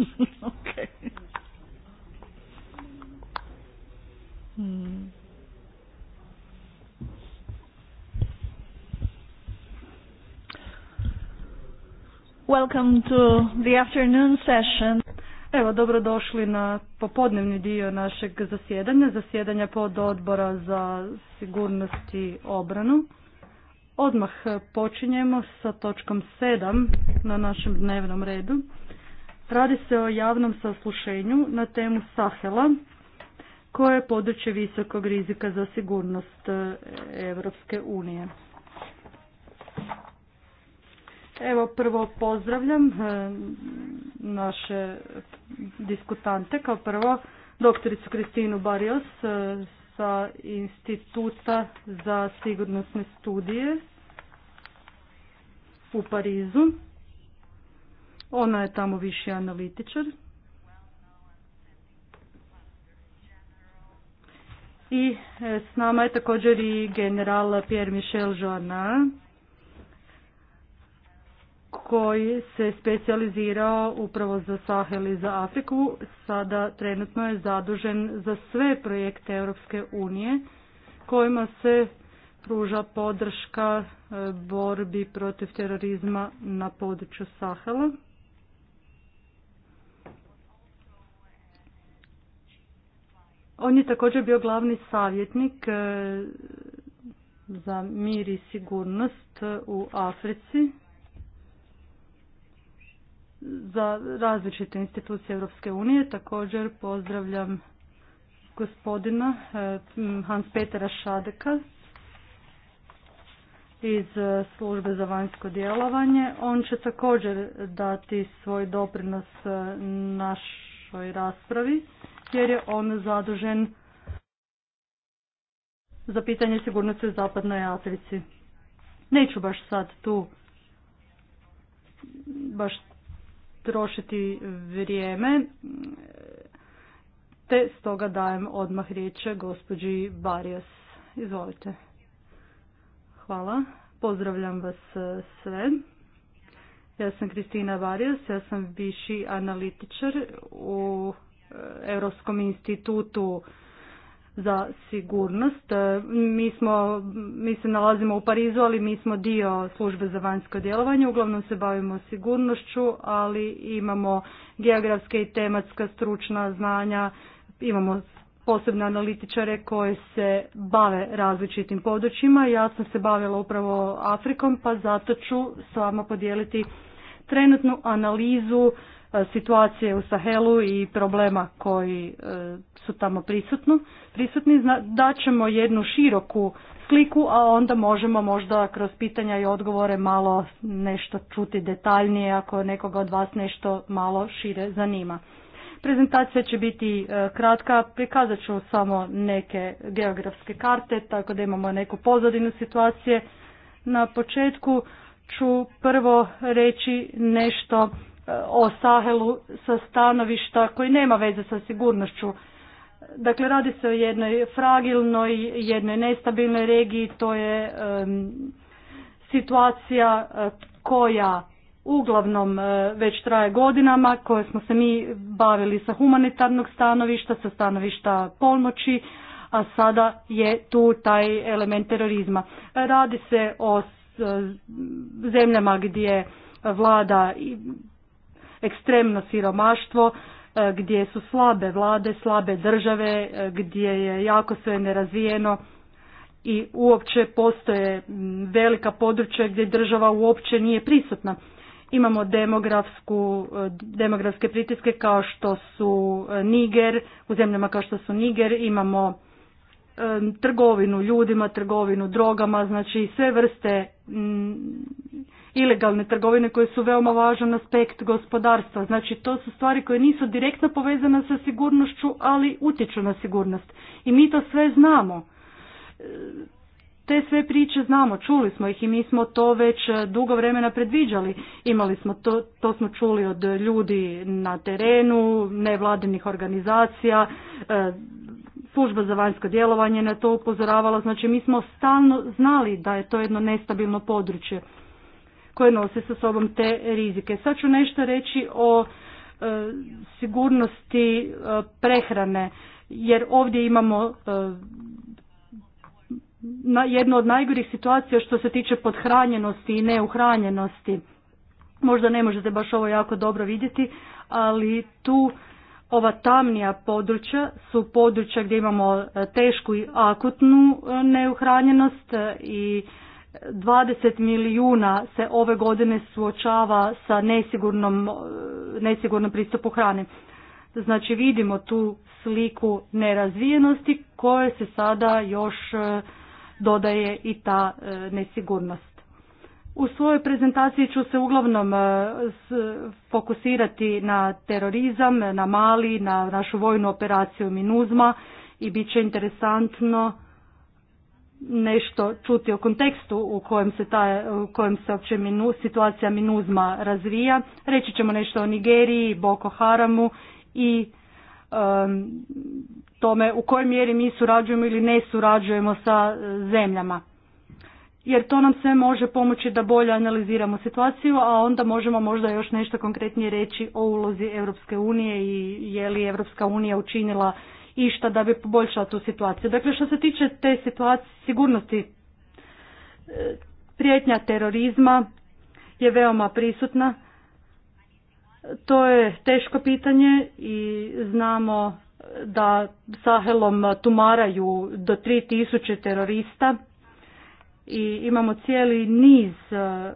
okay. Hmm. Welcome to the afternoon session. Evo, dobrodošli na popodnevni dio našeg zasjedanja, zasjedanja pod odbora za sigurnost i obranu. Odmah počinjemo sa točkom 7 na našem dnevnom redu. Radi se o javnom saslušenju na temu Sahela, koje je područje visokog rizika za sigurnost Europske unije. Evo prvo pozdravljam e, naše diskutante. Kao prvo doktoricu Kristinu Barrios e, sa Instituta za sigurnosne studije u Parizu. Ona je tamo viši analitičar. I e, s nama je također i general Pierre Michel Jornal, koji se specijalizirao upravo za Sahel i za Afriku. Sada trenutno je zadužen za sve projekte Europske unije kojima se pruža podrška e, borbi protiv terorizma na području Sahela. On je također bio glavni savjetnik e, za mir i sigurnost e, u Africi za različite institucije Europske unije. Također pozdravljam gospodina e, Hans-Petera Šadeka iz službe za vanjsko djelovanje. On će također dati svoj doprinos našoj raspravi jer je on zadužen za pitanje sigurnosti u zapadnoj Africi. Neću baš sad tu baš trošiti vrijeme, te stoga dajem odmah riječ gospođi Barijas. Izvolite. Hvala. Pozdravljam vas eh, sve. Ja sam Kristina Barijas, ja sam viši analitičar u Europskom institutu za sigurnost. Mi, smo, mi se nalazimo u Parizu, ali mi smo dio službe za vanjsko djelovanje. Uglavnom se bavimo sigurnošću, ali imamo geografske i tematska stručna znanja, imamo posebne analitičare koje se bave različitim područjima. Ja sam se bavila upravo Afrikom, pa zato ću s vama podijeliti trenutnu analizu situacije u Sahelu i problema koji e, su tamo prisutno, prisutni, daćemo jednu široku sliku, a onda možemo možda kroz pitanja i odgovore malo nešto čuti detaljnije ako nekoga od vas nešto malo šire zanima. Prezentacija će biti e, kratka, prikazat ću samo neke geografske karte, tako da imamo neku pozadinu situacije. Na početku ću prvo reći nešto E, o Sahelu sa stanovišta koji nema veze sa sigurnošću. Dakle, radi se o jednoj fragilnoj, jednoj nestabilnoj regiji, to je situacija e, koja uglavnom e, već traje godinama, koje smo se mi bavili sa humanitarnog stanovišta, sa stanovišta pomoći, a sada je tu taj element terorizma. Radi se o zemljama gdje vlada ekstremno siromaštvo, e, gdje su slabe vlade, slabe države, e, gdje je jako sve nerazvijeno i uopće postoje velika područja gdje država uopće nije prisutna. Imamo demografsku, e, demografske pritiske kao što su Niger, u zemljama kao što su Niger imamo trgovinu ljudima, trgovinu drogama, znači sve vrste ilegalne trgovine koje su veoma važan aspekt gospodarstva. Znači to su stvari koje nisu direktno povezane sa sigurnošću, ali utječu na sigurnost. I mi to sve znamo. E, te sve priče znamo, čuli smo ih i mi smo to već e, dugo vremena predviđali. Imali smo to, to smo čuli od ljudi na terenu, nevladinih organizacija, e, služba za vanjsko djelovanje na to upozoravala. Znači mi smo stalno znali da je to jedno nestabilno područje koje nose sa sobom te rizike. Sad ću nešto reći o e, sigurnosti e, prehrane, jer ovdje imamo e, jednu od najgorih situacija što se tiče podhranjenosti i neuhranjenosti. Možda ne možete baš ovo jako dobro vidjeti, ali tu ova tamnija područja su područja gdje imamo tešku i akutnu neuhranjenost i 20 milijuna se ove godine suočava sa nesigurnom, e, nesigurnom pristupu hrane. Znači vidimo tu sliku nerazvijenosti koje se sada još e, dodaje i ta e, nesigurnost. U svojoj prezentaciji ću se uglavnom fokusirati na terorizam, na Mali, na našu vojnu operaciju Minuzma i bit će interesantno nešto čuti o kontekstu u kojem se, ta, u kojem se opće situacija minuzma razvija. Reći ćemo nešto o Nigeriji, Boko Haramu i tome u kojoj mjeri mi surađujemo ili ne surađujemo sa e, zemljama. Jer to nam sve može pomoći da bolje analiziramo situaciju, a onda možemo možda još nešto konkretnije reći o ulozi Europske unije i je li Europska unija učinila išta da bi poboljšala tu situaciju. Dakle, što se tiče te situacije sigurnosti, e, prijetnja terorizma je veoma prisutna. To je teško pitanje i znamo da Sahelom tumaraju do 3000 terorista i imamo cijeli niz e,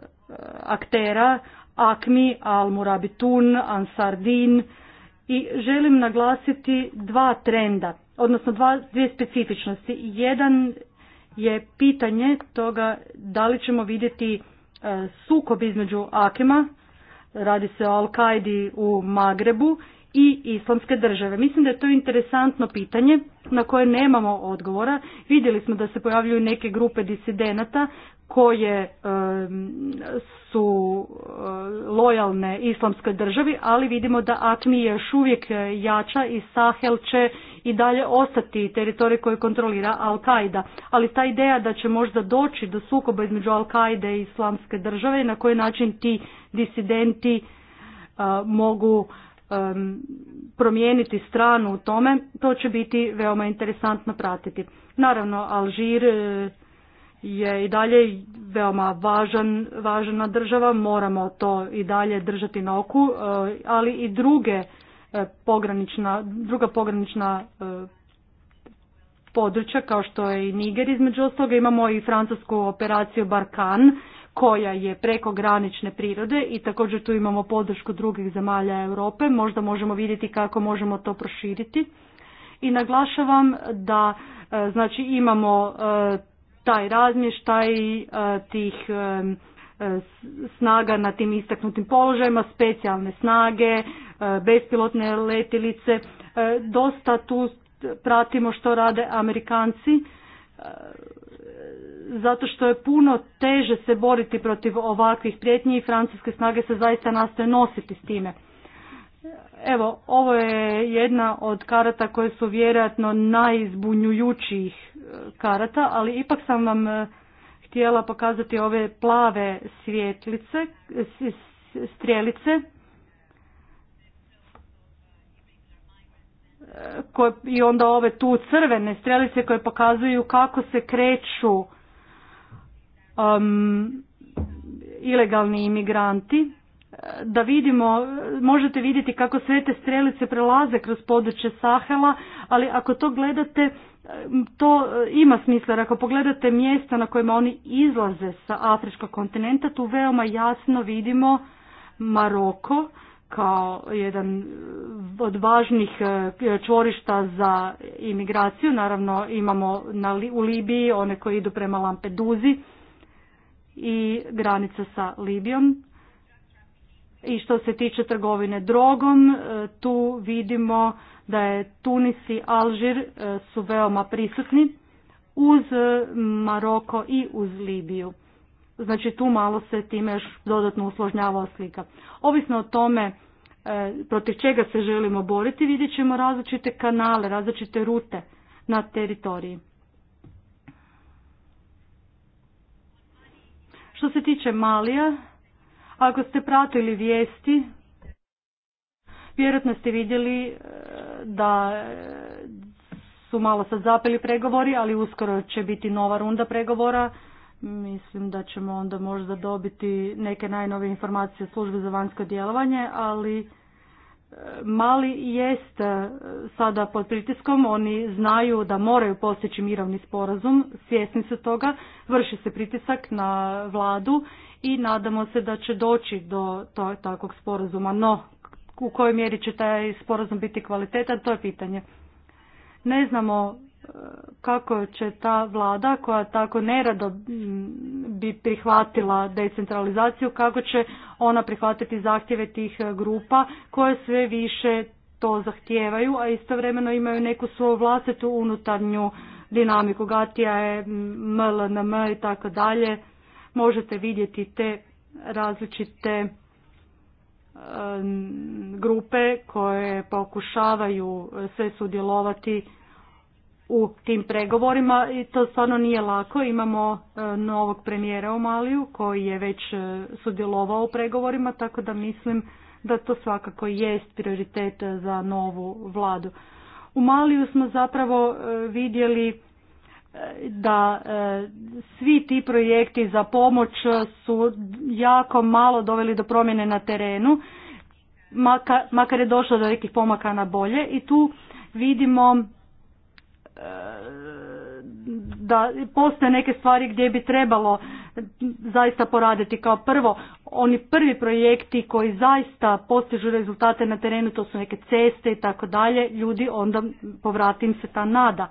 aktera, Akmi, Al Murabitun, Ansardin, i želim naglasiti dva trenda, odnosno dva, dvije specifičnosti. Jedan je pitanje toga da li ćemo vidjeti e, sukob između Akema, radi se o Al-Kaidi u Magrebu i islamske države. Mislim da je to interesantno pitanje na koje nemamo odgovora. Vidjeli smo da se pojavljuju neke grupe disidenata koje su eh, lojalne islamskoj državi, ali vidimo da Akmi je još uvijek eh, jača i Sahel će i dalje ostati teritorij koji kontrolira Al-Qaida. Ali ta ideja da će možda doći do sukoba između Al-Qaide i islamske države i na koji način ti disidenti eh, mogu promijeniti stranu u tome, to će biti veoma interesantno pratiti. Naravno, Alžir e, je i dalje veoma važan, važna država, moramo to i dalje držati na oku, e, ali i druge e, pogranična, druga pogranična područja kao što je i Niger između ostalog imamo i francusku operaciju Barkan koja je granične prirode i također tu imamo podršku drugih zemalja Europe. Možda možemo vidjeti kako možemo to proširiti. I naglašavam da e, znači imamo e, taj razmještaj e, tih snaga na tim istaknutim položajima, specijalne snage, bespilotne letilice. Dosta tu pratimo što rade Amerikanci zato što je puno teže se boriti protiv ovakvih prijetnji i francuske snage se zaista nastoje nositi s time. Evo, ovo je jedna od karata koje su vjerojatno najizbunjujućih e, karata, ali ipak sam vam e, htjela pokazati ove plave svjetlice, strelice e, koje, i onda ove tu crvene strelice koje pokazuju kako se kreću um, ilegalni imigranti, e, da vidimo, možete vidjeti kako sve te strelice prelaze kroz područje Sahela, ali ako to gledate, e, to e, ima smisla, ako pogledate mjesta na kojima oni izlaze sa afričkog kontinenta, tu veoma jasno vidimo Maroko kao jedan od važnih čvorišta za imigraciju. Naravno imamo u Libiji one koji idu prema Lampeduzi, i granica sa Libijom. I što se tiče trgovine drogom, e, tu vidimo da je Tunis i Alžir e, su veoma prisutni uz e, Maroko i uz Libiju. Znači tu malo se time još dodatno usložnjava slika. Ovisno o tome protiv čega se želimo boriti, vidjet ćemo različite kanale, različite rute na teritoriji. Što se tiče Malija, ako ste pratili vijesti, vjerojatno ste vidjeli e, da su malo sad zapeli pregovori, ali uskoro će biti nova runda pregovora. Mislim da ćemo onda možda dobiti neke najnove informacije službe za vanjsko djelovanje, ali Mali jest e, sada pod pritiskom, oni znaju da moraju postići mirovni sporazum, svjesni su toga, vrši se pritisak na vladu i nadamo se da će doći do takvog sporazuma, no u kojoj mjeri će taj sporazum biti kvalitetan, to je pitanje. Ne znamo kako će ta vlada koja tako nerado bi prihvatila decentralizaciju, kako će ona prihvatiti zahtjeve tih e, grupa koje sve više to zahtijevaju, a istovremeno imaju neku svoju vlastitu unutarnju dinamiku. Gatija je MLNM i tako dalje. Možete vidjeti te različite e, grupe koje pokušavaju e, sve sudjelovati u tim pregovorima i to stvarno nije lako. Imamo e, novog premijera u Maliju koji je već e, sudjelovao u pregovorima, tako da mislim da to svakako jest prioritet e, za novu vladu. U Maliju smo zapravo vidjeli da svi ti projekti za pomoć su jako malo doveli do promjene na terenu, makar je došlo do nekih pomaka na bolje i tu vidimo E, da postoje neke stvari gdje bi trebalo zaista poraditi. Kao prvo, oni prvi projekti koji zaista postižu rezultate na terenu, to su neke ceste i tako dalje, ljudi onda povratim se ta nada.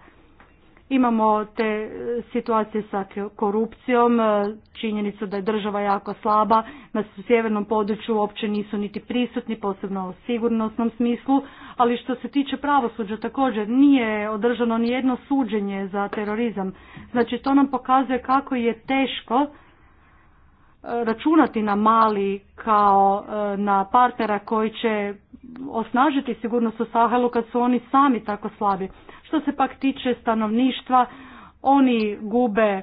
Imamo te e, situacije sa korupcijom, e, činjenicu da je država jako slaba, na sjevernom području uopće nisu niti prisutni, posebno u sigurnosnom smislu, ali što se tiče pravosuđa također nije održano ni jedno suđenje za terorizam. Znači to nam pokazuje kako je teško e, računati na mali kao na partnera koji će osnažiti sigurnost u Sahelu kad su oni sami tako slabi. Što se pak tiče stanovništva, oni gube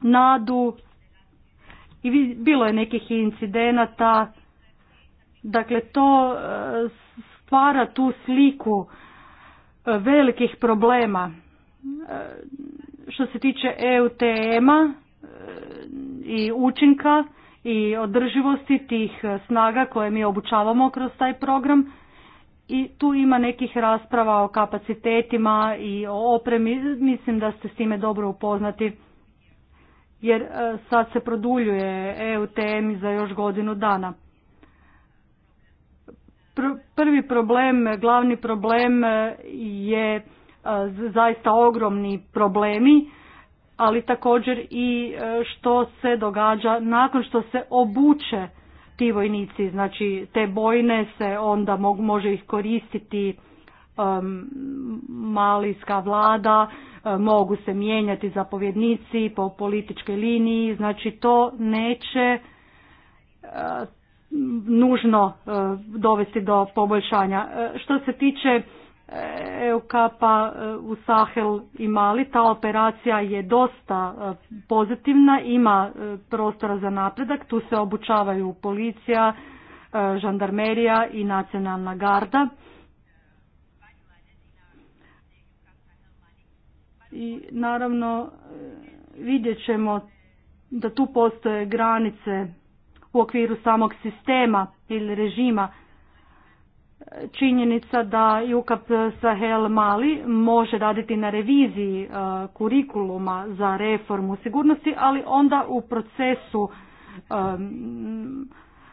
nadu i bilo je nekih incidenata. Dakle, to e, stvara tu sliku e, velikih problema. E, što se tiče EUTM-a i učinka i održivosti tih snaga koje mi obučavamo kroz taj program, i tu ima nekih rasprava o kapacitetima i o opremi. Mislim da ste s time dobro upoznati jer e, sad se produljuje EUTM za još godinu dana. Prvi problem, glavni problem e, je e, zaista ogromni problemi, ali također i što se događa nakon što se obuče ti vojnici, znači te bojne se onda mog, može ih koristiti um, malijska vlada, e, mogu se mijenjati zapovjednici po političkoj liniji, znači to neće e, nužno e, dovesti do poboljšanja. što se tiče E, e kapa e, u Sahel i Mali. Ta operacija je dosta pozitivna, ima prostora za napredak, tu se obučavaju policija, žandarmerija i nacionalna garda. I naravno vidjet ćemo da tu postoje granice u okviru samog sistema ili režima činjenica da UKAP Sahel Mali može raditi na reviziji e, kurikuluma za reformu sigurnosti, ali onda u procesu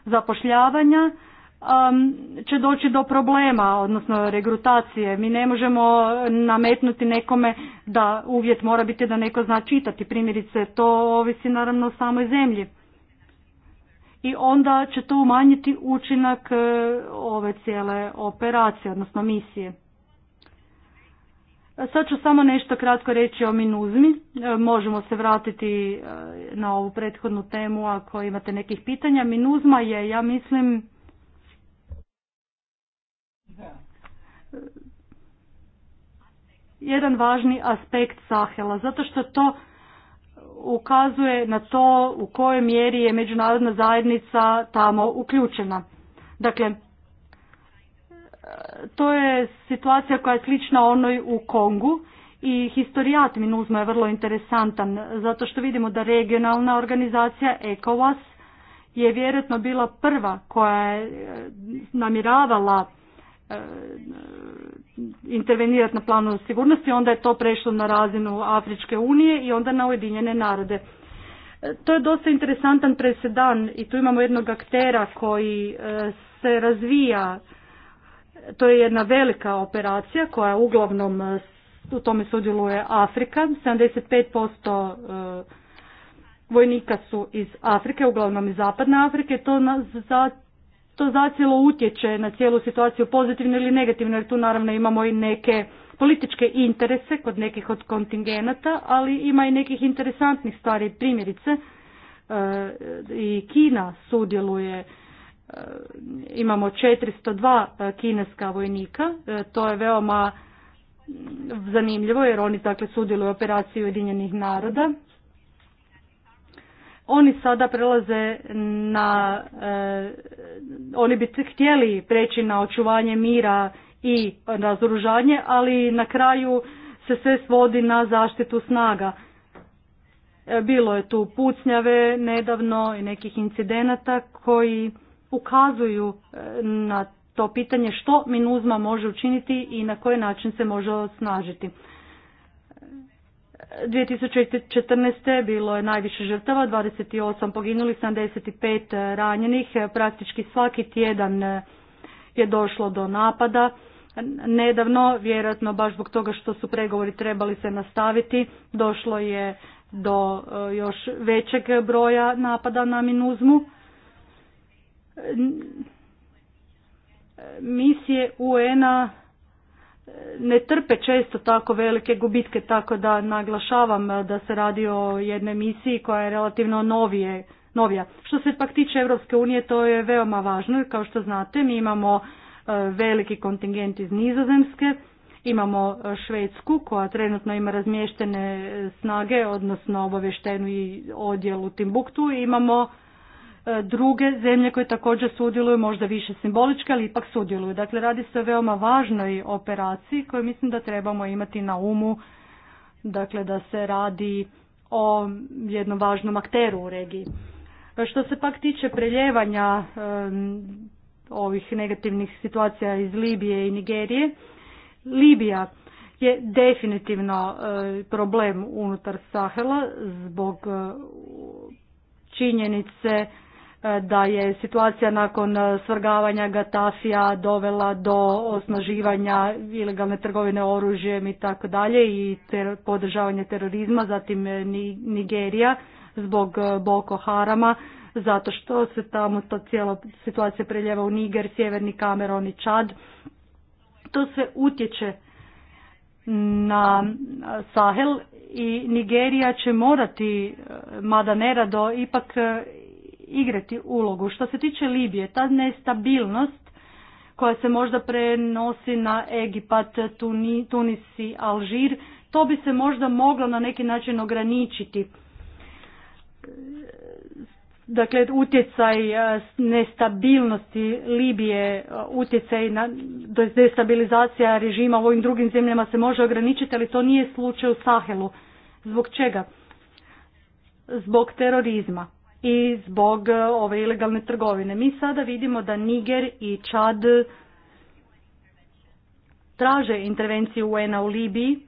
zapošljavanja će doći do problema, odnosno regrutacije. Mi ne možemo nametnuti nekome da uvjet mora biti da neko zna čitati. Primjerice, to ovisi naravno o samoj zemlji i onda će to umanjiti učinak e, ove cijele operacije, odnosno misije. E, sad ću samo nešto kratko reći o minuzmi. E, možemo se vratiti na ovu prethodnu temu ako imate nekih pitanja. Minuzma je, ja mislim, jedan važni aspekt Sahela, zato što to ukazuje na to u kojoj mjeri je međunarodna zajednica tamo uključena. Dakle, to je situacija koja je slična onoj u Kongu i historijat Minuzma je vrlo interesantan zato što vidimo da regionalna organizacija ECOWAS je vjerojatno bila prva koja je e, namiravala e, intervenirati na planu sigurnosti, onda je to prešlo na razinu Afričke unije i onda na Ujedinjene narode. E, to je dosta interesantan presedan i tu imamo jednog aktera koji e, se razvija, to je jedna velika operacija koja uglavnom e, u tome sudjeluje Afrika, 75% vojnika su iz Afrike, uglavnom iz Zapadne Afrike, to za to zacijelo utječe na cijelu situaciju pozitivno ili negativno, jer tu naravno imamo i neke političke interese kod nekih od kontingenata, ali ima i nekih interesantnih stvari, primjerice e, i Kina sudjeluje e, imamo 402 e, kineska vojnika, to je veoma zanimljivo jer oni dakle sudjeluju u operaciji Ujedinjenih naroda oni sada prelaze na, e, oni bi htjeli preći na očuvanje mira i razoružanje, ali na kraju se sve svodi na zaštitu snaga. E, bilo je tu pucnjave nedavno i nekih incidenata koji ukazuju e, na to pitanje što minuzma može učiniti i na koji način se može osnažiti. 2014. bilo je najviše žrtava, 28 poginuli, 75 ranjenih, praktički svaki tjedan je došlo do napada. Nedavno, vjerojatno baš zbog toga što su pregovori trebali se nastaviti, došlo je do eh, još većeg broja napada na minuzmu. Eh, misije UN-a ne trpe često tako velike gubitke, tako da naglašavam eh, da se radi o jednoj misiji koja je relativno novije, novija. Što se pak tiče Europske unije, to je veoma važno, kao što znate, mi imamo eh, veliki kontingent iz Nizozemske, imamo eh, Švedsku koja trenutno ima razmještene snage, odnosno obavještenu i odjel u Timbuktu, imamo E, druge zemlje koje također sudjeluju, možda više simboličke, ali ipak sudjeluju. Dakle, radi se o veoma važnoj operaciji koju mislim da trebamo imati na umu, dakle da se radi o jednom važnom akteru u regiji. E, što se pak tiče preljevanja e, ovih negativnih situacija iz Libije i Nigerije, Libija je definitivno problem unutar Sahela zbog činjenice E, da je situacija nakon e, svrgavanja Gatafija dovela do osnaživanja ilegalne trgovine oružjem i tako dalje i ter, podržavanje terorizma, zatim e, Nigerija zbog Boko Harama, zato što se tamo ta cijela situacija preljeva u Niger, Sjeverni Kameron i Čad. To se utječe na Sahel i Nigerija će morati, mada nerado, ipak igrati ulogu. Što se tiče Libije, ta nestabilnost koja se možda prenosi na Egipat, Tunis i Alžir, to bi se možda moglo na neki način ograničiti. Dakle, utjecaj e, nestabilnosti Libije, e, utjecaj na destabilizacija režima u ovim drugim zemljama se može ograničiti, ali to nije slučaj u Sahelu. Zbog čega? Zbog terorizma i zbog e, ove ilegalne trgovine. Mi sada vidimo da Niger i Čad traže intervenciju UN-a u Libiji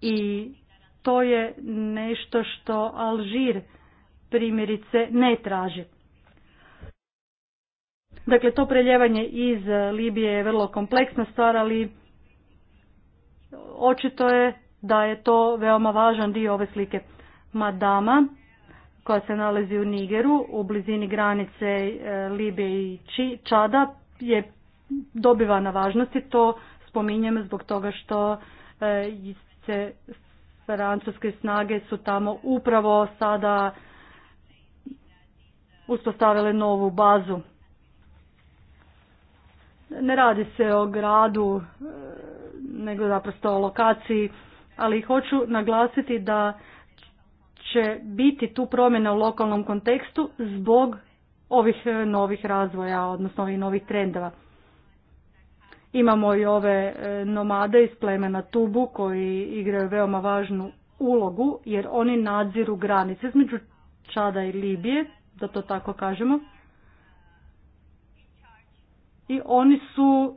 i to je nešto što Alžir primjerice ne traži. Dakle, to preljevanje iz Libije je vrlo kompleksna stvar, ali očito je da je to veoma važan dio ove slike. Madama, koja se nalazi u Nigeru u blizini granice e, Libije i Čada je dobiva na važnosti. To spominjem zbog toga što se francuske snage su tamo upravo sada uspostavile novu bazu. Ne radi se o gradu, e, nego zapravo o lokaciji, ali hoću naglasiti da će biti tu promjena u lokalnom kontekstu zbog ovih e, novih razvoja, odnosno ovih novih trendova. Imamo i ove e, nomade iz plemena Tubu koji igraju veoma važnu ulogu jer oni nadziru granice između Čada i Libije, da to tako kažemo. I oni su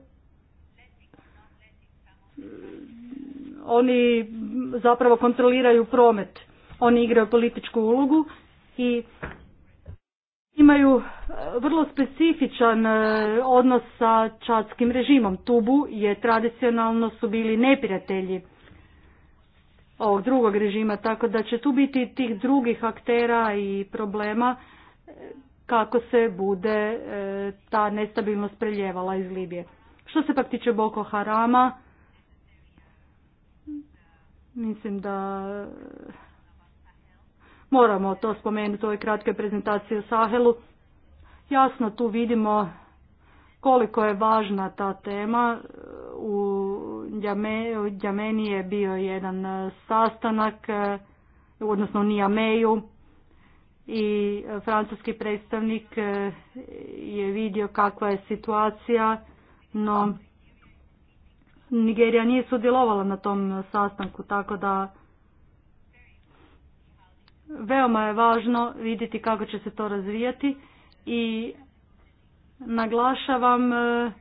oni zapravo kontroliraju promet oni igraju političku ulogu i imaju eh, vrlo specifičan eh, odnos sa čadskim režimom. Tubu je tradicionalno su bili neprijatelji ovog drugog režima, tako da će tu biti tih drugih aktera i problema eh, kako se bude ta nestabilnost preljevala iz Libije. Što se pak tiče Boko Harama, mislim da Moramo to spomenuti u ovoj kratkoj prezentaciji u Sahelu. Jasno tu vidimo koliko je važna ta tema. U Djameni je bio jedan e, sastanak, e, odnosno u Nijameju, i francuski predstavnik e, je vidio kakva je situacija, no Nigerija nije sudjelovala na tom sastanku, tako da Veoma je važno vidjeti kako će se to razvijati i naglašavam e,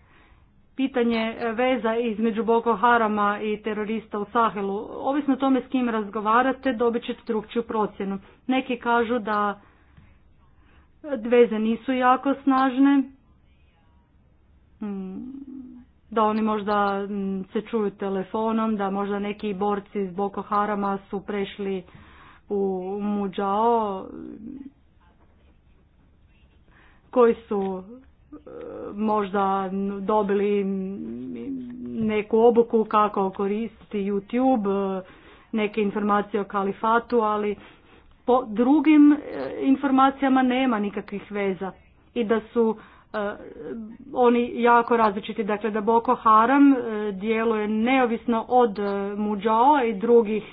pitanje veza između Boko Harama i terorista u Sahelu. Ovisno tome s kim razgovarate, dobit ćete drugčiju procjenu. Neki kažu da veze nisu jako snažne, mm, da oni možda mm, se čuju telefonom, da možda neki borci iz Boko Harama su prešli u Muđao koji su e, možda dobili neku obuku kako koristi YouTube, neke informacije o kalifatu, ali po drugim e, informacijama nema nikakvih veza i da su e, oni jako različiti. Dakle, da Boko Haram djeluje neovisno od Muđao i drugih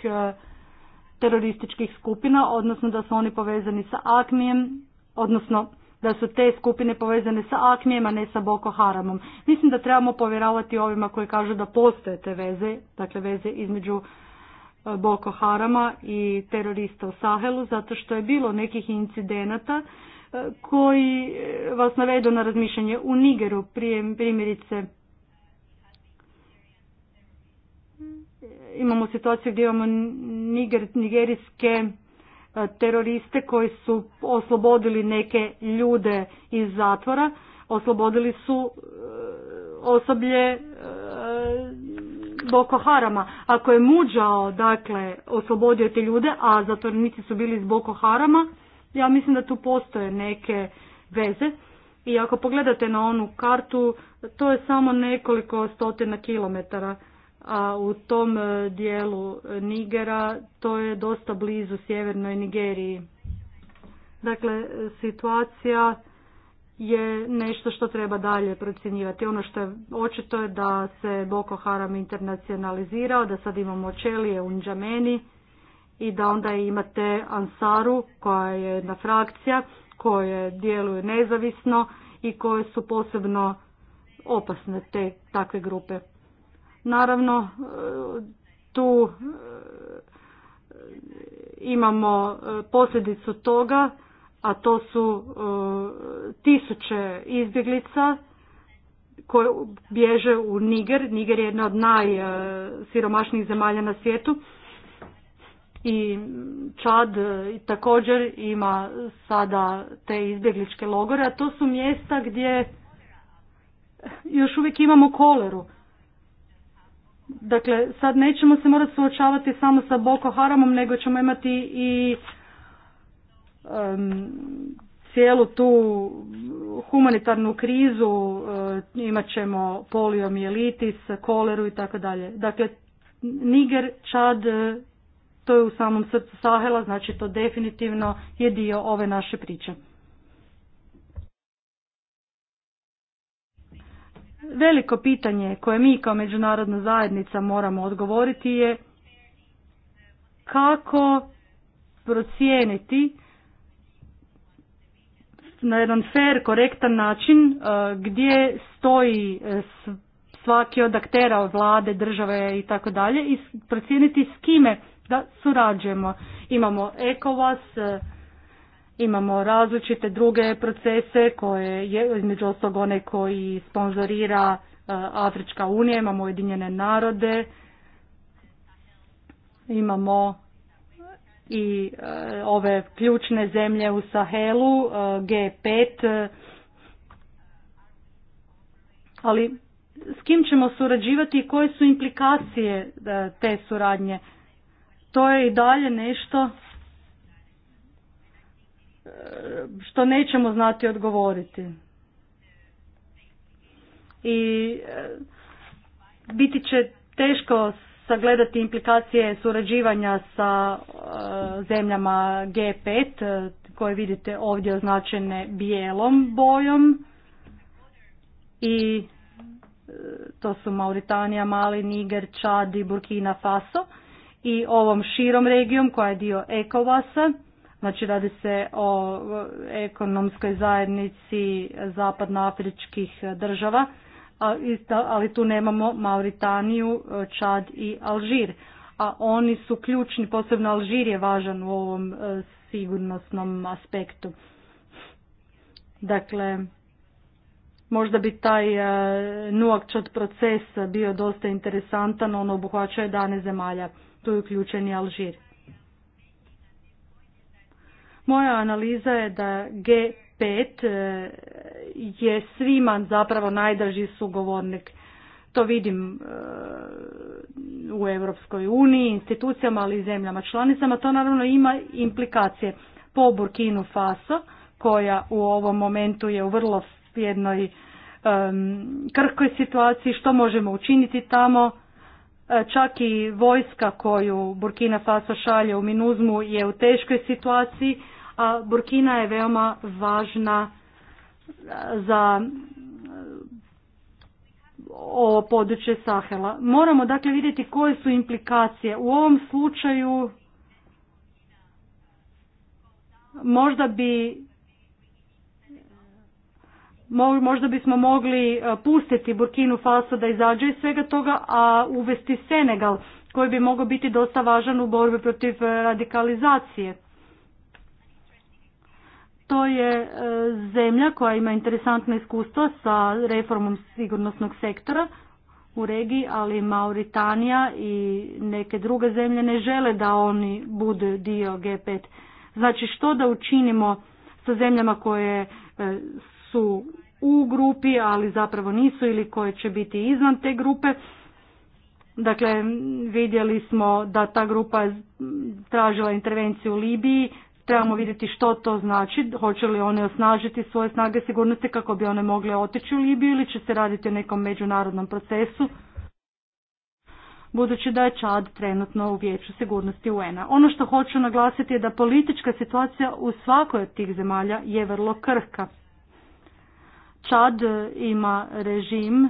terorističkih skupina, odnosno da su oni povezani sa Akmijem, odnosno da su te skupine povezane sa Akmijem, a ne sa Boko Haramom. Mislim da trebamo povjeravati ovima koji kažu da postoje te veze, dakle veze između e, Boko Harama i terorista u Sahelu, zato što je bilo nekih incidenata e, koji e, vas navedu na razmišljanje u Nigeru, primjerice imamo situaciju gdje imamo niger, nigerijske e, teroriste koji su oslobodili neke ljude iz zatvora, oslobodili su e, osoblje e, Boko Harama. Ako je muđao, dakle, oslobodio te ljude, a zatvornici su bili iz Boko Harama, ja mislim da tu postoje neke veze. I ako pogledate na onu kartu, to je samo nekoliko stotina kilometara a u tom e, dijelu e, Nigera to je dosta blizu sjevernoj Nigeriji. Dakle, e, situacija je nešto što treba dalje procjenjivati. Ono što je očito je da se Boko Haram internacionalizirao, da sad imamo čelije u Ndžameni i da onda imate Ansaru koja je jedna frakcija koje djeluju nezavisno i koje su posebno opasne te takve grupe. Naravno, e, tu e, imamo e, posljedicu toga, a to su tisuće izbjeglica koje bježe u Niger. Niger je jedna od najsiromašnijih zemalja na svijetu i Čad također ima sada te izbjegličke logore, a to su mjesta gdje još uvijek imamo koleru. Dakle, sad nećemo se morati suočavati samo sa Boko Haramom, nego ćemo imati i cijelu tu humanitarnu krizu, um, imat ćemo poliomijelitis, koleru i tako dalje. Dakle, Niger, Čad, to je u samom srcu Sahela, znači to definitivno je dio ove naše priče. Veliko pitanje koje mi kao međunarodna zajednica moramo odgovoriti je kako procijeniti na jedan fair, korektan način e, gdje stoji e, svaki od aktera, od vlade, države i tako dalje i procijeniti s kime da surađujemo. Imamo ECOWAS, e, Imamo različite druge procese koje je između ostalog one koji sponzorira e, Afrička unija, imamo Ujedinjene narode, imamo i e, ove ključne zemlje u Sahelu, e, G5, ali s kim ćemo surađivati i koje su implikacije te suradnje? To je i dalje nešto što nećemo znati odgovoriti. I e, biti će teško sagledati implikacije surađivanja sa e, zemljama G5 e, koje vidite ovdje označene bijelom bojom i to su Mauritanija, Mali, Niger, Čadi, i Burkina Faso i ovom širom regijom koja je dio Ekovasa Znači radi se o ekonomskoj zajednici zapadnoafričkih država, ali tu nemamo Mauritaniju, Čad i Alžir. A oni su ključni, posebno Alžir je važan u ovom e, sigurnosnom aspektu. Dakle, možda bi taj e, Nuakčad proces bio dosta interesantan, on obuhvaća dane zemalja, tu je uključen i Alžir. Moja analiza je da G5 eh, je svima zapravo najdraži sugovornik. To vidim eh, u Europskoj uniji, institucijama, ali i zemljama članicama. To naravno ima implikacije po Burkinu Faso, koja u ovom momentu je u vrlo jednoj krhkoj situaciji, što možemo učiniti tamo. Eh, čak i vojska koju Burkina Faso šalje u Minuzmu je u teškoj situaciji a Burkina je veoma važna e, za e, ovo područje Sahela. Moramo dakle vidjeti koje su implikacije. U ovom slučaju možda bi možda bismo mogli e, pustiti Burkinu Faso da izađe iz svega toga, a uvesti Senegal koji bi mogao biti dosta važan u borbi protiv radikalizacije to je e, zemlja koja ima interesantno iskustvo sa reformom sigurnosnog sektora u regiji, ali Mauritanija i neke druge zemlje ne žele da oni budu dio G5. Znači što da učinimo sa zemljama koje e, su u grupi, ali zapravo nisu ili koje će biti izvan te grupe. Dakle, vidjeli smo da ta grupa tražila intervenciju u Libiji, trebamo vidjeti što to znači, hoće li one osnažiti svoje snage sigurnosti kako bi one mogle otići u Libiju ili će se raditi o nekom međunarodnom procesu, budući da je Čad trenutno u vijeću sigurnosti UN-a. Ono što hoću naglasiti je da politička situacija u svakoj od tih zemalja je vrlo krhka. Čad ima režim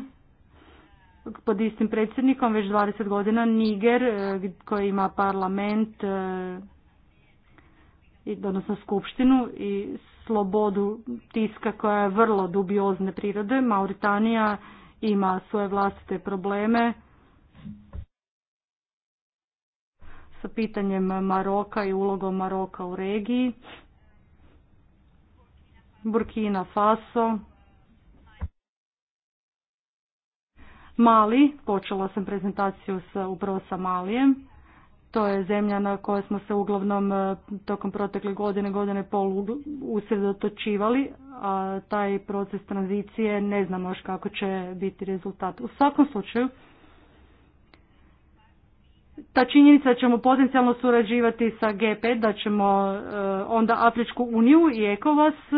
pod istim predsjednikom već 20 godina, Niger eh, koji ima parlament eh, odnosno skupštinu i slobodu tiska koja je vrlo dubiozne prirode. Mauritanija ima svoje vlastite probleme sa pitanjem Maroka i ulogom Maroka u regiji. Burkina Faso. Mali, počela sam prezentaciju sa, upravo sa Malijem. To je zemlja na kojoj smo se uglavnom e, tokom protekle godine, godine pol usredotočivali, a taj proces tranzicije ne znamo još kako će biti rezultat. U svakom slučaju, ta činjenica da ćemo potencijalno surađivati sa G5, da ćemo e, onda Afričku uniju i Ekovas e,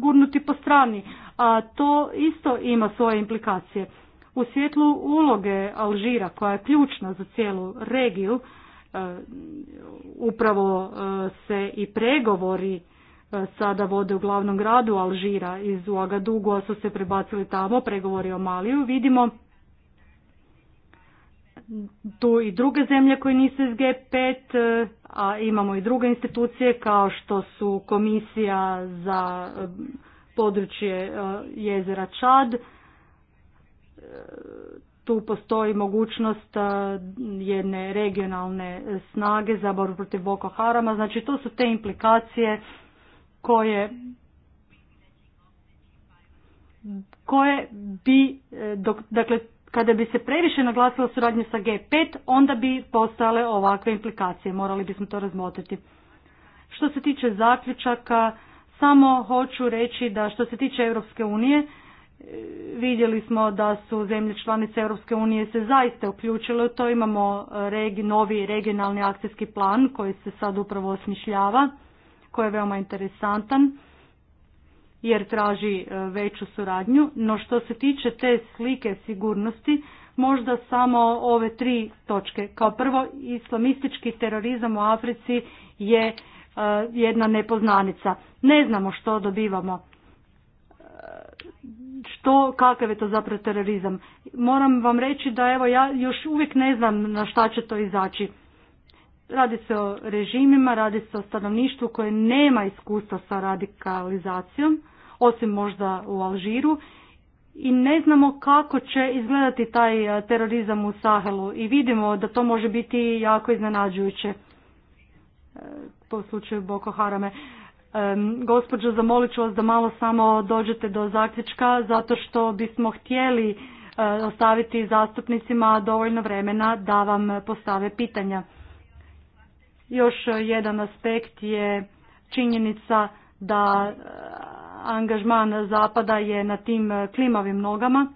gurnuti po strani, a to isto ima svoje implikacije. U svjetlu uloge Alžira koja je ključna za cijelu regiju, upravo e, se i pregovori e, sada vode u glavnom gradu Alžira iz Uagadugu su se prebacili tamo, pregovori o Maliju. Vidimo tu i druge zemlje koje nisu iz G5, e, a imamo i druge institucije kao što su Komisija za područje jezera Čad tu postoji mogućnost e, jedne regionalne snage za borbu protiv Boko Harama. Znači to su te implikacije koje koje bi, e, dakle, kada bi se previše naglasilo suradnje sa G5, onda bi postale ovakve implikacije, morali bismo to razmotriti. Što se tiče zaključaka, samo hoću reći da što se tiče Europske unije, vidjeli smo da su zemlje članice Europske unije se zaista uključile u to. Imamo regi, novi regionalni akcijski plan koji se sad upravo osmišljava, koji je veoma interesantan jer traži e, veću suradnju. No što se tiče te slike sigurnosti, možda samo ove tri točke. Kao prvo, islamistički terorizam u Africi je e, jedna nepoznanica. Ne znamo što dobivamo to kakav je to zapravo terorizam. Moram vam reći da evo ja još uvijek ne znam na šta će to izaći. Radi se o režimima, radi se o stanovništvu koje nema iskustva sa radikalizacijom, osim možda u Alžiru. I ne znamo kako će izgledati taj e, terorizam u Sahelu i vidimo da to može biti jako iznenađujuće e, po slučaju Boko Harame. Gospođo, zamolit ću vas da malo samo dođete do zaključka zato što bismo htjeli e, ostaviti zastupnicima dovoljno vremena da vam postave pitanja. Još jedan aspekt je činjenica da e, angažman Zapada je na tim klimavim nogama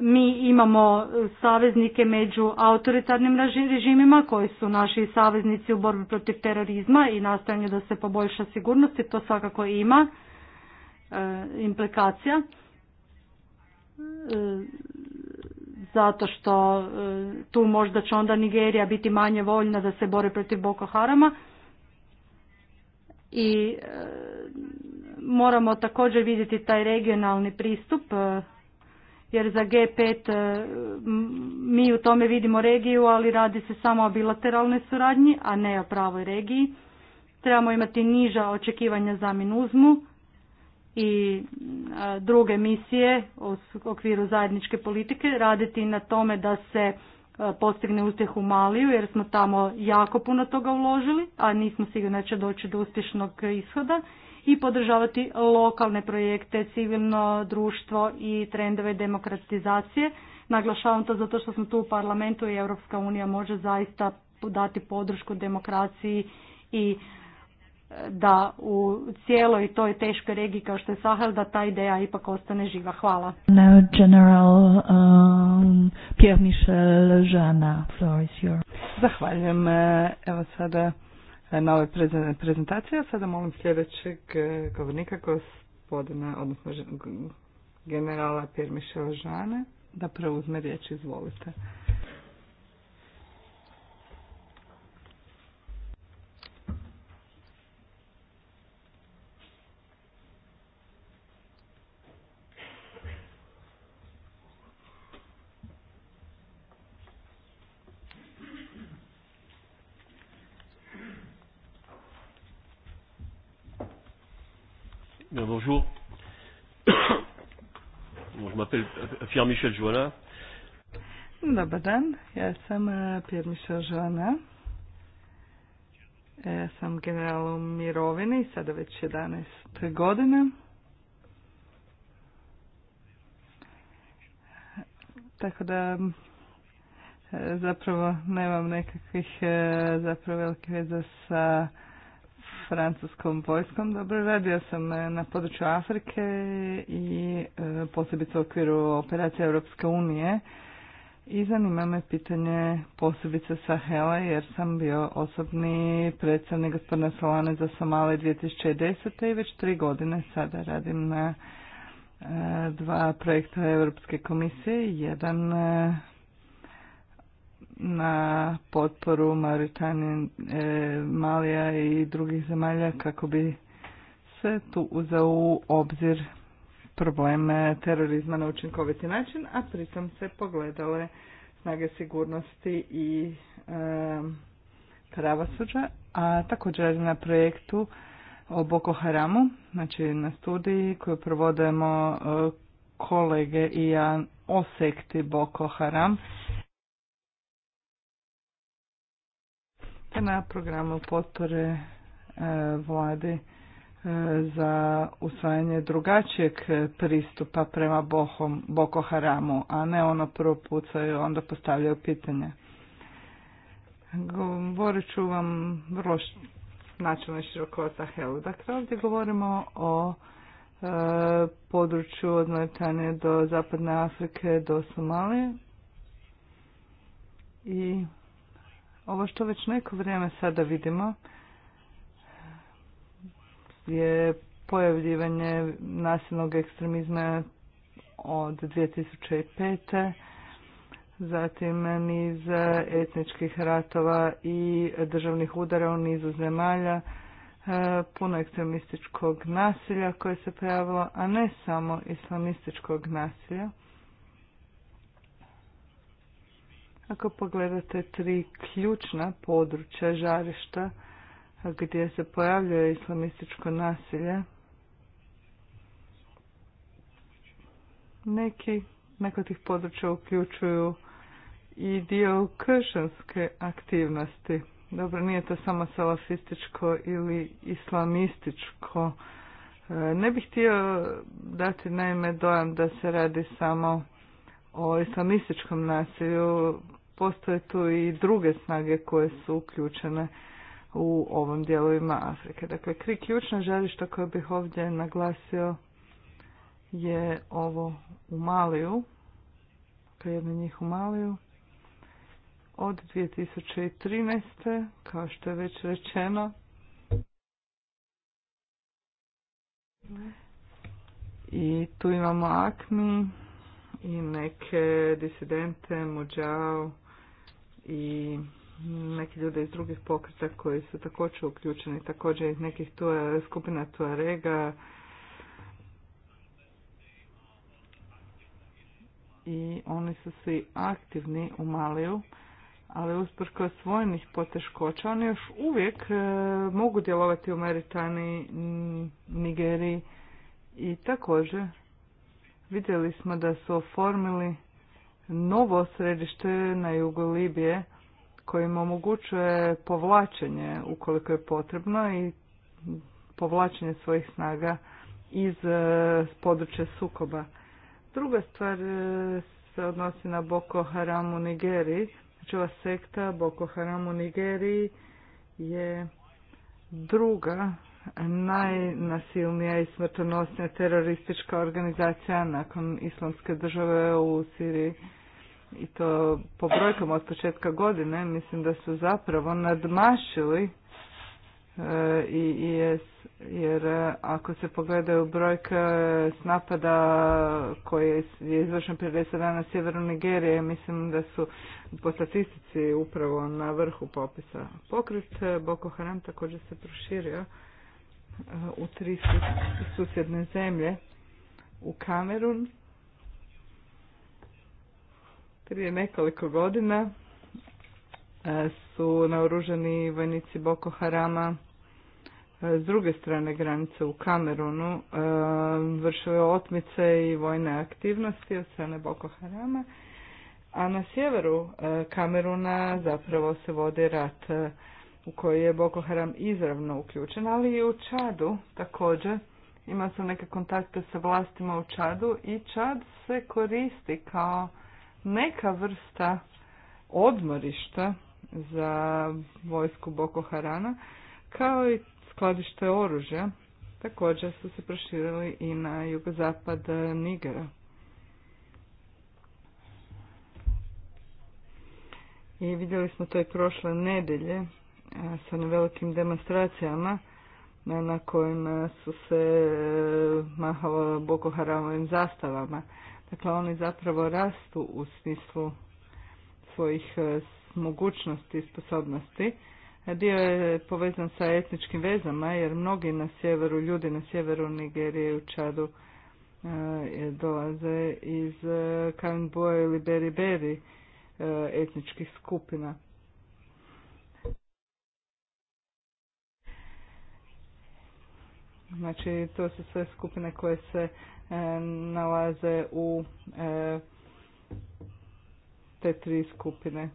mi imamo saveznike među autoritarnim režimima koji su naši saveznici u borbi protiv terorizma i nastojanju da se poboljša sigurnost i to svakako ima e, implikacija e, zato što e, tu možda će onda Nigerija biti manje voljna da se bori protiv Boko Harama i moramo također vidjeti taj regionalni pristup jer za G5 eh, mi u tome vidimo regiju, ali radi se samo o bilateralnoj suradnji, a ne o pravoj regiji. Trebamo imati niža očekivanja za minuzmu i eh, druge misije u okviru zajedničke politike, raditi na tome da se eh, postigne uspjeh u Maliju, jer smo tamo jako puno toga uložili, a nismo sigurni da će doći do uspješnog ishoda i podržavati lokalne projekte, civilno društvo i trendove demokratizacije. Naglašavam to zato što smo tu u parlamentu i Europska unija može zaista dati podršku demokraciji i e, da u cijeloj toj teškoj regiji kao što je Sahel da ta ideja ipak ostane živa. Hvala. Now General um, Pierre Michel is Zahvaljujem. E, evo sada E, na ovoj prezentaciji. sada molim sljedećeg e, govornika, gospodina, odnosno generala Pirmišela da preuzme riječ. Izvolite. Bien, bonjour. Bon, je m'appelle Pierre-Michel Joana. Dobar dan, ja sam eh, Pierre-Michel Joana. Ja sam general u mirovini, sada već 11 godina. Tako da eh, zapravo nemam nekakvih eh, zapravo velike veze sa francuskom vojskom. Dobro, radio sam e, na području Afrike i e, posebice u okviru operacije Europske unije. I zanima me pitanje posebice Sahela jer sam bio osobni predstavnik gospodina Solane za Somale 2010. i već tri godine sada radim na e, dva projekta Europske komisije. Jedan na potporu Mauritanije, e, Malija i drugih zemalja kako bi se tu uzeo u obzir probleme terorizma na učinkoviti način, a pritom se pogledale snage sigurnosti i e, pravosuđa, a također na projektu o Boko Haramu, znači na studiji koju provodimo e, kolege i ja o sekti Boko Haram na programu potpore e, vladi e, za usvajanje drugačijeg pristupa prema Bohom, Boko Haramu, a ne ono prvo pucaju, onda postavljaju pitanje. Govorit ću vam vrlo načelno i široko o Sahelu. Dakle, ovdje govorimo o e, području od do Zapadne Afrike do Somalije i ovo što već neko vrijeme sada vidimo je pojavljivanje nasilnog ekstremizma od 2005. Zatim niz etničkih ratova i državnih udara u nizu zemalja, e, puno ekstremističkog nasilja koje se pojavilo, a ne samo islamističkog nasilja. Ako pogledate tri ključna područja žarišta gdje se pojavljuje islamističko nasilje, neki, neko tih područja uključuju i dio kršćanske aktivnosti. Dobro, nije to samo salafističko ili islamističko. E, ne bih htio dati naime dojam da se radi samo o islamističkom nasilju, postoje tu i druge snage koje su uključene u ovom dijelovima Afrike. Dakle, tri ključna žarišta koje bih ovdje naglasio je ovo u Maliju, dakle, je njih u Maliju, od 2013. kao što je već rečeno. I tu imamo Akmi, i neke disidente, muđao i neki ljude iz drugih pokreta koji su također uključeni, također iz nekih tua, skupina Tuarega i oni su svi aktivni u Maliju, ali usprkos vojnih poteškoća oni još uvijek e, mogu djelovati u Meritani, Nigeriji i također vidjeli smo da su oformili novo središte na jugu Libije kojim im omogućuje povlačenje ukoliko je potrebno i povlačenje svojih snaga iz e, područja sukoba. Druga stvar e, se odnosi na Boko Haram u Nigeriji. Znači ova sekta Boko Haram u Nigeriji je druga najnasilnija i smrtonosnija teroristička organizacija nakon islamske države u Siriji i to po brojkama od početka godine mislim da su zapravo nadmašili e, i IS jer e, ako se pogledaju brojke s napada koji je izvršen prije deset dana sjeveru Nigerije, mislim da su po statistici upravo na vrhu popisa. Pokret e, Boko Haram također se proširio u tri susjedne zemlje u Kamerun prije nekoliko godina e, su naoruženi vojnici Boko Harama e, s druge strane granice u Kamerunu e, vršile otmice i vojne aktivnosti od strane Boko Harama, a na sjeveru Kameruna zapravo se vodi rat u kojoj je Boko Haram izravno uključen, ali i u Čadu također. Ima su neke kontakte sa vlastima u Čadu i Čad se koristi kao neka vrsta odmorišta za vojsku Boko Harana, kao i skladište oružja. Također su se proširili i na jugozapad Nigera. I vidjeli smo to je prošle nedelje sa velikim demonstracijama na kojima su se e, mahalo Boko Haramovim zastavama. Dakle, oni zapravo rastu u smislu svojih e, mogućnosti i sposobnosti. Dio je povezan sa etničkim vezama jer mnogi na sjeveru, ljudi na sjeveru Nigerije i u Čadu e, dolaze iz Kanboa ili Beriberi etničkih skupina. Znači, to su sve skupine koje se e, nalaze u e, te tri skupine.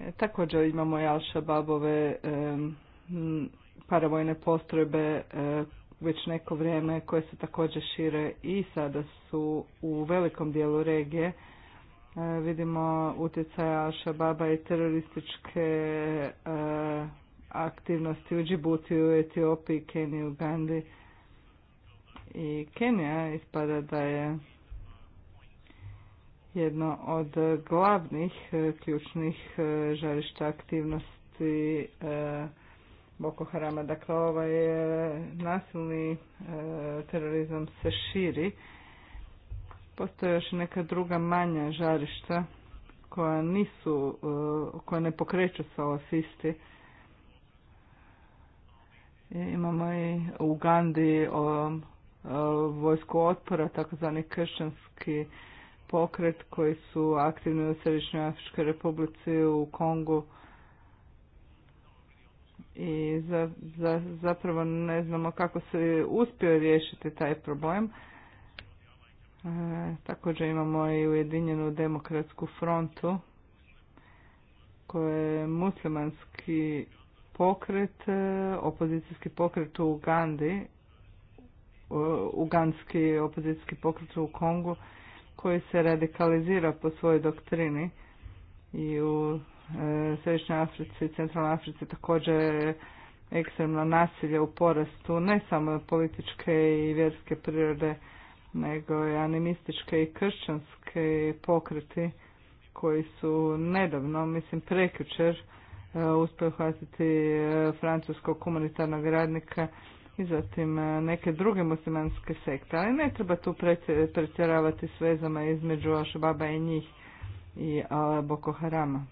E, također imamo i al paravojne postrojbe već neko vrijeme koje se također šire i sada su u velikom dijelu regije. Vidimo utjecaja al i terorističke aktivnosti u u Etiopiji, Keniji, Ugandi. I Kenija ispada da je jedno od glavnih e, ključnih e, žarišta aktivnosti e, Boko Harama. Dakle, ovaj nasilni terorizam se širi. Postoje još neka druga manja žarišta koja nisu, koja ne pokreću sa ofisti Imamo i u Gandiji o, e, vojsku otpora, takozvani kršćanski pokret koji su aktivni u Središnjoj Afričkoj Republici u Kongu i za, za, zapravo ne znamo kako se uspio riješiti taj problem. E, također imamo i Ujedinjenu demokratsku frontu koja je muslimanski pokret, e, opozicijski pokret u Ugandi, e, uganski opozicijski pokret u Kongu koji se radikalizira po svojoj doktrini i u e, Središnjoj Africi i Centralnoj Africi također ekstremno nasilje u porastu, ne samo političke i vjerske prirode, nego i animističke i kršćanske pokreti koji su nedavno, mislim prekjučer, Eh, uspio hvatiti eh, francuskog humanitarnog radnika i zatim eh, neke druge muslimanske sekte. Ali ne treba tu pretjeravati s vezama između baba i njih i Boko Harama.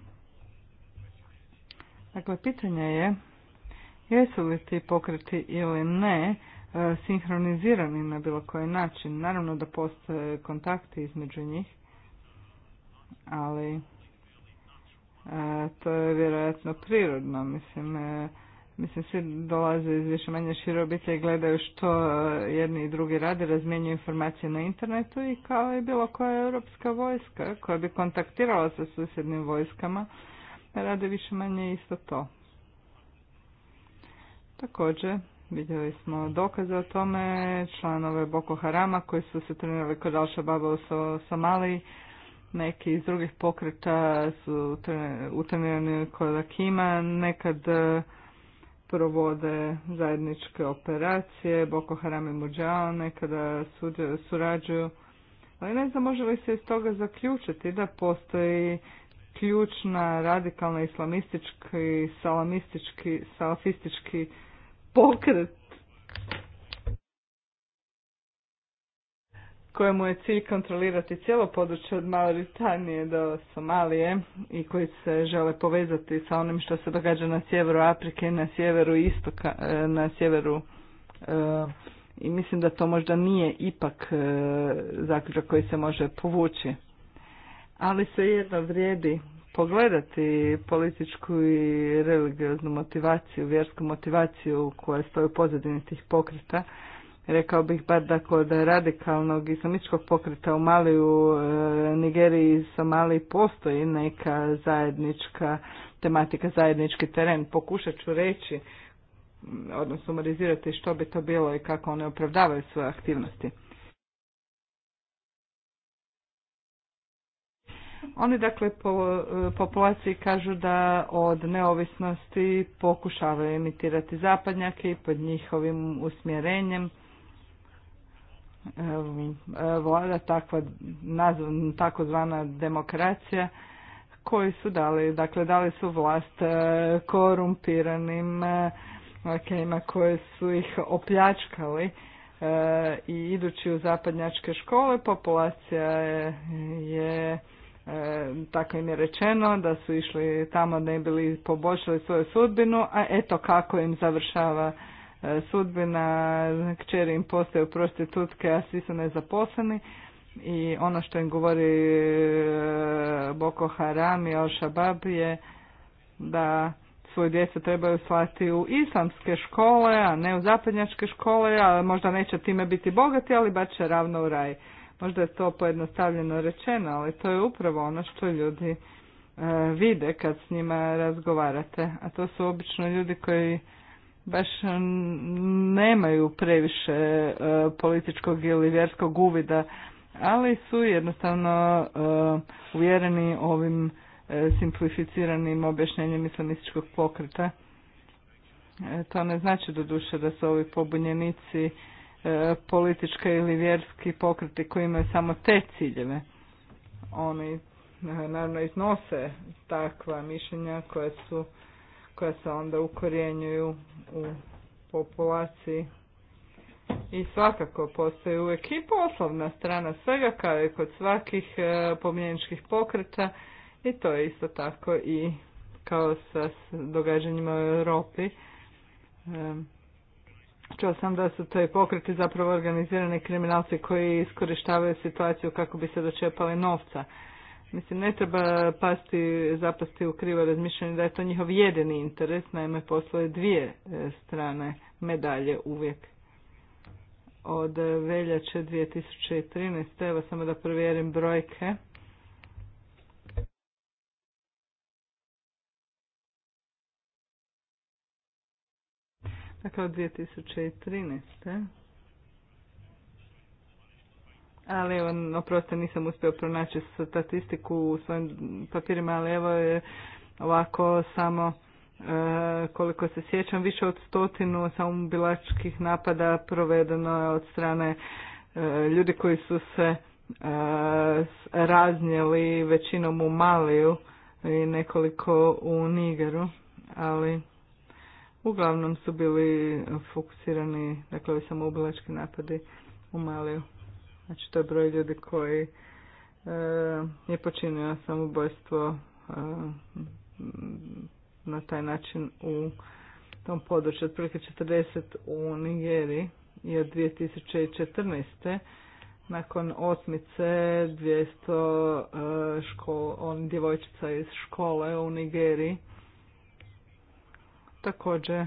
Dakle, pitanje je jesu li ti pokreti ili ne sinhronizirani na bilo koji način. Naravno da postoje kontakti između njih, ali to je vjerojatno prirodno, mislim, e, mislim svi dolaze iz više manje šire i gledaju što jedni i drugi rade, razmjenjuju informacije na internetu i kao i bilo koja europska vojska koja bi kontaktirala sa susjednim vojskama, rade više manje isto to. Također, vidjeli smo dokaze o tome, članove Boko Harama koji su se trenirali kod Al-Shabaaba u Somaliji, neki iz drugih pokreta su utrenirani kod Akima, nekad e, provode zajedničke operacije, Boko Haram i Mujao nekada e, surađuju. Ali ne znam, može li se iz toga zaključiti da postoji ključna radikalna islamistički, salamistički, salafistički pokret kojemu je cilj kontrolirati cijelo područje od Maloritanije do Somalije i koji se žele povezati sa onim što se događa na sjeveru Afrike i na sjeveru istoka, e, na sjeveru e, i mislim da to možda nije ipak e, zaključak koji se može povući. Ali se jedno vrijedi pogledati političku i religioznu motivaciju, vjersku motivaciju koja stoji u pozadini tih pokreta rekao bih bar da kod radikalnog islamičkog pokreta u Maliju, e, Nigeriji i Somaliji postoji neka zajednička tematika, zajednički teren. Pokušat ću reći, odnosno sumarizirati što bi to bilo i kako one opravdavaju svoje aktivnosti. Oni dakle po e, populaciji kažu da od neovisnosti pokušavaju imitirati zapadnjake i pod njihovim usmjerenjem Ehm, vlada takva takozvana demokracija koji su dali, dakle dali su vlast e, korumpiranim lakejima e, koje su ih opljačkali e, i idući u zapadnjačke škole populacija je, tako im je rečeno da su išli tamo ne bili poboljšali svoju sudbinu, a eto kako im završava E, sudbina znači, kćeri im postaju prostitutke, a svi su nezaposleni i ono što im govori e, Boko Haram i Al-Shabaab je da svoju djecu trebaju slati u islamske škole, a ne u zapadnjačke škole, a možda neće time biti bogati, ali bar će ravno u raj. Možda je to pojednostavljeno rečeno, ali to je upravo ono što ljudi e, vide kad s njima razgovarate. A to su obično ljudi koji baš nemaju previše e, političkog ili vjerskog uvida, ali su jednostavno e, uvjereni ovim e, simplificiranim objašnjenjem islamističkog pokreta. To ne znači doduše da su ovi pobunjenici politički ili vjerski pokreti koji imaju samo te ciljeve. Oni naravno iznose takva mišljenja koja su koja se onda ukorjenjuju u populaciji. I svakako postoji uvijek i poslovna strana svega kao i kod svakih e, pomljeničkih pokreta i to je isto tako i kao sa događanjima u Europi. E, čuo sam da su to i pokreti zapravo organizirani kriminalci koji iskorištavaju situaciju kako bi se dočepali novca. Mislim, ne treba pasti, zapasti u krivo razmišljanje da je to njihov jedini interes, naime postoje dvije e, strane medalje uvijek. Od veljače 2013. Evo samo da provjerim brojke. Dakle, od 2013 ali on, oprostite nisam uspio pronaći statistiku u svojim papirima, ali evo je ovako samo e, koliko se sjećam, više od stotinu samoubilačkih napada provedeno je od strane e, ljudi koji su se e, raznijeli većinom u Maliju i nekoliko u Nigeru, ali uglavnom su bili fokusirani, dakle, ovi samoubilački napadi u Maliju. Znači to je broj ljudi koji e, je počinio samobojstvo e, na taj način u tom području. Otprilike 40 u Nigeriji i od 2014. nakon osmice 200 e, škol, on, djevojčica iz škole u Nigeri. također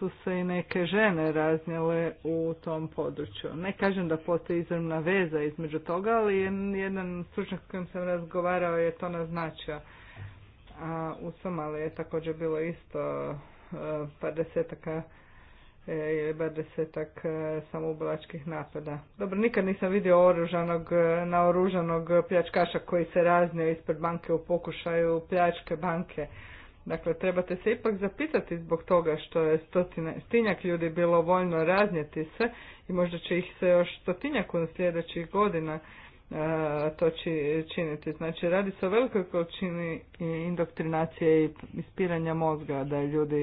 su se i neke žene raznjele u tom području. Ne kažem da postoji izravna veza između toga, ali jedan stručnjak s kojim sam razgovarao je to naznačio. A u Somali je također bilo isto e, par desetaka ili e, bar desetak e, samoublačkih napada. Dobro, nikad nisam vidio oružanog, naoružanog pljačkaša koji se raznio ispred banke u pokušaju pljačke banke Dakle, trebate se ipak zapitati zbog toga što je stotine, stinjak ljudi bilo voljno raznijeti se i možda će ih se još stotinjak u sljedećih godina e, to će činiti. Znači radi se o velikoj količini indoktrinacije i ispiranja mozga da ljudi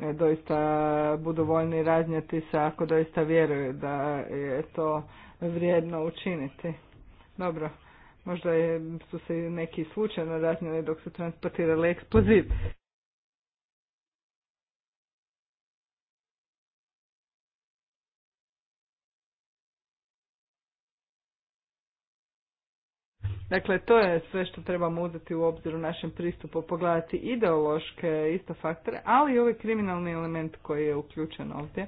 e, doista budu voljni raznijeti se ako doista vjeruju da je to vrijedno učiniti. Dobro, možda je, su se neki slučajno raznijeli dok su transportirali eksploziv. Dakle, to je sve što trebamo uzeti u obzir u našem pristupu, pogledati ideološke isto faktore, ali i ovaj kriminalni element koji je uključen ovdje.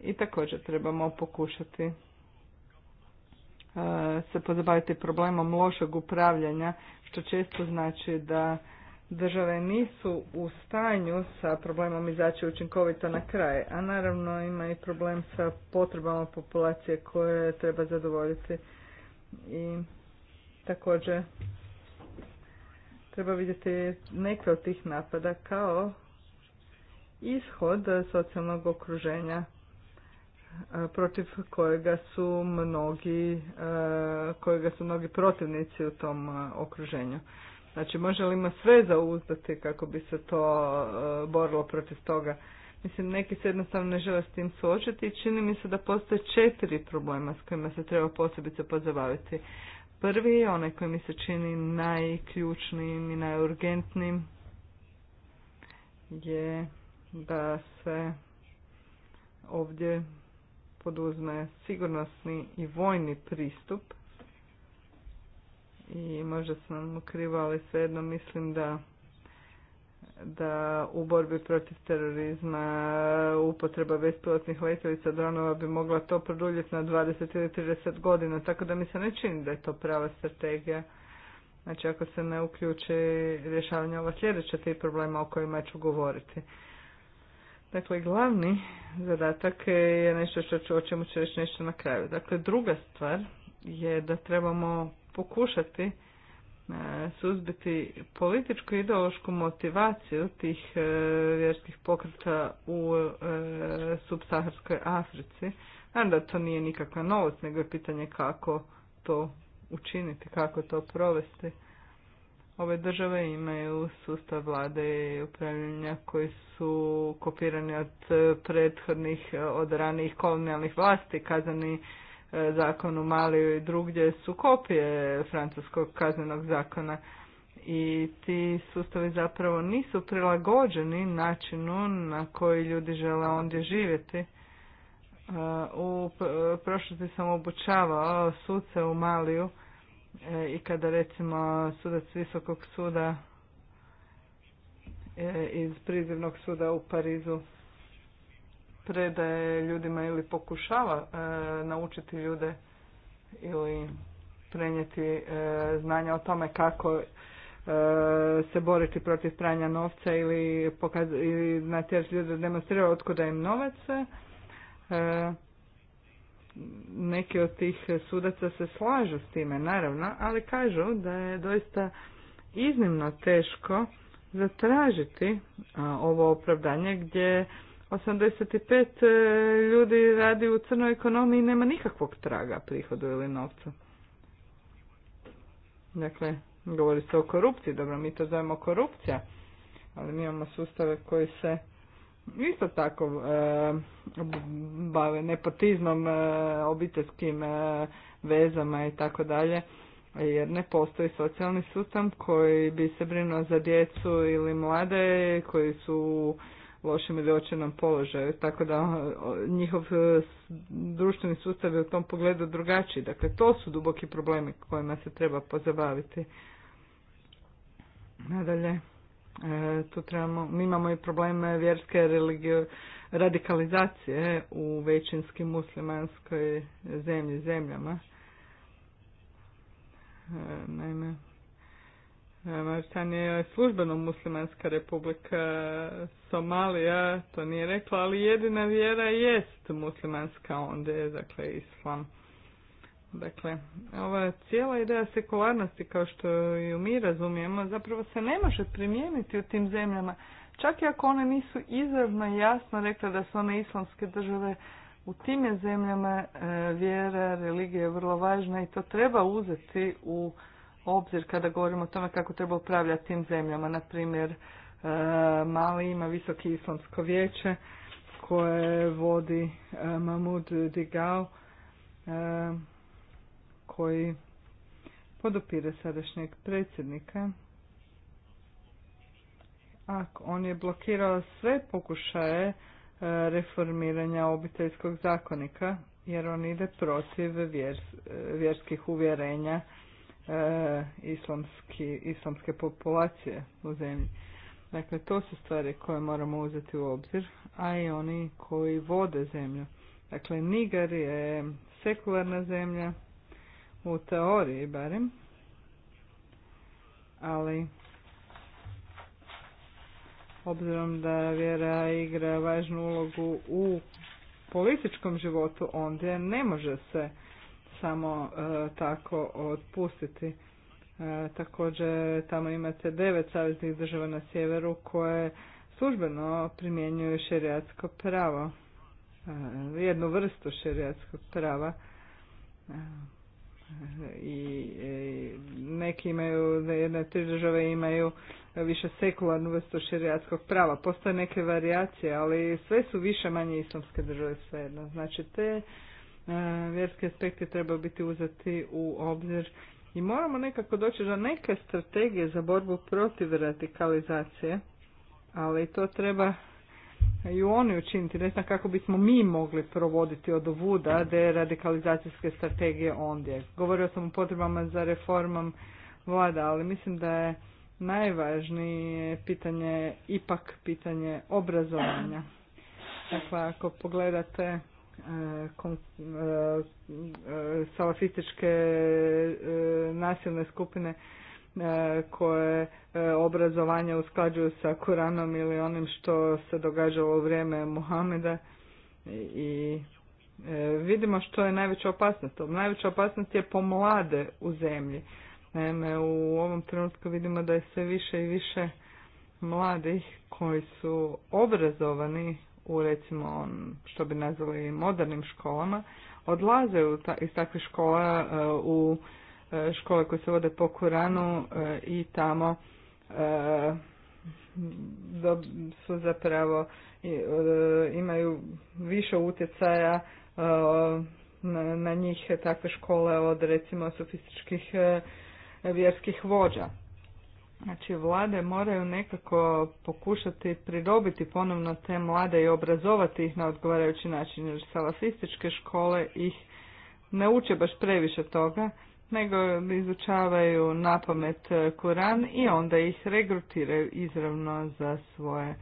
I također trebamo pokušati e, se pozabaviti problemom lošeg upravljanja, što često znači da države nisu u stanju sa problemom izaći učinkovito na kraj, a naravno ima i problem sa potrebama populacije koje treba zadovoljiti i Također, treba vidjeti neke od tih napada kao ishod socijalnog okruženja protiv kojega su mnogi, kojega su mnogi protivnici u tom okruženju. Znači, može li ima sve zauzdati kako bi se to borilo protiv toga? Mislim, neki se jednostavno ne žele s tim suočiti i čini mi se da postoje četiri problema s kojima se treba posebice pozabaviti prvi, onaj koji mi se čini najključnijim i najurgentnim je da se ovdje poduzme sigurnosni i vojni pristup i možda sam krivo, ali svejedno mislim da da u borbi protiv terorizma upotreba bespilotnih letovica dronova bi mogla to produljiti na 20 ili 30 godina, tako da mi se ne čini da je to prava strategija. Znači ako se ne uključi rješavanje ova sljedeća tih problema o kojima ću govoriti. Dakle, glavni zadatak je nešto što ću, o čemu ću reći nešto na kraju. Dakle, druga stvar je da trebamo pokušati E, suzbiti političku i ideološku motivaciju tih e, vjerskih pokreta u e, subsaharskoj Africi. Znam da to nije nikakva novost, nego je pitanje kako to učiniti, kako to provesti. Ove države imaju sustav vlade i upravljanja koji su kopirani od prethodnih, od ranijih kolonijalnih vlasti, kazani E, zakon u Maliju i drugdje su kopije francuskog kaznenog zakona i ti sustavi zapravo nisu prilagođeni načinu na koji ljudi žele ondje živjeti. E, u e, prošlosti sam obučavao suce u Maliju i kada recimo sudac Visokog suda iz prizivnog suda u Parizu predaje ljudima ili pokušava e, naučiti ljude ili prenijeti e, znanja o tome kako e, se boriti protiv pranja novca ili, pokaz, ili ljude da otkuda im novac. neki od tih sudaca se slažu s time, naravno, ali kažu da je doista iznimno teško zatražiti ovo opravdanje gdje 85 e, ljudi radi u crnoj ekonomiji i nema nikakvog traga prihodu ili novca. Dakle, govori se o korupciji, dobro, mi to zovemo korupcija, ali mi imamo sustave koji se isto tako e, bave nepotizmom, e, obiteljskim vezama i tako dalje, jer ne postoji socijalni sustav koji bi se brinuo za djecu ili mlade koji su lošem ili očenom položaju, tako da njihov e, društveni sustav je u tom pogledu drugačiji. Dakle, to su duboki problemi kojima se treba pozabaviti. Nadalje, e, tu trebamo, mi imamo i probleme vjerske religije, radikalizacije u većinskim muslimanskoj zemlji, zemljama. E, naime, Mauritanija je službeno muslimanska republika Somalija, to nije rekla, ali jedina vjera jest muslimanska onda, dakle islam. Dakle, ova cijela ideja sekularnosti kao što ju mi razumijemo zapravo se ne može primijeniti u tim zemljama. Čak i ako one nisu izravno jasno rekla da su one islamske države, u tim je zemljama e, vjera, religija je vrlo važna i to treba uzeti u obzir kada govorimo o tome kako treba upravljati tim zemljama. Na primjer, e, Mali ima visoki islamsko vijeće koje vodi e, Mahmud Digao e, koji podupire sadašnjeg predsjednika. Ako on je blokirao sve pokušaje reformiranja obiteljskog zakonika jer on ide protiv vjerskih uvjerenja e, islamski, islamske populacije u zemlji. Dakle, to su stvari koje moramo uzeti u obzir, a i oni koji vode zemlju. Dakle, Niger je sekularna zemlja, u teoriji barem, ali obzirom da vjera igra važnu ulogu u političkom životu, ondje ne može se samo e, tako otpustiti. E, također tamo imate devet saveznih država na sjeveru koje službeno primjenjuju širijatsko pravo, e, jednu vrstu širijatskog prava i neki imaju, jedne tri države imaju više sekularnu vrstu širijatskog prava. Postoje neke varijacije, ali sve su više manje islamske države svejedno. Znači te E, Vjerske aspekte treba biti uzeti u obzir i moramo nekako doći do neke strategije za borbu protiv radikalizacije, ali to treba i oni učiniti. Ne znam kako bismo mi mogli provoditi od ovuda radikalizacijske strategije ondje. Govorio sam o potrebama za reformom vlada, ali mislim da je najvažnije pitanje ipak pitanje obrazovanja. Dakle, ako pogledate E, e, salafističke e, nasilne skupine koje obrazovanje usklađuju sa Kuranom ili onim što se događalo u vrijeme Muhameda i vidimo što je najveća opasnost. Najveća opasnost je pomlade u zemlji. Naime, u ovom trenutku vidimo da je sve više i više mladih koji su obrazovani u recimo što bi nazvali modernim školama odlaze u ta, iz takvih škola e, u e, škole koje se vode po Kuranu e, i tamo su zapravo imaju više utjecaja na njih takve škole od recimo sofističkih vjerskih vođa. Znači vlade moraju nekako pokušati pridobiti ponovno te mlade i obrazovati ih na odgovarajući način jer salafističke škole ih ne uče baš previše toga nego izučavaju napamet e, kuran i onda ih regrutiraju izravno za svoje e,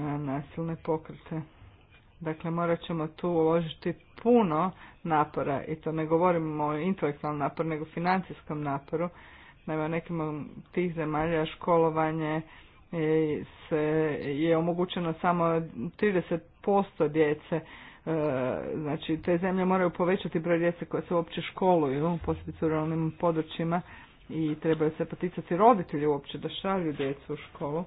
nasilne pokrete. Dakle, morat ćemo tu uložiti puno napora i to ne govorimo o intelektualnom naporu, nego financijskom naporu Naime, u nekim od tih zemalja školovanje se je omogućeno samo 30% djece. E, znači, te zemlje moraju povećati broj djece koje se uopće školuju, u ruralnim područjima i trebaju se poticati roditelji uopće da šalju djecu u školu.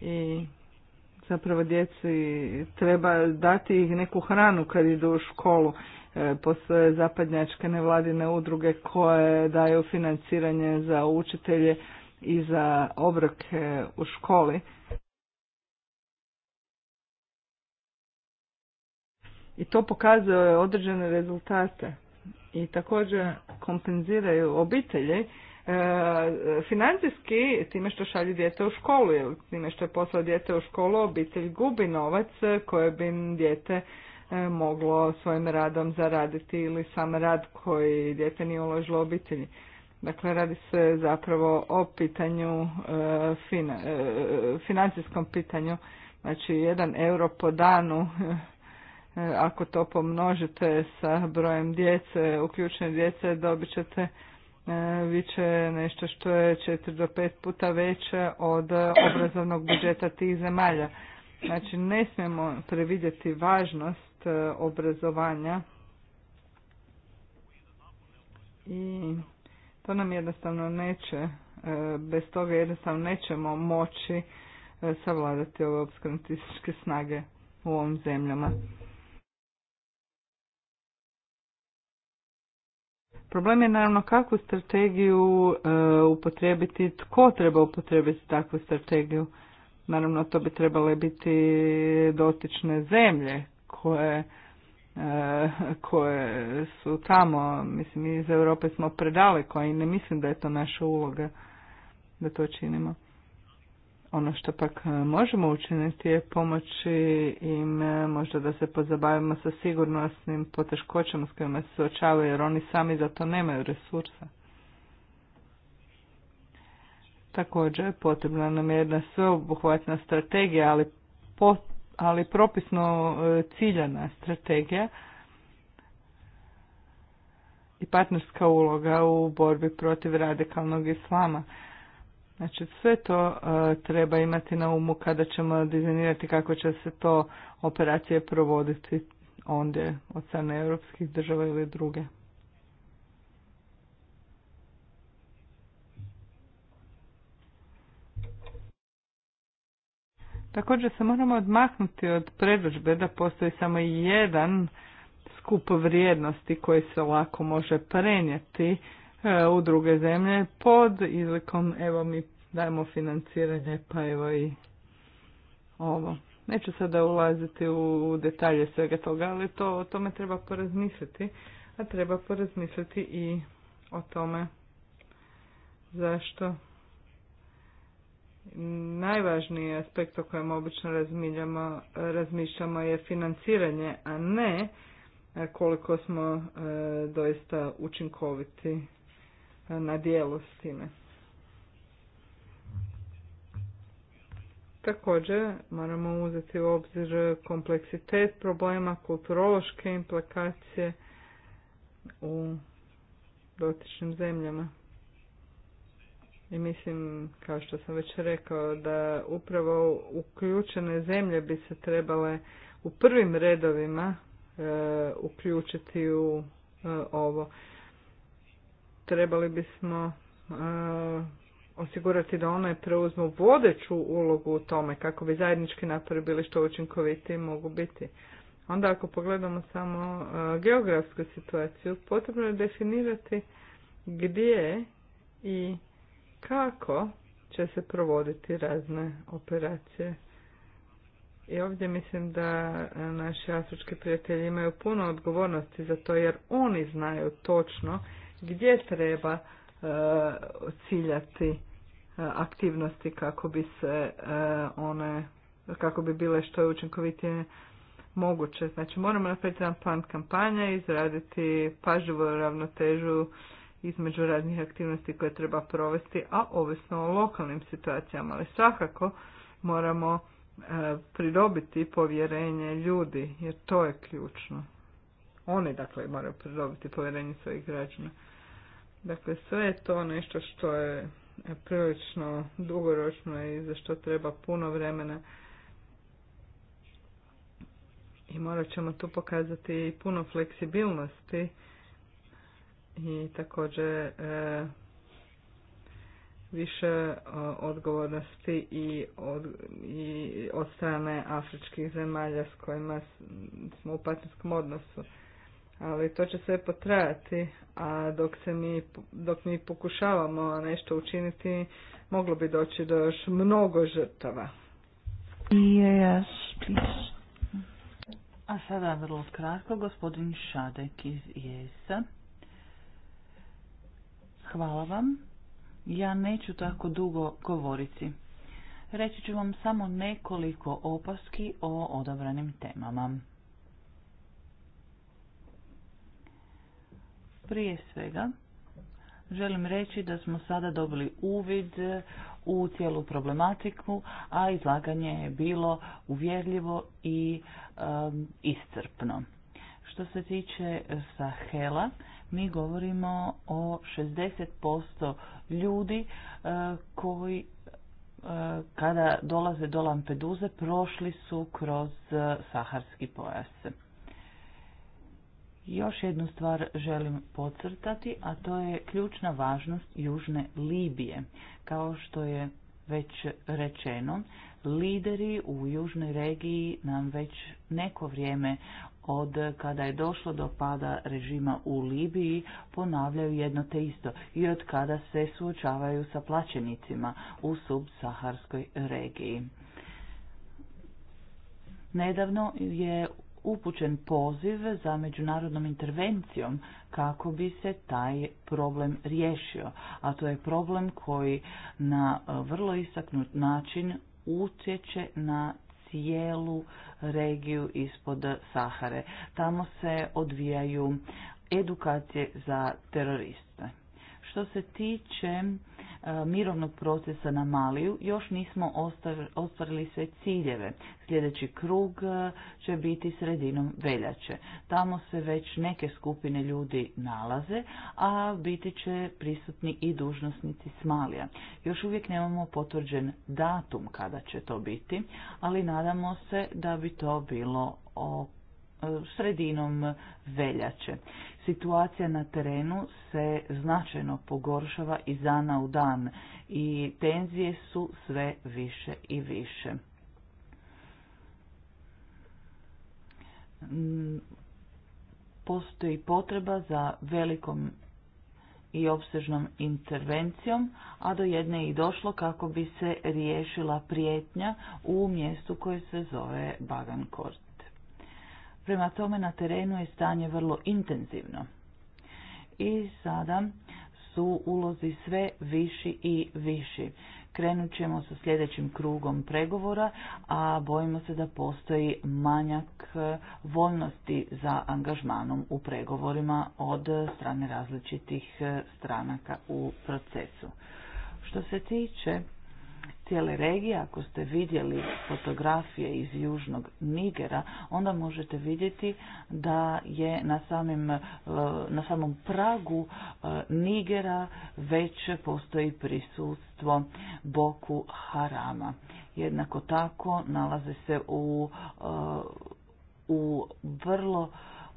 I zapravo djeci treba dati ih neku hranu kad idu u školu. E, postoje zapadnjačke nevladine udruge koje daju financiranje za učitelje i za obroke u školi. I to pokazuje određene rezultate i također kompenziraju obitelji E, financijski time što šalju dijete u školu ili time što je poslao dijete u školu obitelj gubi novac koje bi dijete e, moglo svojim radom zaraditi ili sam rad koji dijete nije uložilo obitelji. Dakle, radi se zapravo o pitanju, e, financijskom pitanju, znači jedan euro po danu, ako to pomnožite sa brojem djece, uključene djece, dobit ćete E, bit će nešto što je 4 do pet puta veće od obrazovnog budžeta tih zemalja. Znači ne smijemo previdjeti važnost e, obrazovanja i to nam jednostavno neće, e, bez toga jednostavno nećemo moći savladati ove obskrantističke snage u ovom zemljama. Problem je naravno kakvu strategiju e, upotrijebiti, tko treba upotrijebiti takvu strategiju. Naravno to bi trebale biti dotične zemlje koje, e, koje su tamo, mislim iz Europe smo predaleko i ne mislim da je to naša uloga da to činimo. Ono što pak e, možemo učiniti je pomoći im e, možda da se pozabavimo sa sigurnosnim poteškoćama s kojima se suočavaju jer oni sami za to nemaju resursa. Također potrebna nam je jedna sveobuhvatna strategija, ali, ali propisno e, ciljana strategija i partnerska uloga u borbi protiv radikalnog islama. Znači sve to e, treba imati na umu kada ćemo dizajnirati kako će se to operacije provoditi ondje od strane europskih država ili druge. Također se moramo odmaknuti od predložbe da postoji samo jedan skup vrijednosti koji se lako može prenijeti E, u druge zemlje pod izlikom evo mi dajemo financiranje pa evo i ovo. Neću sada ulaziti u detalje svega toga, ali to o tome treba porazmisliti, a treba porazmisliti i o tome zašto najvažniji aspekt o kojem obično razmišljamo je financiranje, a ne e, koliko smo e, doista učinkoviti na dijelu s time. Također moramo uzeti u obzir kompleksitet problema, kulturološke implikacije u dotičnim zemljama. I mislim, kao što sam već rekao, da upravo uključene zemlje bi se trebale u prvim redovima e, uključiti u e, ovo trebali bismo e, osigurati da one preuzmu vodeću ulogu u tome kako bi zajednički napori bili što učinkovitiji mogu biti. Onda ako pogledamo samo e, geografsku situaciju, potrebno je definirati gdje i kako će se provoditi razne operacije. I ovdje mislim da e, naši afrički prijatelji imaju puno odgovornosti za to jer oni znaju točno gdje treba e, ciljati e, aktivnosti kako bi se e, one, kako bi bile što je učinkovitije moguće. Znači moramo napraviti jedan plan kampanja, izraditi pažljivu ravnotežu između radnih aktivnosti koje treba provesti, a ovisno o lokalnim situacijama. Ali svakako moramo pridobiti povjerenje ljudi, jer to je ključno. Oni, dakle, moraju pridobiti povjerenje svojih građana. Dakle, sve je to nešto što je prilično dugoročno i za što treba puno vremena. I morat ćemo tu pokazati i puno fleksibilnosti i također e, više e, odgovornosti i od, i od strane afričkih zemalja s kojima smo u partnerskom odnosu ali to će sve potrajati, a dok, se mi, dok mi pokušavamo nešto učiniti, moglo bi doći do još mnogo žrtava. A sada vrlo kratko, gospodin Šadek iz Jesa. Hvala vam. Ja neću tako dugo govoriti. Reći ću vam samo nekoliko opaski o odabranim temama. Prije svega, želim reći da smo sada dobili uvid u cijelu problematiku, a izlaganje je bilo uvjerljivo i iscrpno. Što se tiče Sahela, mi govorimo o 60% ljudi e, koji e, kada dolaze do Lampeduze prošli su kroz e, saharski pojas. Još jednu stvar želim podcrtati, a to je ključna važnost Južne Libije. Kao što je već rečeno, lideri u Južnoj regiji nam već neko vrijeme od kada je došlo do pada režima u Libiji ponavljaju jedno te isto i od kada se suočavaju sa plaćenicima u subsaharskoj regiji. Nedavno je upućen poziv za međunarodnom intervencijom kako bi se taj problem riješio, a to je problem koji na vrlo istaknut način utječe na cijelu regiju ispod Sahare. Tamo se odvijaju edukacije za teroriste. Što se tiče E, mirovnog procesa na Maliju još nismo ostvarili sve ciljeve. Sljedeći krug e, će biti sredinom veljače. Tamo se već neke skupine ljudi nalaze, a biti će prisutni i dužnosnici s Malija. Još uvijek nemamo potvrđen datum kada će to biti, ali nadamo se da bi to bilo e, sredinom veljače situacija na terenu se značajno pogoršava iz dana u dan i tenzije su sve više i više. Mm, postoji potreba za velikom i opsežnom intervencijom, a do jedne i došlo kako bi se riješila prijetnja u mjestu koje se zove Bagankort. Prema tome na terenu je stanje vrlo intenzivno. I sada su ulozi sve viši i viši. Krenut ćemo sa sljedećim krugom pregovora, a bojimo se da postoji manjak e, voljnosti za angažmanom u pregovorima od strane različitih e, stranaka u procesu. Što se tiče cijele regije. Ako ste vidjeli fotografije iz Južnog Nigera, onda možete vidjeti da je na, samim, eh, na samom pragu eh, Nigera već postoji prisustvo Boku Harama. Jednako tako nalaze se u, eh, u vrlo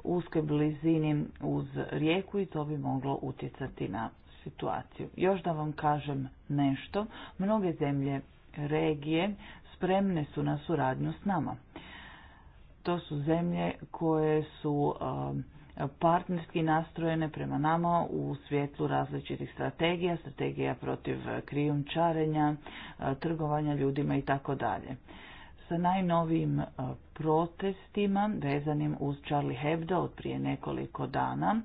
uskoj blizini uz rijeku i to bi moglo utjecati na situaciju. Još da vam kažem nešto, mnoge zemlje regije spremne su na suradnju s nama. To su zemlje koje su um, partnerski nastrojene prema nama u svijetlu različitih strategija, strategija protiv krijumčarenja, uh, trgovanja ljudima i tako dalje. Sa najnovijim uh, protestima vezanim uz Charlie Hebdo od prije nekoliko dana,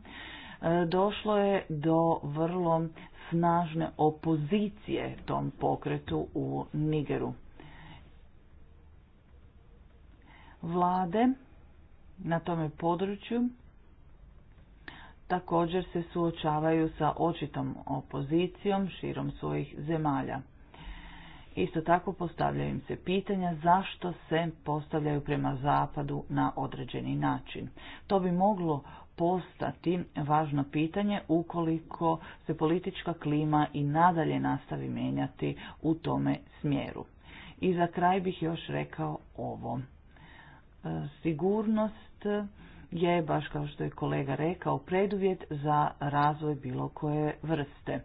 E, došlo je do vrlo snažne opozicije tom pokretu u Nigeru. Vlade na tome području također se suočavaju sa očitom opozicijom širom svojih zemalja. Isto tako postavljaju im se pitanja zašto se postavljaju prema zapadu na određeni način. To bi moglo postati važno pitanje ukoliko se politička klima i nadalje nastavi mijenjati u tome smjeru. I za kraj bih još rekao ovo. E, sigurnost je, baš kao što je kolega rekao, preduvjet za razvoj bilo koje vrste.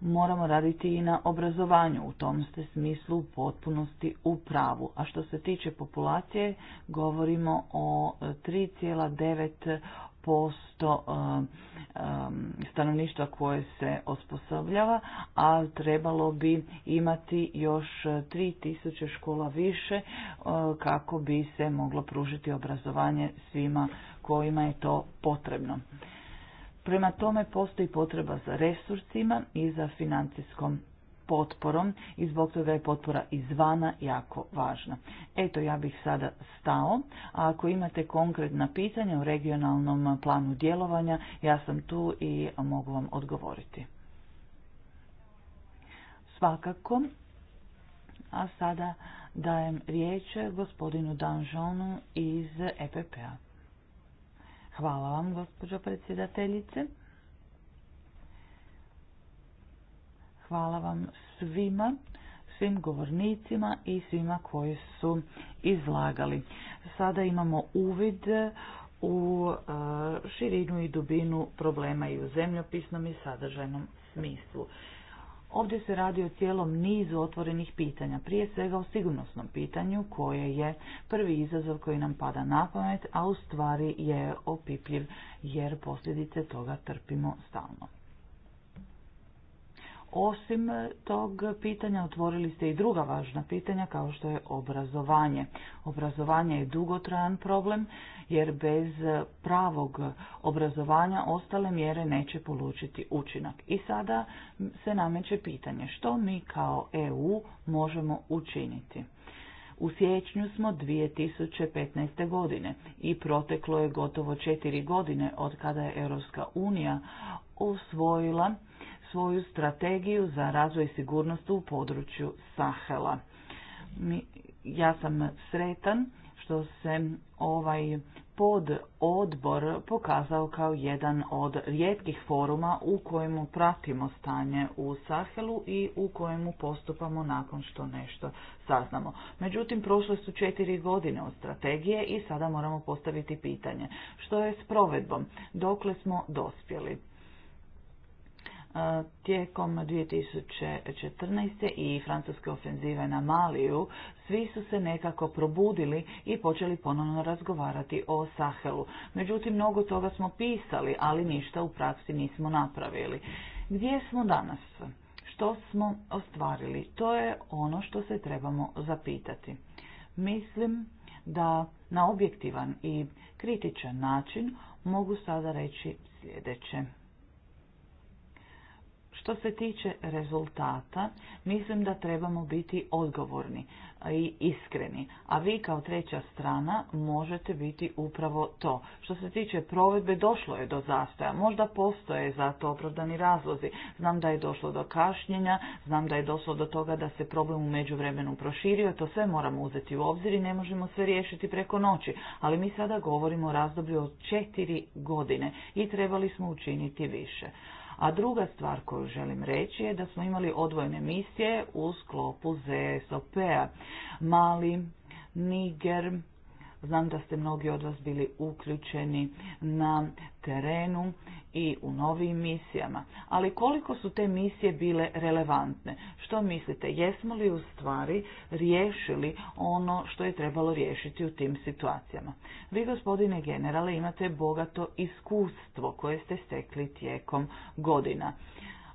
Moramo raditi i na obrazovanju, u tom ste smislu potpunosti u pravu. A što se tiče populacije, govorimo o 3,9 posto um, um, stanovništva koje se osposobljava, a trebalo bi imati još 3000 škola više uh, kako bi se moglo pružiti obrazovanje svima kojima je to potrebno. Prema tome postoji potreba za resursima i za financijskom potporom i zbog toga je potpora izvana jako važna. Eto, ja bih sada stao, a ako imate konkretna pitanja u regionalnom planu djelovanja, ja sam tu i mogu vam odgovoriti. Svakako, a sada dajem riječ gospodinu Danžonu iz EPP-a. Hvala vam, gospođo predsjedateljice. Hvala vam svima, svim govornicima i svima koji su izlagali. Sada imamo uvid u e, širinu i dubinu problema i u zemljopisnom i sadržajnom smislu. Ovdje se radi o cijelom nizu otvorenih pitanja, prije svega o sigurnosnom pitanju koje je prvi izazov koji nam pada na pamet, a u stvari je opipljiv jer posljedice toga trpimo stalno. Osim e, tog pitanja otvorili ste i druga važna pitanja kao što je obrazovanje. Obrazovanje je dugotrajan problem jer bez pravog obrazovanja ostale mjere neće polučiti učinak. I sada se nameće pitanje što mi kao EU možemo učiniti. U siječnju smo 2015. godine i proteklo je gotovo četiri godine od kada je Europska unija osvojila svoju strategiju za razvoj i sigurnost u području Sahela. Ja sam sretan što se ovaj pod odbor pokazao kao jedan od rijetkih foruma u kojemu pratimo stanje u Sahelu i u kojemu postupamo nakon što nešto saznamo. Međutim, prošle su četiri godine od strategije i sada moramo postaviti pitanje što je s provedbom, dokle smo dospjeli tijekom 2014. i francuske ofenzive na Maliju, svi su se nekako probudili i počeli ponovno razgovarati o Sahelu. Međutim, mnogo toga smo pisali, ali ništa u praksi nismo napravili. Gdje smo danas? Što smo ostvarili? To je ono što se trebamo zapitati. Mislim da na objektivan i kritičan način mogu sada reći sljedeće. Što se tiče rezultata, mislim da trebamo biti odgovorni i iskreni, a vi kao treća strana možete biti upravo to. Što se tiče provedbe, došlo je do zastoja, možda postoje za to opravdani razlozi. Znam da je došlo do kašnjenja, znam da je došlo do toga da se problem u međuvremenu proširio, to sve moramo uzeti u obzir i ne možemo sve riješiti preko noći, ali mi sada govorimo o razdoblju od četiri godine i trebali smo učiniti više. A druga stvar koju želim reći je da smo imali odvojne misije u sklopu ZSOP-a. Mali, Niger, Znam da ste mnogi od vas bili uključeni na terenu i u novim misijama, ali koliko su te misije bile relevantne? Što mislite, jesmo li u stvari riješili ono što je trebalo riješiti u tim situacijama? Vi, gospodine generale, imate bogato iskustvo koje ste stekli tijekom godina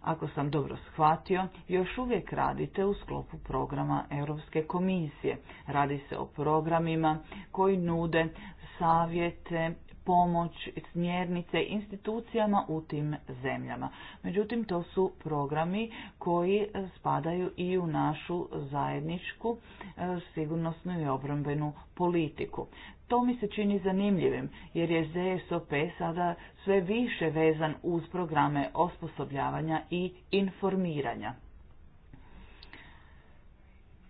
ako sam dobro shvatio, još uvijek radite u sklopu programa Europske komisije. Radi se o programima koji nude savjete, pomoć, smjernice institucijama u tim zemljama. Međutim, to su programi koji spadaju i u našu zajedničku e, sigurnosnu i obrambenu politiku. To mi se čini zanimljivim, jer je ZSOP sada sve više vezan uz programe osposobljavanja i informiranja.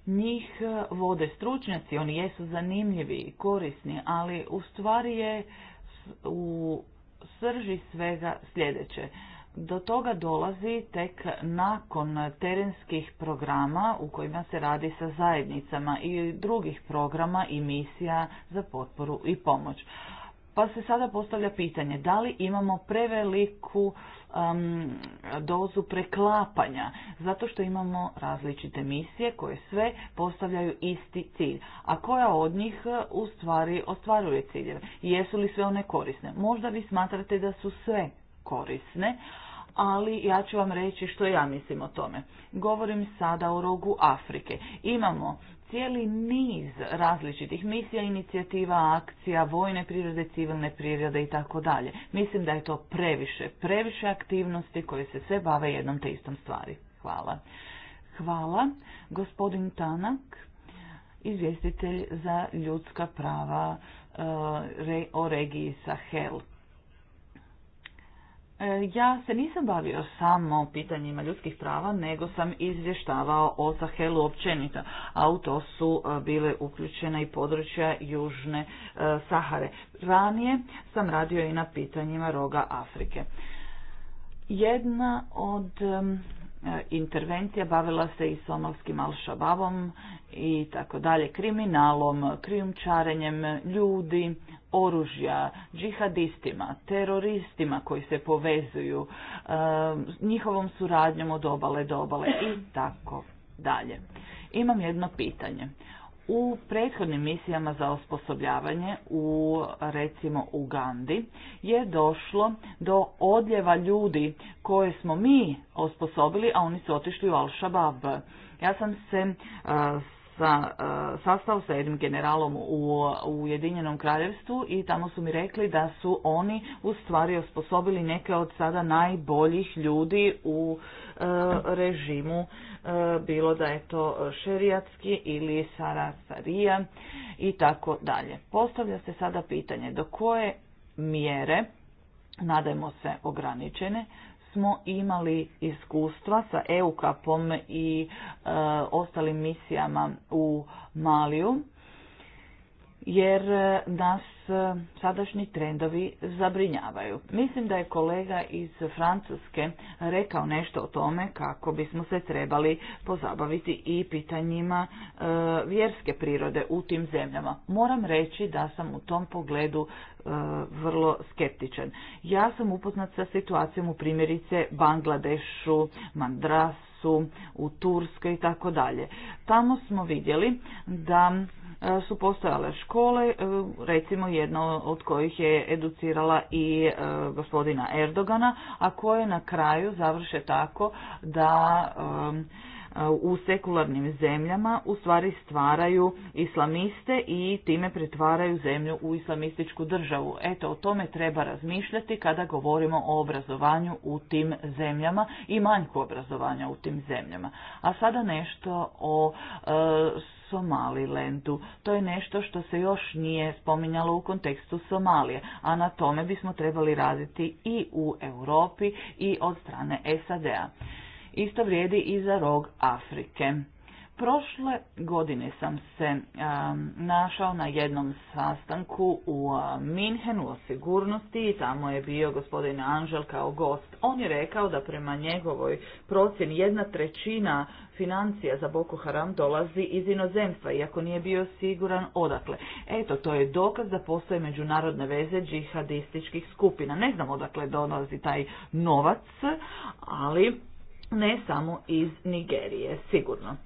Njih e, vode stručnjaci, oni jesu zanimljivi i korisni, ali u stvari je u srži svega sljedeće do toga dolazi tek nakon terenskih programa u kojima se radi sa zajednicama i drugih programa i misija za potporu i pomoć. Pa se sada postavlja pitanje da li imamo preveliku dozu preklapanja zato što imamo različite misije koje sve postavljaju isti cilj, a koja od njih e, u stvari ostvaruje ciljeve. Jesu li sve one korisne? Možda vi smatrate da su sve korisne, ali ja ću vam reći što ja mislim o tome. Govorim sada o rogu Afrike. Imamo cijeli niz različitih misija, inicijativa, akcija, vojne prirode, civilne prirode i tako dalje. Mislim da je to previše, previše aktivnosti koje se sve bave jednom te istom stvari. Hvala. Hvala. Gospodin Tanak, izvjestitelj za ljudska prava e, o regiji Sahel. E, ja se nisam bavio samo pitanjima ljudskih prava, nego sam izvještavao o Sahelu općenito, a u to su e, bile uključena i područja Južne e, Sahare. Ranije sam radio i na pitanjima roga Afrike. Jedna od E, intervencija bavila se i somalskim alšabavom i tako dalje, kriminalom, krijumčarenjem ljudi, oružja, džihadistima, teroristima koji se povezuju, e, njihovom suradnjom od obale do obale i tako dalje. Imam jedno pitanje. U prethodnim misijama za osposobljavanje u recimo u Gandi je došlo do odljeva ljudi koje smo mi osposobili, a oni su otišli u Al-Shabaab. Ja sam se sa e, sastao sa jednim generalom u Ujedinjenom kraljevstvu i tamo su mi rekli da su oni u stvari osposobili neke od sada najboljih ljudi u e, režimu, e, bilo da je to šerijatski ili sarasarija i tako dalje. Postavlja se sada pitanje do koje mjere, nadajmo se ograničene, smo imali iskustva sa EUCAP-om i e, ostalim misijama u Maliju jer e, nas e, sadašnji trendovi zabrinjavaju. Mislim da je kolega iz Francuske rekao nešto o tome kako bismo se trebali pozabaviti i pitanjima e, vjerske prirode u tim zemljama. Moram reći da sam u tom pogledu vrlo skeptičan. Ja sam upoznat sa situacijom u primjerice Bangladešu, Mandrasu, u Turskoj i tako dalje. Tamo smo vidjeli da E, su postojale škole, e, recimo jedna od kojih je educirala i e, gospodina Erdogana, a koje na kraju završe tako da u sekularnim zemljama u stvari stvaraju islamiste i time pretvaraju zemlju u islamističku državu. Eto, o tome treba razmišljati kada govorimo o obrazovanju u tim zemljama i manjku obrazovanja u tim zemljama. A sada nešto o Somalilandu. To je nešto što se još nije spominjalo u kontekstu Somalije, a na tome bismo trebali raditi i u Europi i od strane SAD-a. Isto vrijedi i za rog Afrike. Prošle godine sam se um, našao na jednom sastanku u uh, Minhenu o sigurnosti i tamo je bio gospodin Anžel kao gost. On je rekao da prema njegovoj procjeni jedna trećina financija za Boko Haram dolazi iz inozemstva, iako nije bio siguran odakle. Eto, to je dokaz da postoje međunarodne veze džihadističkih skupina. Ne znam odakle dolazi taj novac, ali ne samo iz Nigerije, sigurno.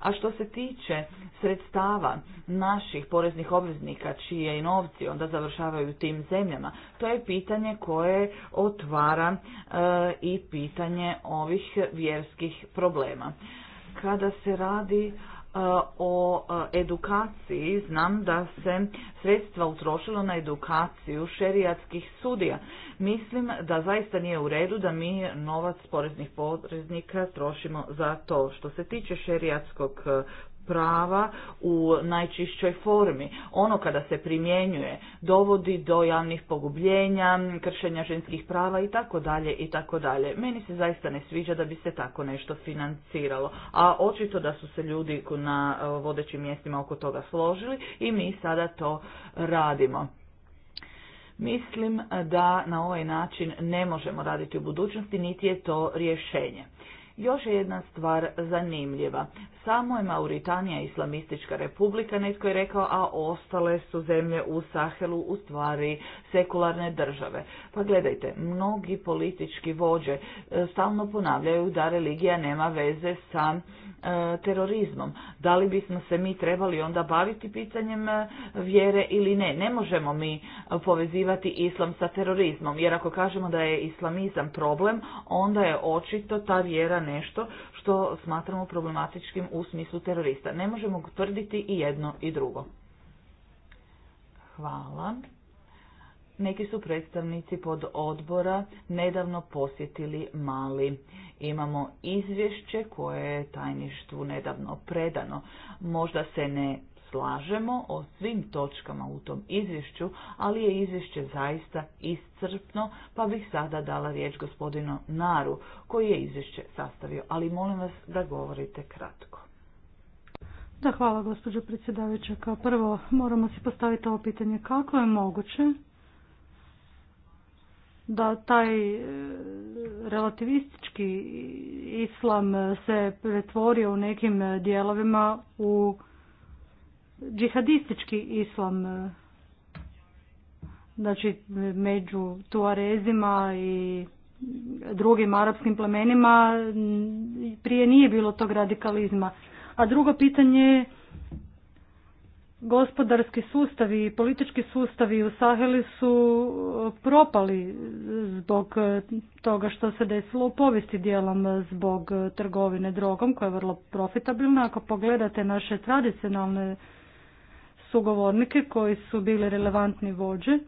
A što se tiče sredstava naših poreznih obveznika čije i novci onda završavaju tim zemljama, to je pitanje koje otvara e, i pitanje ovih vjerskih problema. Kada se radi E, o e, edukaciji znam da se sredstva utrošilo na edukaciju šerijatskih sudija. Mislim da zaista nije u redu da mi novac poreznih poreznika trošimo za to. Što se tiče šerijatskog e, prava u najčišćoj formi. Ono kada se primjenjuje dovodi do javnih pogubljenja, kršenja ženskih prava i tako dalje i tako dalje. Meni se zaista ne sviđa da bi se tako nešto financiralo, a očito da su se ljudi na e, vodećim mjestima oko toga složili i mi sada to radimo. Mislim da na ovaj način ne možemo raditi u budućnosti, niti je to rješenje. Još je jedna stvar zanimljiva. Samo je Mauritanija islamistička republika, netko je rekao, a ostale su zemlje u Sahelu u stvari sekularne države. Pa gledajte, mnogi politički vođe e, stalno ponavljaju da religija nema veze sa E, terorizmom. Da li bismo se mi trebali onda baviti pitanjem e, vjere ili ne? Ne možemo mi povezivati islam sa terorizmom, jer ako kažemo da je islamizam problem, onda je očito ta vjera nešto što smatramo problematičkim u smislu terorista. Ne možemo tvrditi i jedno i drugo. Hvala. Neki su predstavnici pod odbora nedavno posjetili Mali. Imamo izvješće koje je tajništvu nedavno predano. Možda se ne slažemo o svim točkama u tom izvješću, ali je izvješće zaista iscrpno, pa bih sada dala riječ gospodinu Naru, koji je izvješće sastavio, ali molim vas da govorite kratko. Da, hvala gospođo predsjedavajuća. Kao prvo moramo si postaviti ovo pitanje kako je moguće da taj e, relativistički islam se pretvorio u nekim dijelovima u džihadistički islam znači među tuarezima i drugim arapskim plemenima prije nije bilo tog radikalizma. A drugo pitanje gospodarski sustavi i politički sustavi u Saheli su e, propali zbog e, toga što se desilo u povijesti dijelom zbog e, trgovine drogom koja je vrlo profitabilna. Ako pogledate naše tradicionalne sugovornike koji su bili relevantni vođe,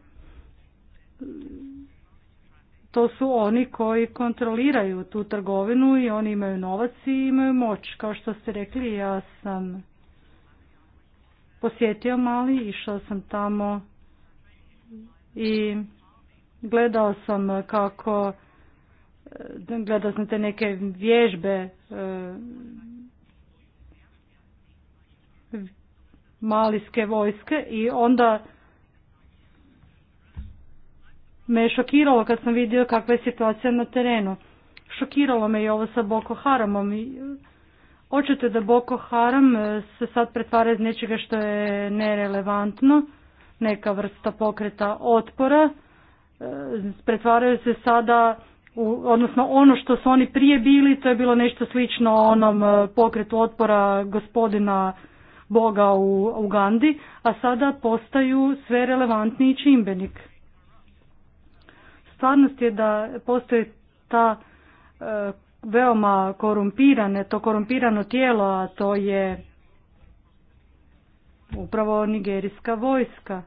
to su oni koji kontroliraju tu trgovinu i oni imaju novac i imaju moć. Kao što ste rekli, ja sam posjetio Mali, išao sam tamo i gledao sam kako e, gledao sam te neke vježbe e, malijske vojske i onda me je šokiralo kad sam vidio kakva je situacija na terenu. Šokiralo me i ovo sa Boko Haramom. i Hoćete da Boko Haram e, se sad pretvara iz nečega što je nerelevantno, neka vrsta pokreta otpora, e, pretvaraju se sada u, odnosno ono što su oni prije bili, to je bilo nešto slično onom e, pokretu otpora gospodina Boga u Ugandi, a sada postaju sve relevantniji čimbenik. Stvarnost je da postoji ta veoma korumpirane, to korumpirano tijelo, a to je upravo nigerijska vojska.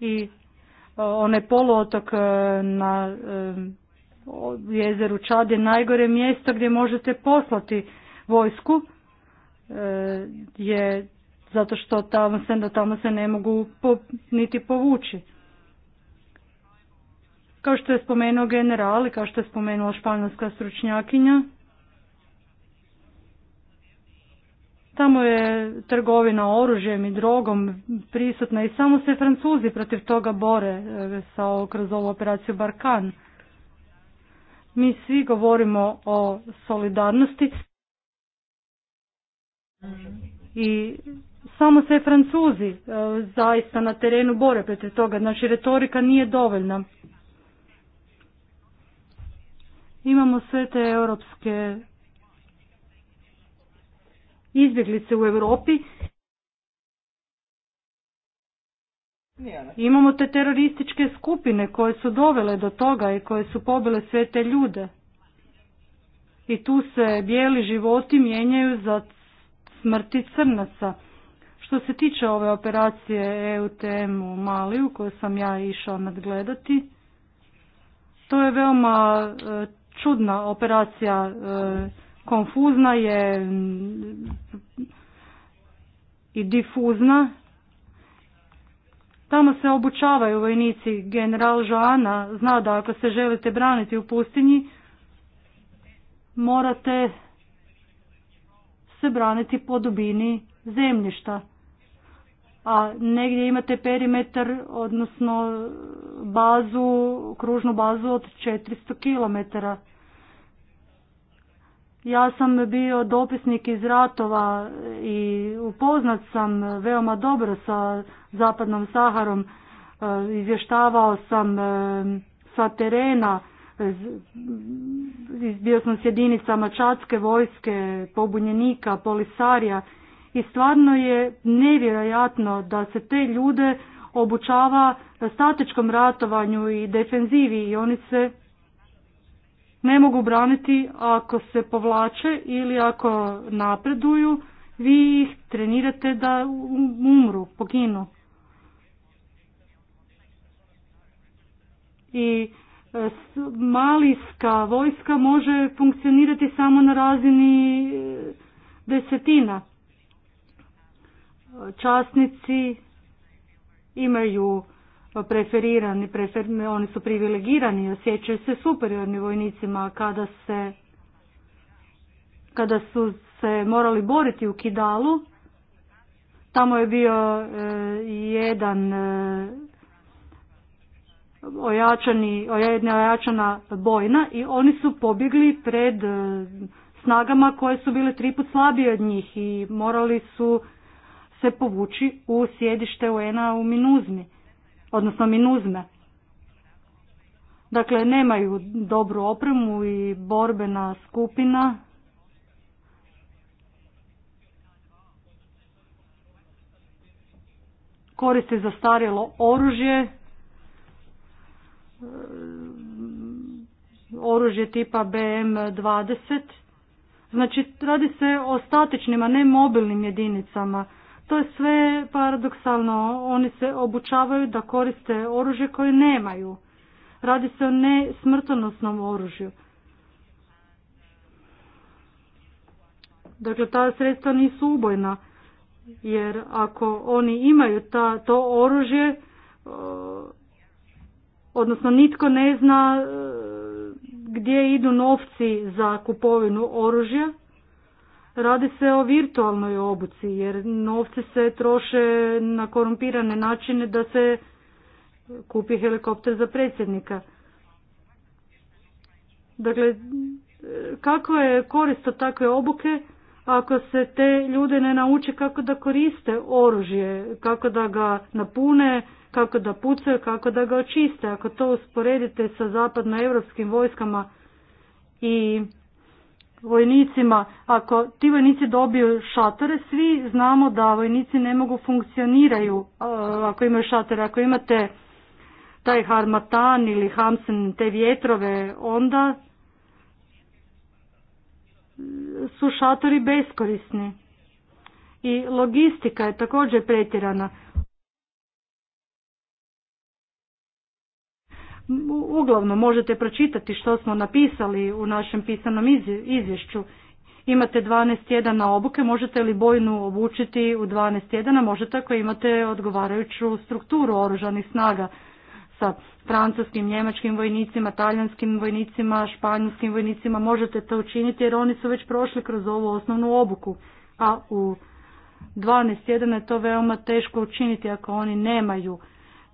I e, onaj poluotok e, na e, jezeru Čad je najgore mjesto gdje možete poslati vojsku je zato što tamo se, da tamo se ne mogu niti povući. Kao što je spomenuo general i kao što je spomenula španjolska stručnjakinja, tamo je trgovina oružjem i drogom prisutna i samo se Francuzi protiv toga bore eh, kroz ovu operaciju Barkan. Mi svi govorimo o solidarnosti i samo se Francuzi eh, zaista na terenu bore protiv toga, znači retorika nije dovoljna. Imamo sve te europske izbjeglice u Europi. Imamo te terorističke skupine koje su dovele do toga i koje su pobile sve te ljude. I tu se bijeli životi mijenjaju za smrti crnaca. Što se tiče ove operacije EUTM u Maliju koju sam ja išao nadgledati, to je veoma e, čudna operacija, e, konfuzna je i difuzna. Tamo se obučavaju vojnici. General Joana zna da ako se želite braniti u pustinji, morate se braniti po dubini zemljišta. A negdje imate perimetar, odnosno bazu, kružnu bazu od 400 kilometara. Ja sam bio dopisnik iz ratova i upoznat sam veoma dobro sa zapadnom Saharom. E, izvještavao sam e, sa terena, bio sam s jedinicama čatske vojske, pobunjenika, polisarija i stvarno je nevjerojatno da se te ljude obučava statičkom ratovanju i defenzivi i oni se ne mogu braniti ako se povlače ili ako napreduju, vi ih trenirate da umru, poginu. I e, malijska vojska može funkcionirati samo na razini e, desetina. Časnici imaju preferirani, prefer, oni su privilegirani, osjećaju se superiorni vojnicima kada se kada su se morali boriti u Kidalu, tamo je bio e, jedan e, ojačani, jedna ojačana bojna i oni su pobjegli pred e, snagama koje su bile tri put slabije od njih i morali su se povući u sjedište UN-a u Minuzmi odnosno minuzme. Dakle, nemaju dobru opremu i borbena skupina koriste zastarjelo oružje, oružje tipa BM20. Znači, radi se o statičnim, a ne mobilnim jedinicama. To je sve paradoksalno. Oni se obučavaju da koriste oružje koje nemaju. Radi se o nesmrtonosnom oružju. Dakle, ta sredstva nisu ubojna, jer ako oni imaju ta, to oružje, e, odnosno nitko ne zna e, gdje idu novci za kupovinu oružja, Radi se o virtualnoj obuci jer novci se troše na korumpirane načine da se kupi helikopter za predsjednika. Dakle, kako je korist od takve obuke ako se te ljude ne nauče kako da koriste oružje, kako da ga napune, kako da pucaju, kako da ga očiste. Ako to usporedite sa zapadnoevropskim vojskama i vojnicima. Ako ti vojnici dobiju šatore, svi znamo da vojnici ne mogu funkcioniraju ako imaju šatore. Ako imate taj harmatan ili hamsen, te vjetrove, onda su šatori beskorisni. I logistika je također pretjerana. uglavnom možete pročitati što smo napisali u našem pisanom izvješću. Imate 12 tjedana obuke, možete li bojnu obučiti u 12 tjedana, možete ako imate odgovarajuću strukturu oružanih snaga sa francuskim, njemačkim vojnicima, talijanskim vojnicima, španjolskim vojnicima, možete to učiniti jer oni su već prošli kroz ovu osnovnu obuku. A u 12 tjedana je to veoma teško učiniti ako oni nemaju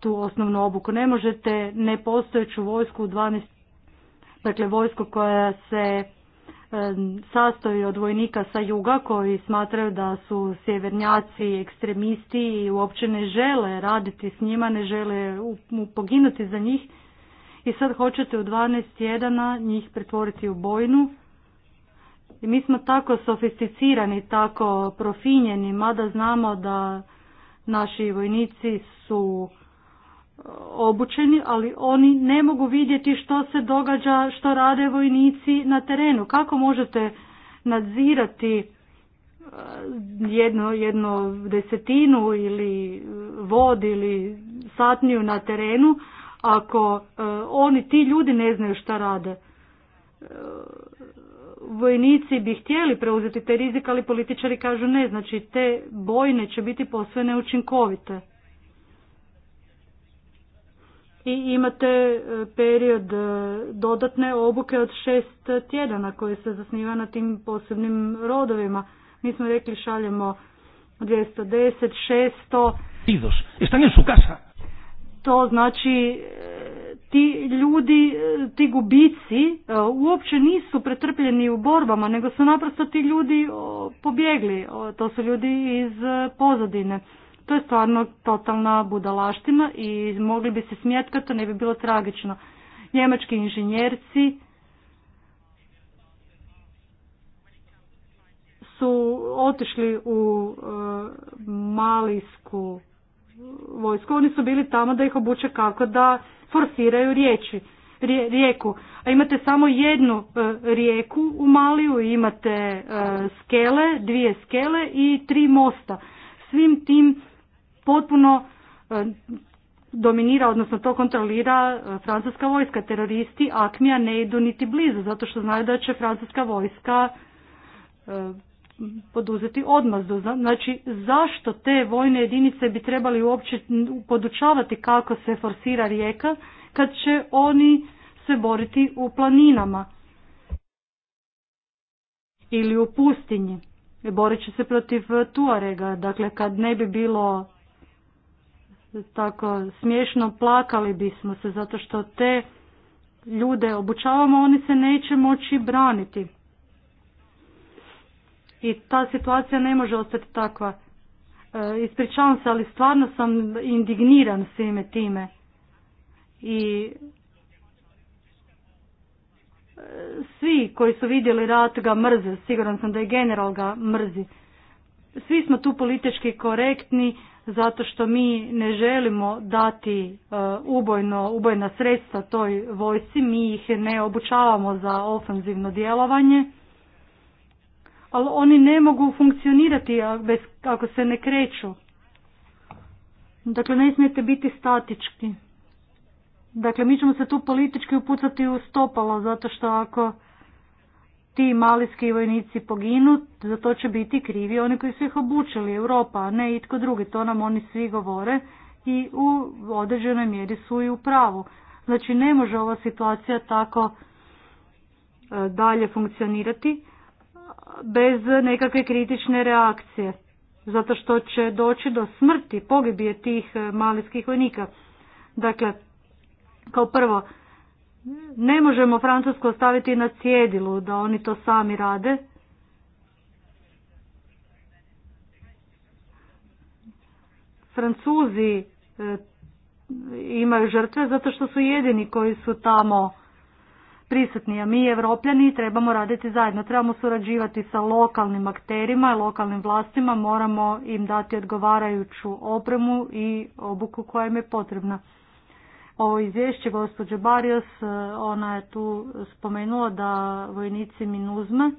tu osnovnu obuku. Ne možete nepostojeću vojsku u 12, dakle vojsku koja se e, sastoji od vojnika sa juga koji smatraju da su sjevernjaci ekstremisti i uopće ne žele raditi s njima, ne žele poginuti za njih. I sad hoćete u 12 tjedana njih pretvoriti u bojnu. I mi smo tako sofisticirani, tako profinjeni, mada znamo da naši vojnici su obučeni, ali oni ne mogu vidjeti što se događa, što rade vojnici na terenu. Kako možete nadzirati e, jedno, jedno desetinu ili vod ili satniju na terenu ako e, oni, ti ljudi ne znaju šta rade. E, vojnici bi htjeli preuzeti te rizik, ali političari kažu ne, znači te bojne će biti posve neučinkovite i imate e, period e, dodatne obuke od šest tjedana koje se zasniva na tim posebnim rodovima. Mi smo rekli šaljemo 210, 600. están en su casa. To znači e, ti ljudi, ti gubici uopće nisu pretrpljeni u borbama, nego su naprosto ti ljudi pobjegli. To su ljudi iz pozadine. To je stvarno totalna budalaština i mogli bi se kad to ne bi bilo tragično. Njemački inženjerci su otišli u e, malijsku vojsku. Oni su bili tamo da ih obuče kako da forsiraju riječi, rijeku. A imate samo jednu e, rijeku u Maliju, imate e, skele, dvije skele i tri mosta. Svim tim potpuno e, dominira, odnosno to kontrolira e, francuska vojska. Teroristi Akmija ne idu niti blizu, zato što znaju da će francuska vojska e, poduzeti odmazdu. Znači, zašto te vojne jedinice bi trebali uopće podučavati kako se forsira rijeka, kad će oni se boriti u planinama ili u pustinji. Borit će se protiv Tuarega, dakle kad ne bi bilo tako smiješno plakali bismo se zato što te ljude obučavamo, oni se neće moći braniti. I ta situacija ne može ostati takva. E, ispričavam se, ali stvarno sam indigniran svime time. I e, svi koji su vidjeli rat ga mrze, siguran sam da i general ga mrzi. Svi smo tu politički korektni, zato što mi ne želimo dati e, ubojno, ubojna sredstva toj vojsci, mi ih ne obučavamo za ofenzivno djelovanje, ali oni ne mogu funkcionirati bez, ako se ne kreću. Dakle, ne smijete biti statički. Dakle, mi ćemo se tu politički upucati u stopalo, zato što ako ti malijski vojnici poginu, za to će biti krivi oni koji su ih obučili, Europa, a ne itko drugi, to nam oni svi govore i u određenoj mjeri su i u pravu. Znači ne može ova situacija tako e, dalje funkcionirati e, bez nekakve kritične reakcije, zato što će doći do smrti, pogibije tih e, malijskih vojnika. Dakle, kao prvo, ne možemo francusko ostaviti na cjedilu da oni to sami rade. Francuzi e, imaju žrtve zato što su jedini koji su tamo prisutni, a mi evropljani trebamo raditi zajedno. Trebamo surađivati sa lokalnim akterima, lokalnim vlastima, moramo im dati odgovarajuću opremu i obuku koja im je potrebna ovo izvješće gospođe Barrios, e, ona je tu spomenula da vojnici Minuzme e,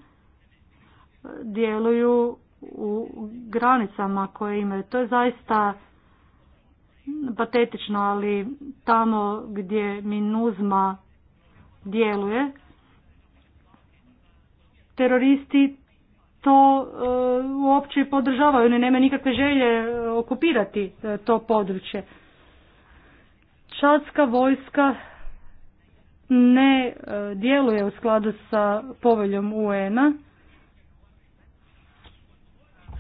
djeluju u granicama koje imaju. To je zaista patetično, ali tamo gdje Minuzma djeluje, teroristi to e, uopće podržavaju, oni nemaju nikakve želje okupirati to područje. Čadska vojska ne e, djeluje u skladu sa poveljom UN-a.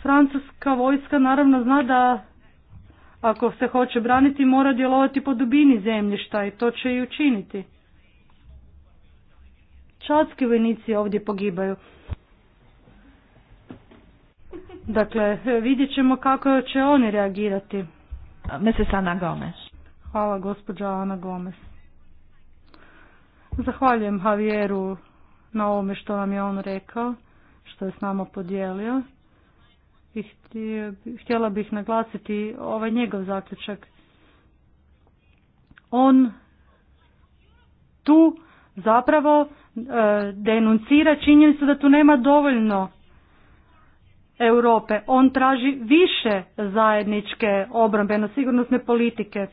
Francuska vojska naravno zna da ako se hoće braniti mora djelovati po dubini zemljišta i to će i učiniti. Čadski vojnici ovdje pogibaju. Dakle, vidjet ćemo kako će oni reagirati. Mrs. Ana Gomes. Hvala gospođa Ana Gomez. Zahvaljujem Javieru na ovome što vam je on rekao, što je s nama podijelio. I htjela bih naglasiti ovaj njegov zaključak. On tu zapravo e, denuncira činjenicu da tu nema dovoljno Europe. On traži više zajedničke obrambeno sigurnosne politike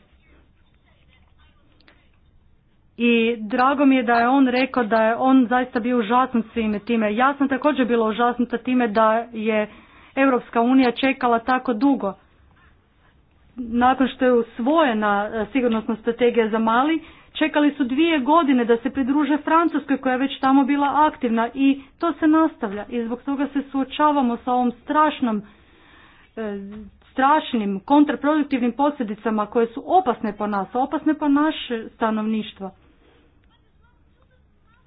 i drago mi je da je on rekao da je on zaista bio užasnut svime time. Ja sam također bila užasnuta time da je Europska unija čekala tako dugo. Nakon što je usvojena e, sigurnosna strategija za Mali, čekali su dvije godine da se pridruže Francuskoj koja je već tamo bila aktivna i to se nastavlja i zbog toga se suočavamo sa ovom strašnom e, strašnim kontraproduktivnim posljedicama koje su opasne po nas, opasne po naše stanovništvo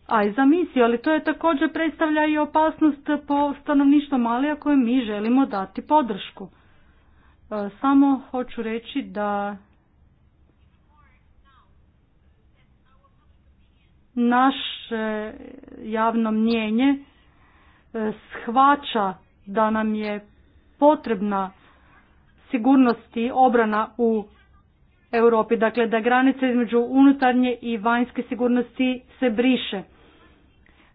a za misiju, ali to je također predstavlja i opasnost po stanovništvo Malija koje mi želimo dati podršku. E, samo hoću reći da naš javno mnjenje e, shvaća da nam je potrebna sigurnost i obrana u Europi, dakle da granica između unutarnje i vanjske sigurnosti se briše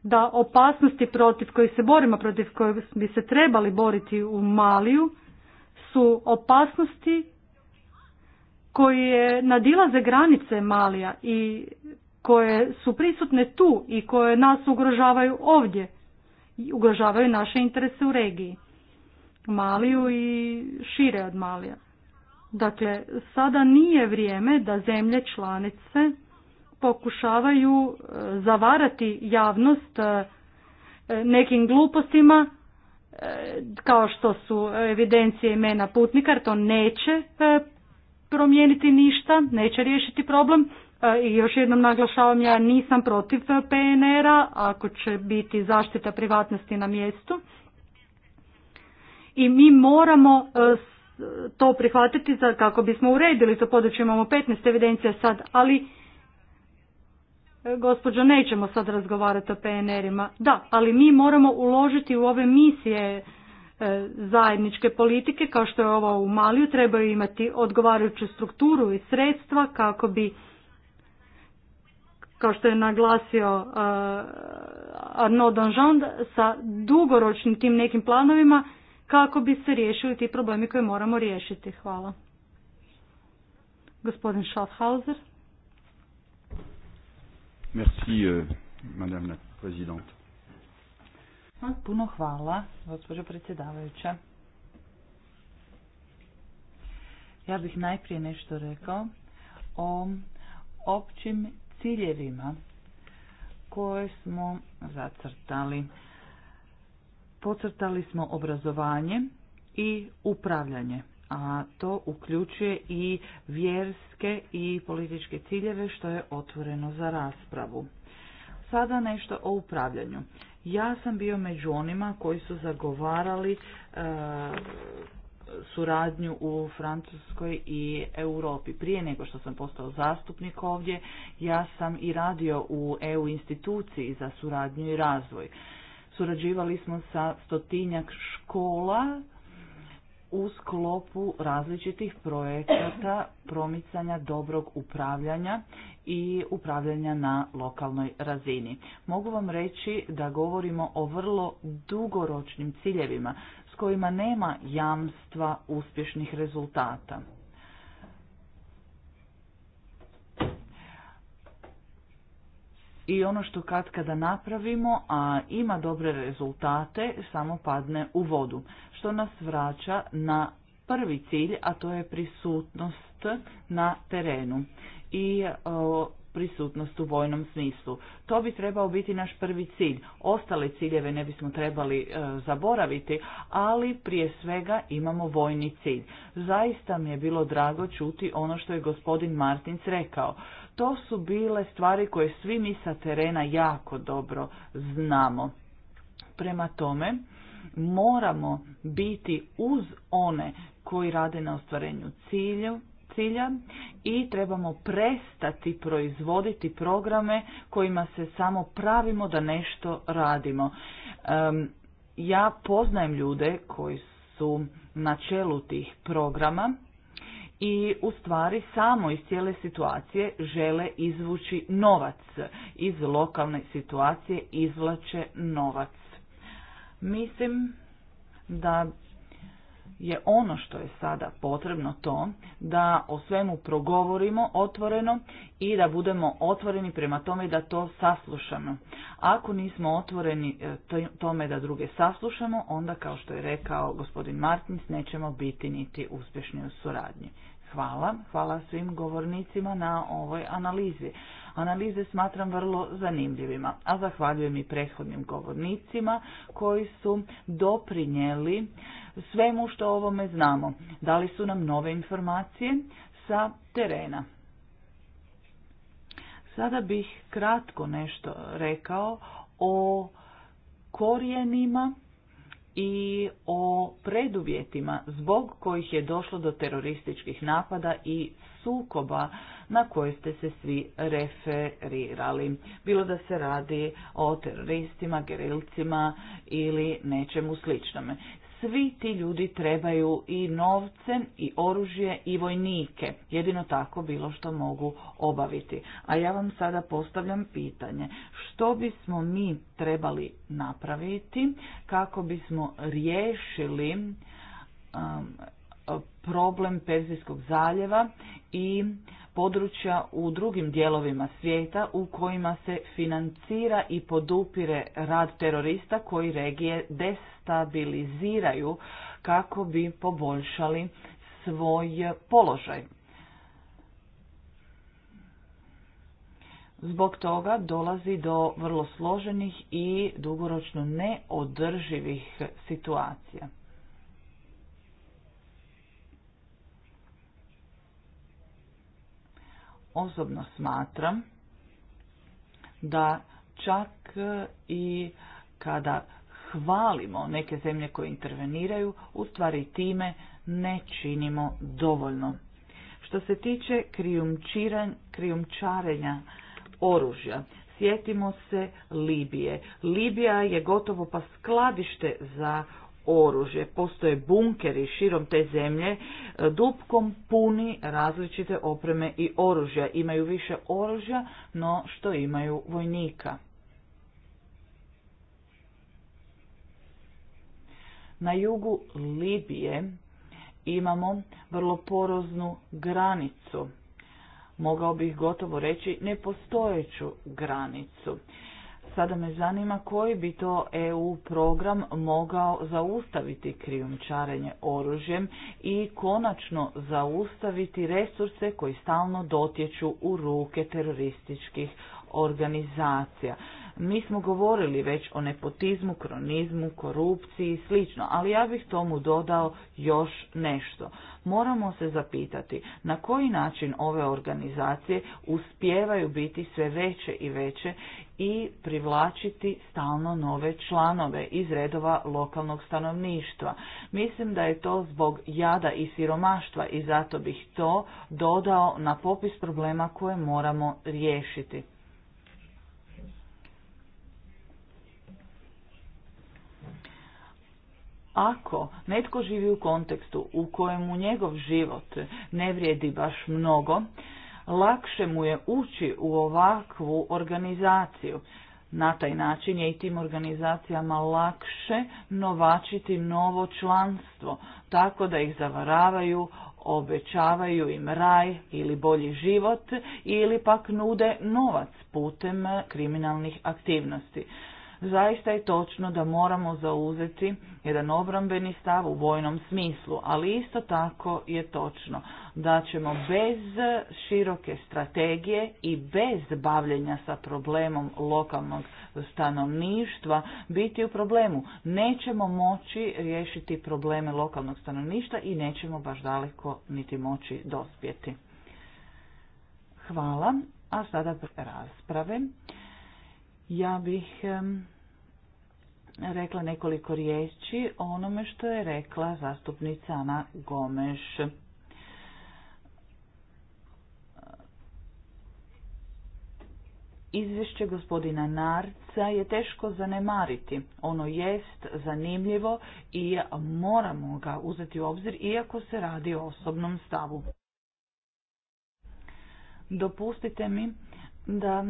da opasnosti protiv kojih se borimo, protiv kojih bi se trebali boriti u Maliju, su opasnosti koje nadilaze granice Malija i koje su prisutne tu i koje nas ugrožavaju ovdje i ugrožavaju naše interese u regiji. Maliju i šire od Malija. Dakle, sada nije vrijeme da zemlje članice pokušavaju e, zavarati javnost e, nekim glupostima e, kao što su evidencije imena putnika, jer to neće promijeniti ništa, neće riješiti problem. I još jednom naglašavam, ja nisam protiv PNR-a ako će biti zaštita privatnosti na mjestu. I mi moramo to prihvatiti za kako bismo uredili to područje, imamo 15 evidencija sad, ali gospođo, nećemo sad razgovarati o PNR-ima. Da, ali mi moramo uložiti u ove misije e, zajedničke politike, kao što je ova u Maliju, trebaju imati odgovarajuću strukturu i sredstva kako bi, kao što je naglasio e, Arnaud Donjand, sa dugoročnim tim nekim planovima, kako bi se riješili ti problemi koje moramo riješiti. Hvala. Gospodin Schaffhauser. Merci, euh, madame la présidente. Puno hvala, gospođo predsjedavajuća. Ja bih najprije nešto rekao o općim ciljevima koje smo zacrtali. Pocrtali smo obrazovanje i upravljanje a to uključuje i vjerske i političke ciljeve što je otvoreno za raspravu. Sada nešto o upravljanju. Ja sam bio među onima koji su zagovarali e, suradnju u Francuskoj i Europi. Prije nego što sam postao zastupnik ovdje, ja sam i radio u EU instituciji za suradnju i razvoj. Surađivali smo sa stotinjak škola u sklopu različitih projekata promicanja dobrog upravljanja i upravljanja na lokalnoj razini. Mogu vam reći da govorimo o vrlo dugoročnim ciljevima s kojima nema jamstva uspješnih rezultata. i ono što kad kada napravimo, a ima dobre rezultate, samo padne u vodu, što nas vraća na prvi cilj, a to je prisutnost na terenu i prisutnost u vojnom smislu. To bi trebao biti naš prvi cilj. Ostale ciljeve ne bismo trebali e, zaboraviti, ali prije svega imamo vojni cilj. Zaista mi je bilo drago čuti ono što je gospodin Martins rekao. To su bile stvari koje svi mi sa terena jako dobro znamo. Prema tome, moramo biti uz one koji rade na ostvarenju cilju, cilja i trebamo prestati proizvoditi programe kojima se samo pravimo da nešto radimo. ja poznajem ljude koji su na čelu tih programa i u stvari samo iz cijele situacije žele izvući novac. Iz lokalne situacije izvlače novac. Mislim da je ono što je sada potrebno to da o svemu progovorimo otvoreno i da budemo otvoreni prema tome da to saslušamo. Ako nismo otvoreni e, tome da druge saslušamo, onda kao što je rekao gospodin Martins nećemo biti niti uspješni u suradnji. Hvala. Hvala svim govornicima na ovoj analizi. Analize smatram vrlo zanimljivima, a zahvaljujem i prethodnim govornicima koji su doprinijeli svemu što o ovome znamo. Dali su nam nove informacije sa terena. Sada bih kratko nešto rekao o korijenima i o preduvjetima zbog kojih je došlo do terorističkih napada i sukoba na koje ste se svi referirali. Bilo da se radi o teroristima, gerilcima ili nečemu sličnome svi ti ljudi trebaju i novce, i oružje, i vojnike. Jedino tako bilo što mogu obaviti. A ja vam sada postavljam pitanje. Što bismo mi trebali napraviti kako bismo riješili um, E, problem Perzijskog zaljeva i područja u drugim dijelovima svijeta u kojima se financira i podupire rad terorista koji regije destabiliziraju kako bi poboljšali svoj položaj. Zbog toga dolazi do vrlo složenih i dugoročno neodrživih situacija. osobno smatram da čak i kada hvalimo neke zemlje koje interveniraju, u stvari time ne činimo dovoljno. Što se tiče krijumčarenja oružja, sjetimo se Libije. Libija je gotovo pa skladište za oružje. Postoje bunkeri širom te zemlje, e, dupkom puni različite opreme i oružja. Imaju više oružja, no što imaju vojnika. Na jugu Libije imamo vrlo poroznu granicu, mogao bih gotovo reći nepostojeću granicu. Sada me zanima koji bi to EU program mogao zaustaviti krijumčarenje oružjem i konačno zaustaviti resurse koji stalno dotječu u ruke terorističkih organizacija. Mi smo govorili već o nepotizmu, kronizmu, korupciji i slično, ali ja bih tomu dodao još nešto. Moramo se zapitati na koji način ove organizacije uspijevaju biti sve veće i veće i privlačiti stalno nove članove iz redova lokalnog stanovništva. Mislim da je to zbog jada i siromaštva i zato bih to dodao na popis problema koje moramo riješiti. Ako netko živi u kontekstu u kojemu njegov život ne vrijedi baš mnogo, lakše mu je ući u ovakvu organizaciju. Na taj način je i tim organizacijama lakše novačiti novo članstvo, tako da ih zavaravaju, obećavaju im raj ili bolji život ili pak nude novac putem kriminalnih aktivnosti. Zaista je točno da moramo zauzeti jedan obrambeni stav u vojnom smislu, ali isto tako je točno da ćemo bez široke strategije i bez bavljenja sa problemom lokalnog stanovništva biti u problemu. Nećemo moći riješiti probleme lokalnog stanovništva i nećemo baš daleko niti moći dospjeti. Hvala. A sada rasprave. Ja bih rekla nekoliko riječi o onome što je rekla zastupnica Ana Gomeš. Izvješće gospodina Narca je teško zanemariti. Ono jest zanimljivo i moramo ga uzeti u obzir iako se radi o osobnom stavu. Dopustite mi da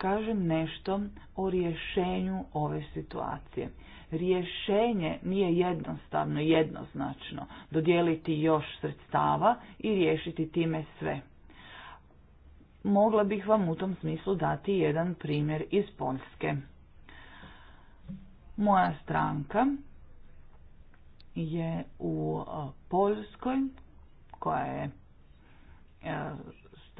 kažem nešto o rješenju ove situacije. Rješenje nije jednostavno, jednoznačno dodijeliti još sredstava i riješiti time sve. Mogla bih vam u tom smislu dati jedan primjer iz Poljske. Moja stranka je u Poljskoj, koja je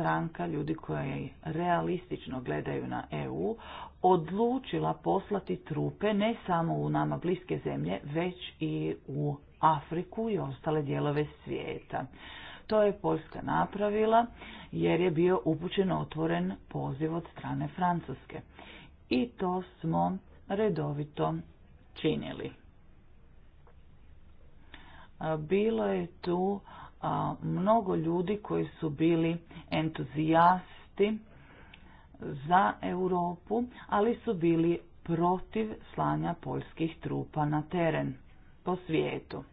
stranka ljudi koji realistično gledaju na EU odlučila poslati trupe ne samo u nama bliske zemlje, već i u Afriku i ostale dijelove svijeta. To je Poljska napravila jer je bio upućen otvoren poziv od strane Francuske. I to smo redovito činili. Bilo je tu a, mnogo ljudi koji su bili entuzijasti za Europu, ali su bili protiv slanja poljskih trupa na teren po svijetu.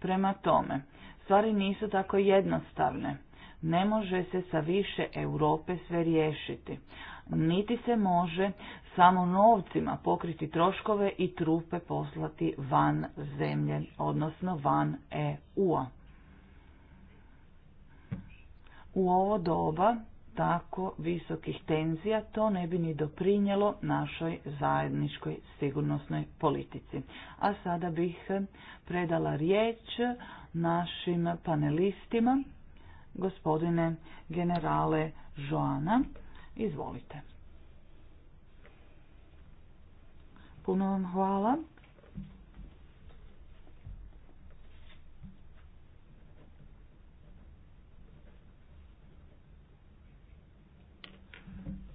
Prema tome, stvari nisu tako jednostavne. Ne može se sa više Europe sve riješiti. Niti se može samo novcima pokriti troškove i trupe poslati van zemlje, odnosno van EU-a. U ovo doba tako visokih tenzija to ne bi ni doprinjelo našoj zajedničkoj sigurnosnoj politici. A sada bih predala riječ našim panelistima, gospodine generale Joana, izvolite. Puno vam hvala.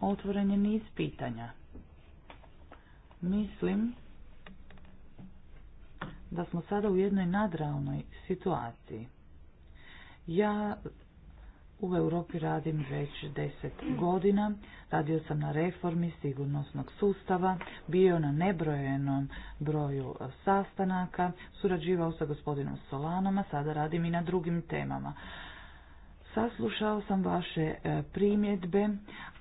otvoren je niz pitanja. Mislim da smo sada u jednoj nadravnoj situaciji. Ja u Europi radim već deset godina, radio sam na reformi sigurnosnog sustava, bio na nebrojenom broju sastanaka, surađivao sa gospodinom Solanom, a sada radim i na drugim temama. Saslušao sam vaše e, primjedbe,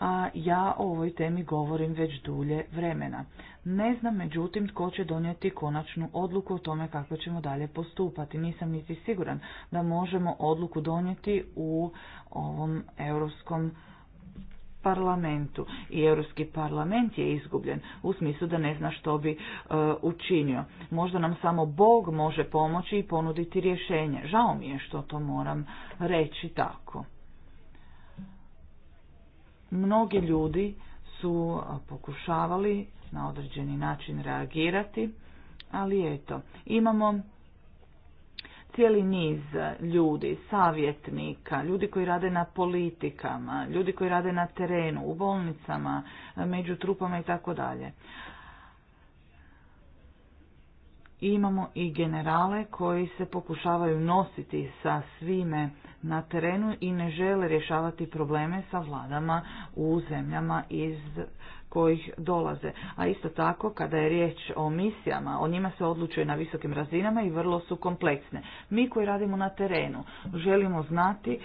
a ja o ovoj temi govorim već dulje vremena. Ne znam međutim tko će donijeti konačnu odluku o tome kako ćemo dalje postupati. Nisam niti siguran da možemo odluku donijeti u ovom europskom parlamentu i Europski parlament je izgubljen u smislu da ne zna što bi e, učinio. Možda nam samo Bog može pomoći i ponuditi rješenje. Žao mi je što to moram reći tako. Mnogi ljudi su pokušavali na određeni način reagirati, ali eto, imamo cijeli niz ljudi, savjetnika, ljudi koji rade na politikama, ljudi koji rade na terenu, u bolnicama, među trupama i tako dalje. Imamo i generale koji se pokušavaju nositi sa svime na terenu i ne žele rješavati probleme sa vladama u zemljama iz kojih dolaze. A isto tako kada je riječ o misijama, o njima se odlučuje na visokim razinama i vrlo su kompleksne. Mi koji radimo na terenu želimo znati e,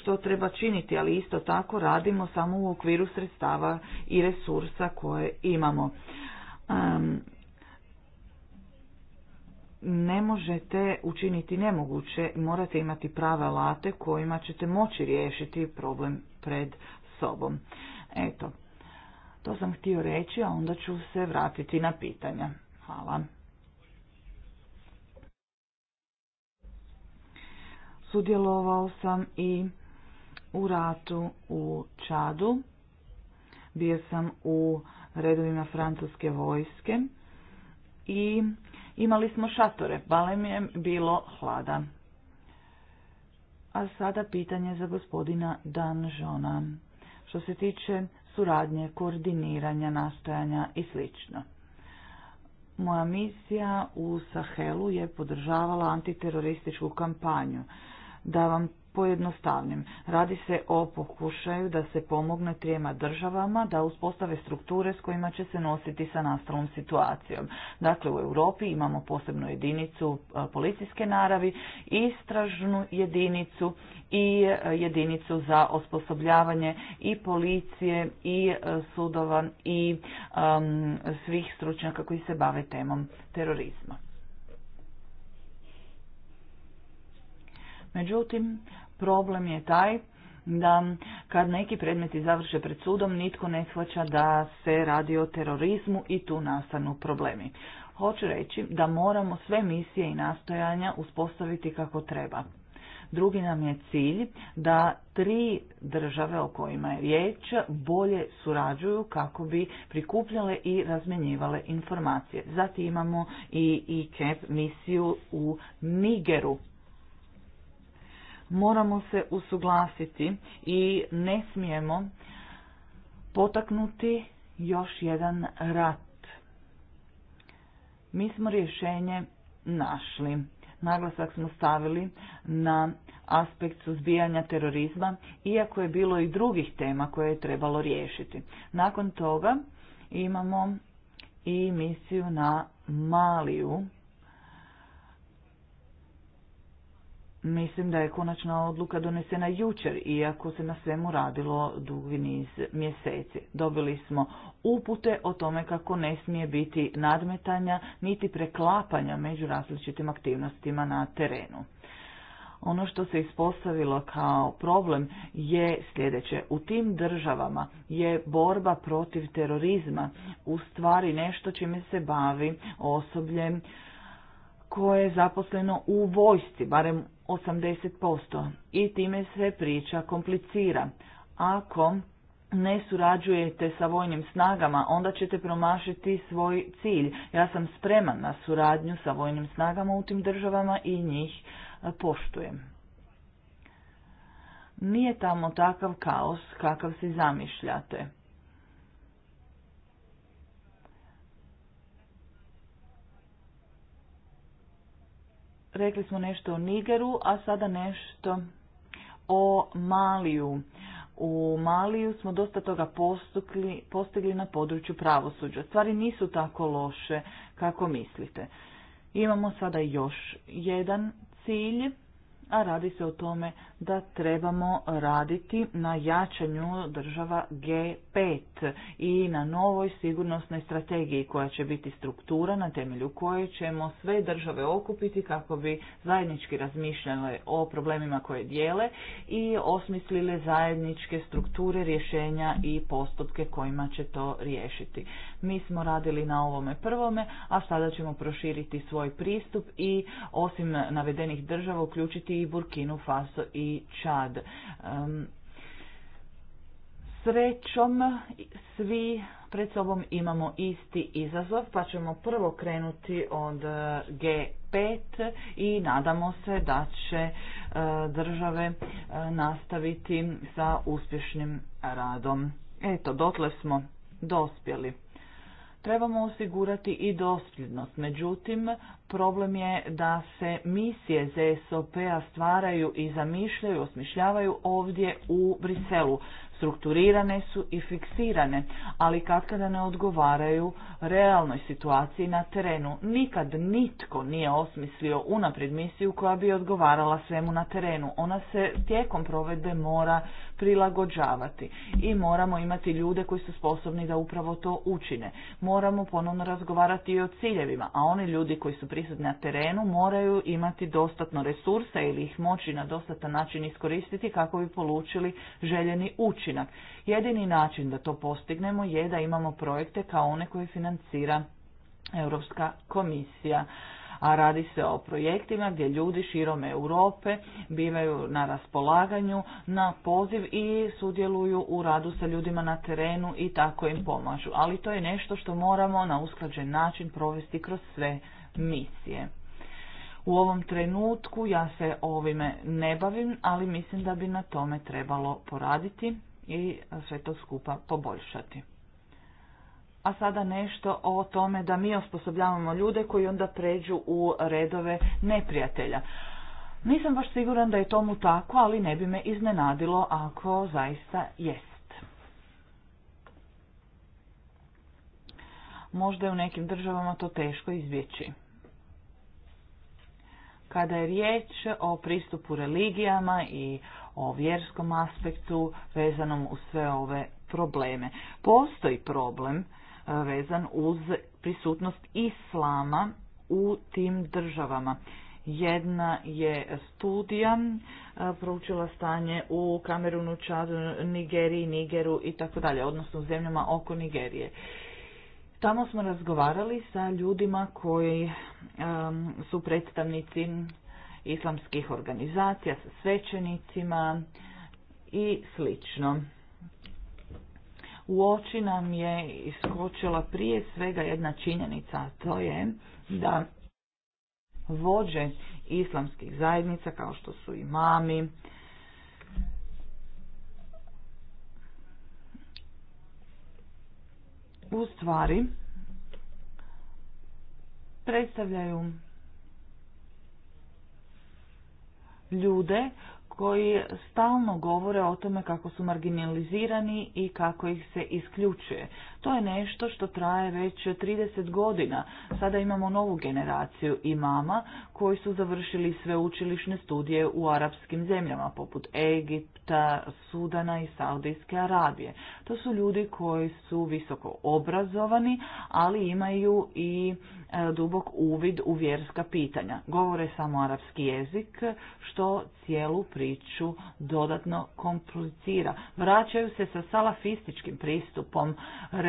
što treba činiti, ali isto tako radimo samo u okviru sredstava i resursa koje imamo. Ne možete učiniti nemoguće, morate imati prave alate kojima ćete moći riješiti problem pred sobom. Eto, to sam htio reći, a onda ću se vratiti na pitanja. Hvala. Sudjelovao sam i u ratu u Čadu. Bio sam u redovima francuske vojske i imali smo šatore, balem je bilo hlada. A sada pitanje za gospodina Danžona. Što se tiče suradnje, koordiniranja, nastojanja i sl. Moja misija u Sahelu je podržavala antiterorističku kampanju. Da vam pojednostavnim. Radi se o pokušaju da se pomogne trijema državama da uspostave strukture s kojima će se nositi sa nastalom situacijom. Dakle, u Europi imamo posebnu jedinicu e, policijske naravi, istražnu jedinicu i e, jedinicu za osposobljavanje i policije i e, sudova i svih stručnjaka koji se bave temom terorizma. Međutim, Problem je taj da kad neki predmeti završe pred sudom, nitko ne shvaća da se radi o terorizmu i tu nastanu problemi. Hoću reći da moramo sve misije i nastojanja uspostaviti kako treba. Drugi nam je cilj da tri države o kojima je riječ bolje surađuju kako bi prikupljale i razmenjivale informacije. Zatim imamo i ICAP misiju u Nigeru moramo se usuglasiti i ne smijemo potaknuti još jedan rat. Mi smo rješenje našli. Naglasak smo stavili na aspekt suzbijanja terorizma, iako je bilo i drugih tema koje je trebalo riješiti. Nakon toga imamo i misiju na Maliju Mislim da je konačna odluka donesena jučer, iako se na svemu radilo dugi niz mjeseci. Dobili smo upute o tome kako ne smije biti nadmetanja niti preklapanja među različitim aktivnostima na terenu. Ono što se ispostavilo kao problem je sljedeće. U tim državama je borba protiv terorizma u stvari nešto čime se bavi osobljem koje je zaposleno u vojsci, barem 80%, i time se priča komplicira. Ako ne surađujete sa vojnim snagama, onda ćete promašiti svoj cilj. Ja sam spreman na suradnju sa vojnim snagama u tim državama i njih e, poštujem. Nije tamo takav kaos kakav si zamišljate. Rekli smo nešto o Nigeru, a sada nešto o Maliju. U Maliju smo dosta toga postukli, postigli na području pravosuđa. Stvari nisu tako loše kako mislite. Imamo sada još jedan cilj a radi se o tome da trebamo raditi na jačanju država G5 i na novoj sigurnosnoj strategiji koja će biti struktura na temelju koje ćemo sve države okupiti kako bi zajednički razmišljale o problemima koje dijele i osmislile zajedničke strukture rješenja i postupke kojima će to riješiti. Mi smo radili na ovome prvome, a sada ćemo proširiti svoj pristup i osim navedenih država uključiti Burkinu Faso i Čad. srećom svi pred sobom imamo isti izazov, pa ćemo prvo krenuti od eh, G5 i nadamo se da će eh, države eh, nastaviti sa uspješnim radom. Eto, dotle smo dospjeli trebamo osigurati i dosljednost. Međutim, problem je da se misije ZSOP-a stvaraju i zamišljaju, osmišljavaju ovdje u Briselu. Strukturirane su i fiksirane, ali katkada ne odgovaraju realnoj situaciji na terenu. Nikad nitko nije osmislio unaprijed misiju koja bi odgovarala svemu na terenu. Ona se tijekom provedbe mora prilagođavati i moramo imati ljude koji su sposobni da upravo to učine. Moramo ponovno razgovarati i o ciljevima, a oni ljudi koji su prisutni na terenu moraju imati dostatno resursa ili ih moći na dostatan način iskoristiti kako bi polučili željeni učinak. Jedini način da to postignemo je da imamo projekte kao one koje financira Europska komisija a radi se o projektima gdje ljudi širom Europe bivaju na raspolaganju na poziv i sudjeluju u radu sa ljudima na terenu i tako im pomažu. Ali to je nešto što moramo na usklađen način provesti kroz sve misije. U ovom trenutku ja se ovime ne bavim, ali mislim da bi na tome trebalo poraditi i sve to skupa poboljšati a sada nešto o tome da mi osposobljavamo ljude koji onda pređu u redove neprijatelja. Nisam baš siguran da je tomu tako, ali ne bi me iznenadilo ako zaista jest. Možda je u nekim državama to teško izbjeći. Kada je riječ o pristupu religijama i o vjerskom aspektu vezanom uz sve ove probleme. Postoji problem vezan uz prisutnost islama u tim državama. Jedna je studija proučila stanje u Kamerunu, Čadu, Nigeriji, Nigeru i tako dalje, odnosno u zemljama oko Nigerije. Tamo smo razgovarali sa ljudima koji su predstavnici islamskih organizacija, sa svećenicima i slično u oči nam je iskočila prije svega jedna činjenica, a to je da vođe islamskih zajednica kao što su imami, u stvari predstavljaju ljude koji stalno govore o tome kako su marginalizirani i kako ih se isključuje. To je nešto što traje već 30 godina. Sada imamo novu generaciju imama koji su završili učilišne studije u arapskim zemljama poput Egipta, Sudana i Saudijske Arabije. To su ljudi koji su visoko obrazovani, ali imaju i e, dubok uvid u vjerska pitanja. Govore samo arapski jezik, što cijelu priču dodatno komplicira. Vraćaju se sa salafističkim pristupom,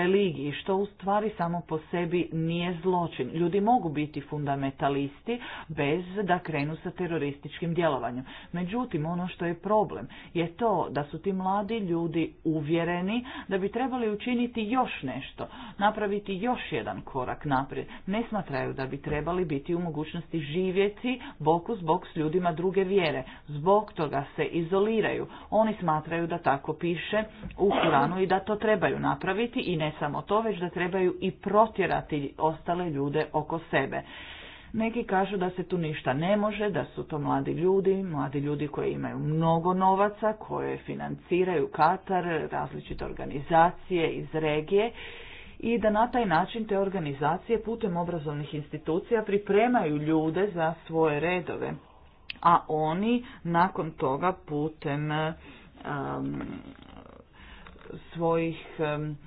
religiji, što u stvari samo po sebi nije zločin. Ljudi mogu biti fundamentalisti bez da krenu sa terorističkim djelovanjem. Međutim, ono što je problem je to da su ti mladi ljudi uvjereni da bi trebali učiniti još nešto, napraviti još jedan korak naprijed. Ne smatraju da bi trebali biti u mogućnosti živjeti bok uz bok s ljudima druge vjere. Zbog toga se izoliraju. Oni smatraju da tako piše u Kuranu i da to trebaju napraviti i ne samo to, već da trebaju i protjerati ostale ljude oko sebe. Neki kažu da se tu ništa ne može, da su to mladi ljudi, mladi ljudi koji imaju mnogo novaca, koje financiraju Katar, različite organizacije iz regije i da na taj način te organizacije putem obrazovnih institucija pripremaju ljude za svoje redove. A oni nakon toga putem um, svojih um,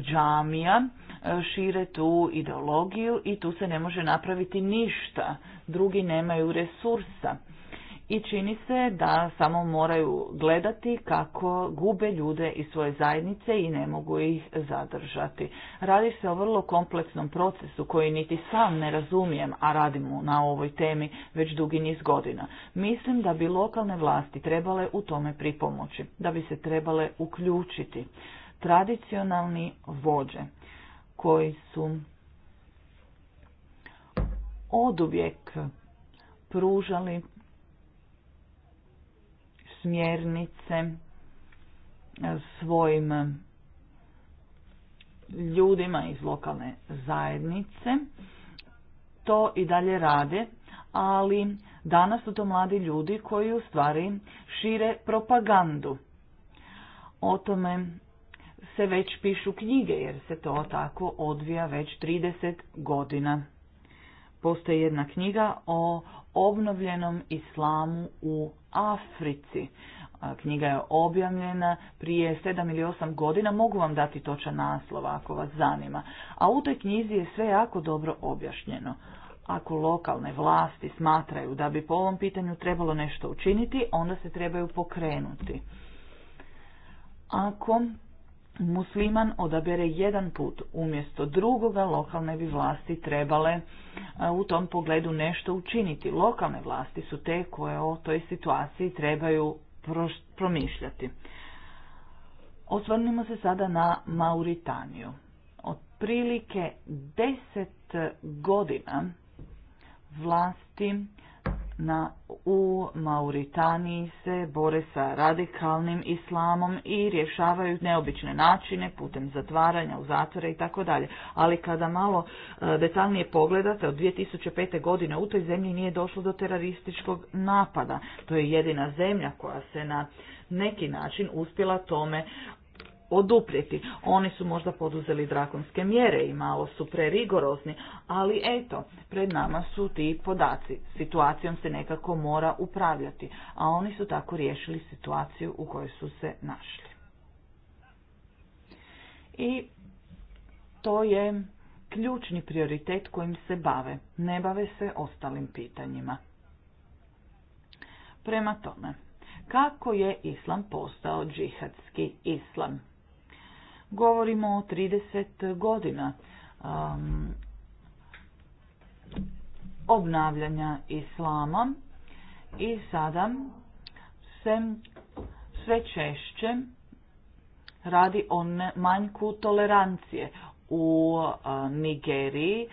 džamija e, šire tu ideologiju i tu se ne može napraviti ništa. Drugi nemaju resursa. I čini se da samo moraju gledati kako gube ljude iz svoje zajednice i ne mogu ih zadržati. Radi se o vrlo kompleksnom procesu koji niti sam ne razumijem, a radimo na ovoj temi već dugi niz godina. Mislim da bi lokalne vlasti trebale u tome pripomoći, da bi se trebale uključiti tradicionalni vođe koji su oduvijek pružali smjernice svojim ljudima iz lokalne zajednice. To i dalje rade, ali danas su to mladi ljudi koji u stvari šire propagandu o tome se već pišu knjige jer se to tako odvija već 30 godina. Postoji jedna knjiga o obnovljenom islamu u Africi. Knjiga je objavljena prije 7 ili 8 godina, mogu vam dati točan naslov ako vas zanima. A u toj knjizi je sve jako dobro objašnjeno. Ako lokalne vlasti smatraju da bi po ovom pitanju trebalo nešto učiniti, onda se trebaju pokrenuti. Ako musliman odabere jedan put umjesto drugoga lokalne bi vlasti trebale e, u tom pogledu nešto učiniti. Lokalne vlasti su te koje o toj situaciji trebaju promišljati. Osvrnimo se sada na Mauritaniju. Otprilike deset godina vlasti na, u Mauritaniji se bore sa radikalnim islamom i rješavaju neobične načine putem zatvaranja u zatvore i tako dalje. Ali kada malo e, detaljnije pogledate, od 2005. godine u toj zemlji nije došlo do terorističkog napada. To je jedina zemlja koja se na neki način uspjela tome oduprijeti. Oni su možda poduzeli drakonske mjere i malo su prerigorozni, ali eto, pred nama su ti podaci. Situacijom se nekako mora upravljati, a oni su tako riješili situaciju u kojoj su se našli. I to je ključni prioritet kojim se bave, ne bave se ostalim pitanjima. Prema tome, kako je islam postao džihadski islam? govorimo o 30 godina um, obnavljanja islama i sada se sve češće radi o manjku tolerancije. U uh, Nigeriji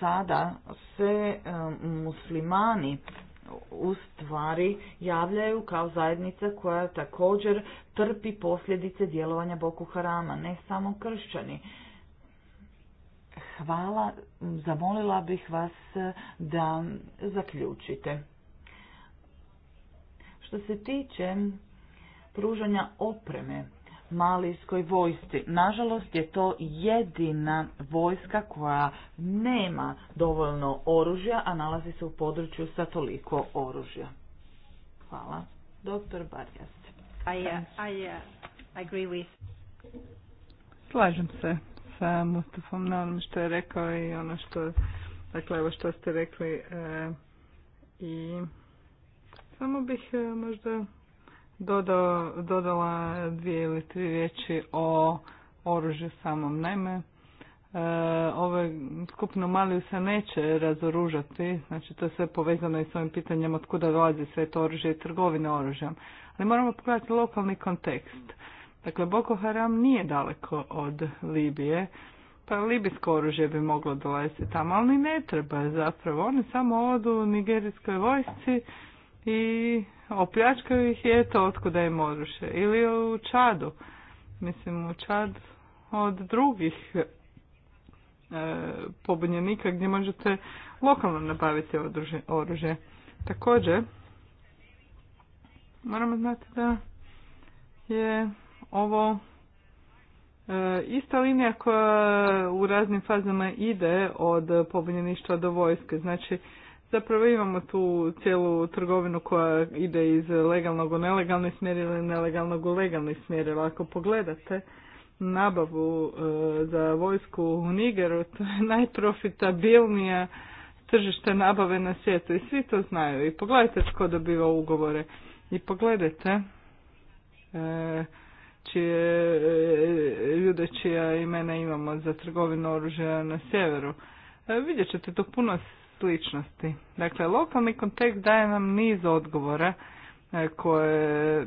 sada se um, muslimani u stvari javljaju kao zajednica koja također trpi posljedice djelovanja Boku Harama, ne samo kršćani. Hvala, zamolila bih vas e, da zaključite. Što se tiče pružanja opreme malijskoj vojsci. Nažalost je to jedina vojska koja nema dovoljno oružja, a nalazi se u području sa toliko oružja. Hvala. Doktor Barjas. I, uh, uh, agree with. Slažem se sa Mustafom na onom što je rekao i ono što, dakle, evo što ste rekli e, i samo bih e, možda dodala dvije ili tri riječi o oružju samom. Naime, e, ove skupno Maliju se neće razoružati, znači to je sve povezano i s ovim pitanjem od kuda dolazi sve to oružje i trgovine oružjem. Ali moramo pogledati lokalni kontekst. Dakle, Boko Haram nije daleko od Libije, pa libijsko oružje bi moglo dolaziti tamo, ali ne treba zapravo. Oni samo odu u nigerijskoj vojsci i opljačkaju ih i otkuda im oruše. Ili u Čadu, mislim u Čad od drugih e, pobunjenika gdje možete lokalno nabaviti oružje. oružje. Također, moramo znati da je ovo e, ista linija koja u raznim fazama ide od pobunjeništva do vojske. Znači, Zapravo imamo tu cijelu trgovinu koja ide iz legalnog u nelegalni smjer ili nelegalnog u legalni smjer. Ako pogledate nabavu e, za vojsku u Nigeru, to je najprofitabilnija tržište nabave na svijetu i svi to znaju. I pogledajte tko dobiva ugovore i pogledajte e, čije, e, ljude čija imena imamo za trgovinu oružja na sjeveru. Vidjet ćete to puno sličnosti. Dakle, lokalni kontekst daje nam niz odgovora e, koje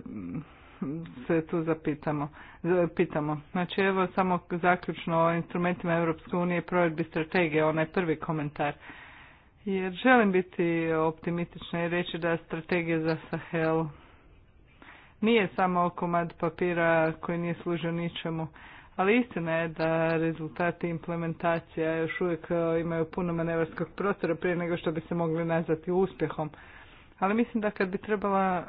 se tu zapitamo. Pitamo. Znači, evo samo zaključno o instrumentima Europske unije provedbi strategije, onaj prvi komentar. Jer želim biti optimistična i reći da strategija za Sahel nije samo komad papira koji nije služio ničemu, ali istina je da rezultati implementacija još uvijek e, imaju puno manevarskog prostora prije nego što bi se mogli nazvati uspjehom. Ali mislim da kad bi trebala e,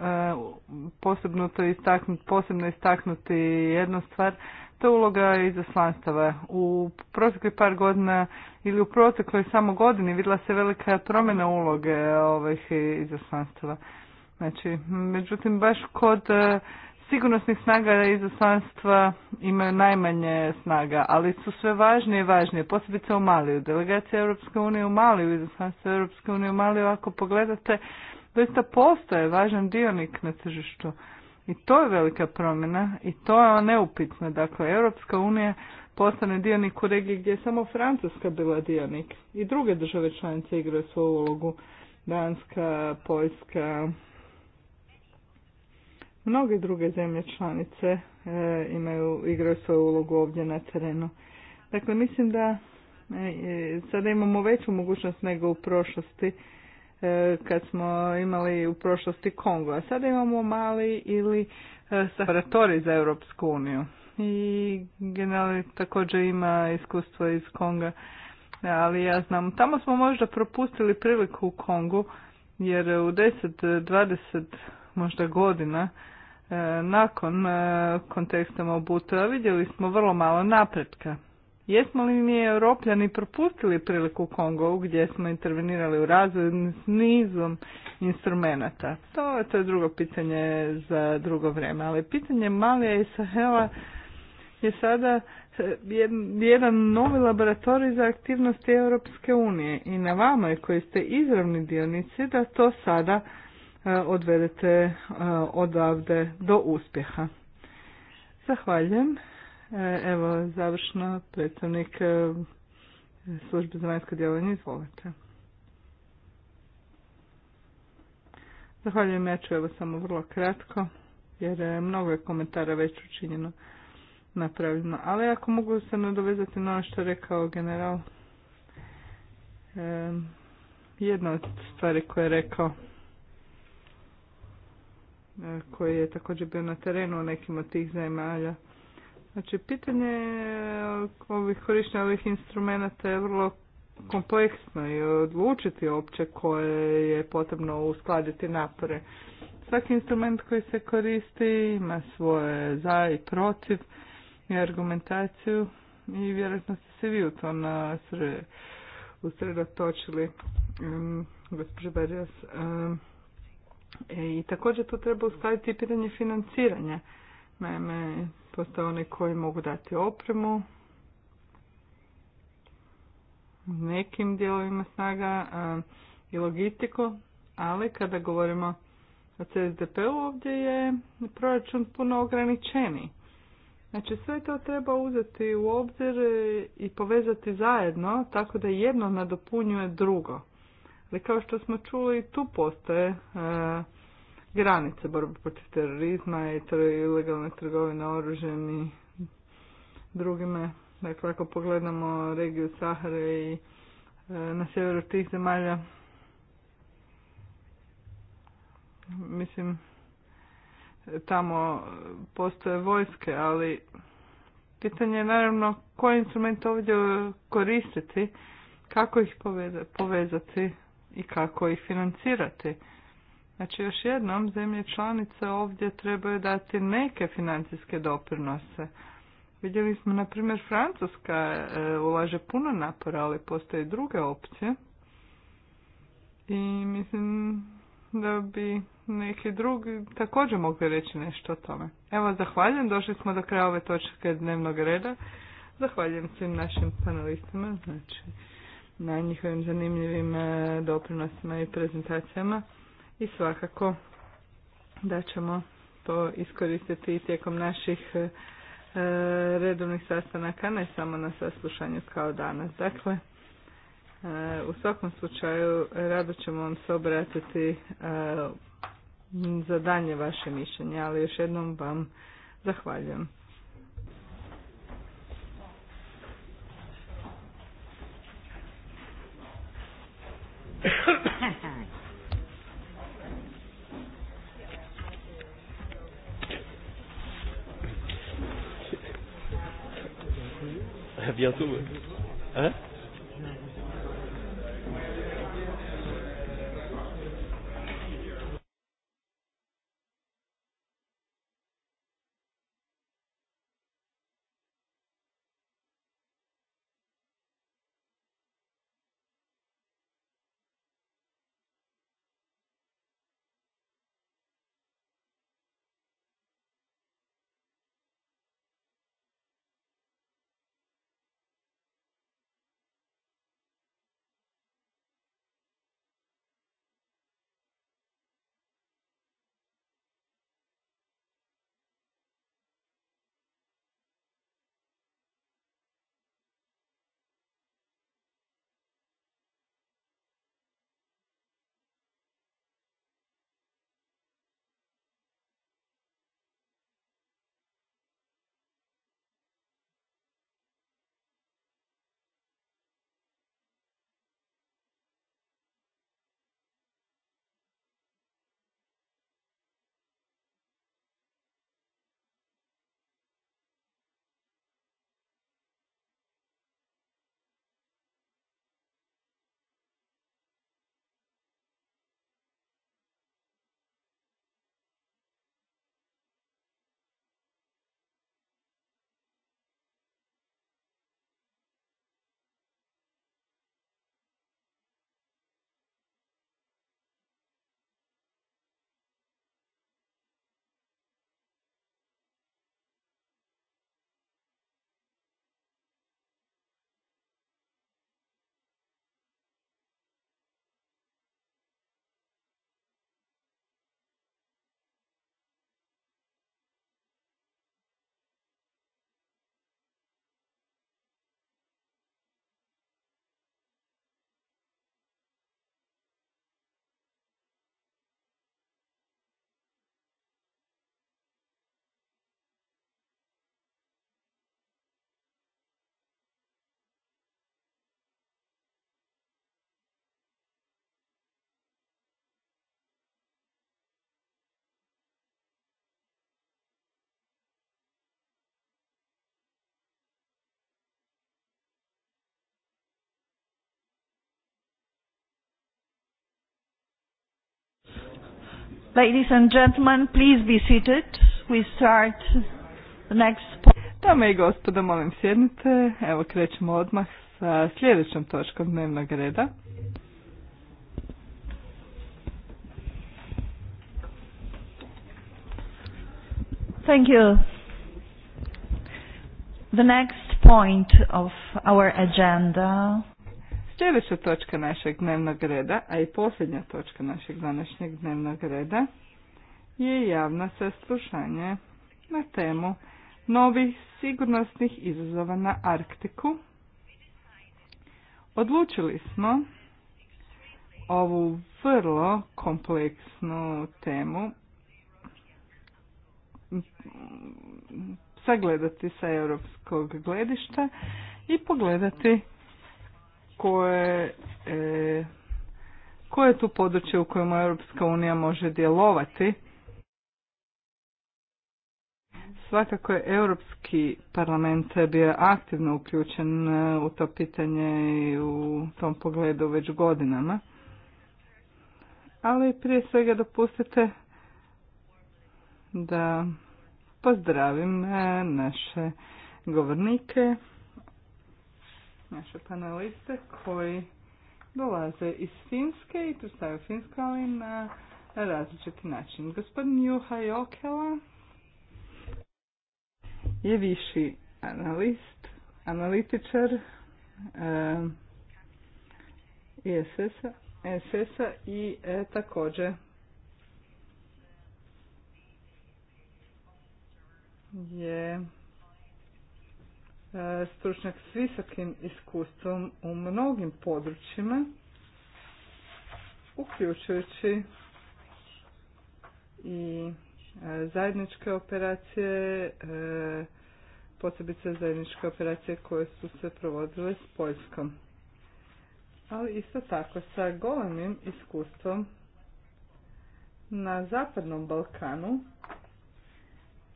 posebno, to istaknuti, posebno istaknuti jednu stvar, to je uloga izaslanstava. U proteklih par godina ili u protekloj samo godini vidjela se velika promjena uloge ovih izaslanstava. Znači, međutim, baš kod e, sigurnosnih snaga izaslanstva imaju najmanje snaga, ali su sve važnije i važnije, posebice u Maliju. Delegacija Europske unije u Maliju, Europske unije u Maliju, ako pogledate, doista postaje važan dionik na tržištu. I to je velika promjena i to je neupitno. Dakle, Europska unija postane dionik u regiji gdje je samo Francuska bila dionik. I druge države članice igraju svoju ulogu. Danska, Poljska, Mnoge druge zemlje članice e, imaju, igraju svoju ulogu ovdje na terenu. Dakle, mislim da e, e, sada imamo veću mogućnost nego u prošlosti kad smo imali u prošlosti Kongo. A sada imamo mali ili separatori za Europsku uniju. I generalno također ima iskustvo iz Konga. Ali ja znam, tamo smo možda propustili priliku u Kongu jer u 10-20 možda godina e, nakon e, konteksta Mobutua vidjeli smo vrlo malo napretka. Jesmo li mi europljani propustili priliku Kongo gdje smo intervenirali u razvoju s nizom instrumenata? To, to je drugo pitanje za drugo vrijeme, ali pitanje Malija i Sahela je sada e, jedan novi laboratorij za aktivnosti Europske unije i na vama je koji ste izravni dionici da to sada Eh, odvedete eh, odavde do uspjeha. Zahvaljujem. Eh, evo, završno, predstavnik službe za vanjsko djelovanje, izvolite. Zahvaljujem, ja ću evo samo vrlo kratko, jer mnogo komentara već učinjeno napravljeno. Ali ako mogu se nadovezati na ono što je rekao general, jedna od stvari koje je rekao E, koji je također bio na terenu u nekim od tih zemalja. Znači, pitanje ovih korištenja ovih instrumenta je vrlo kompleksno i odlučiti opće koje je potrebno uskladiti napore. Svaki instrument koji se koristi ima svoje za i protiv i argumentaciju i vjerojatno ste se vi u to usredotočili. Um, Gospođa Berjas, E, I također tu treba uskladiti pitanje financiranja. Naime, postoje oni koji mogu dati opremu nekim dijelovima snaga i logistiku, ali kada govorimo o CSDP-u ovdje je proračun puno ograničeni Znači sve to treba uzeti u obzir i povezati zajedno tako da jedno nadopunjuje drugo. Ali kao što smo čuli, tu postoje e, granice borbe protiv terorizma i ilegalne trgovine oružjem i drugime. Dakle, ako pogledamo regiju Sahare i e, na sjeveru tih zemalja, mislim, tamo postoje vojske, ali pitanje je naravno koji instrument ovdje koristiti, kako ih poveza, povezati i kako ih financirati. Znači još jednom, zemlje članice ovdje trebaju dati neke financijske doprinose. Vidjeli smo, na primjer, Francuska e, ulaže puno napora, ali postoje druge opcije. I mislim da bi neki drugi također mogli reći nešto o tome. Evo, zahvaljujem, došli smo do kraja ove točke dnevnog reda. Zahvaljujem svim našim panelistima, znači na njihovim zanimljivim e, doprinosima i prezentacijama i svakako da ćemo to iskoristiti tijekom naših e, redovnih sastanaka, ne samo na saslušanju kao danas. Dakle, e, u svakom slučaju rado ćemo vam se obratiti za danje vaše mišljenje, ali još jednom vam zahvaljujem. bientôt. Hein Ladies and gentlemen, please be seated. We start the next Dame i gospodo, molim sjednite. Evo krećemo odmah sa sljedećom točkom dnevnog reda. Thank you. The next point of our agenda Sljedeća točka našeg dnevnog reda, a i posljednja točka našeg današnjeg dnevnog reda, je javno saslušanje na temu novih sigurnosnih izazova na Arktiku. Odlučili smo ovu vrlo kompleksnu temu sagledati sa europskog gledišta i pogledati koje, e, koje je tu područje u kojem Europska unija može djelovati. Svakako je Europski parlament bio aktivno uključen e, u to pitanje i u tom pogledu već godinama. Ali prije svega dopustite da pozdravim e, naše govornike naše paneliste koji dolaze iz Finske i tu Finska, ali na različiti način. Gospodin Juha Jokela je viši analist, analitičar e, SS-a i također je stručnjak s visokim iskustvom u mnogim područjima, uključujući i e, zajedničke operacije, e, posebice zajedničke operacije koje su se provodile s Poljskom. Ali isto tako sa golemim iskustvom na Zapadnom Balkanu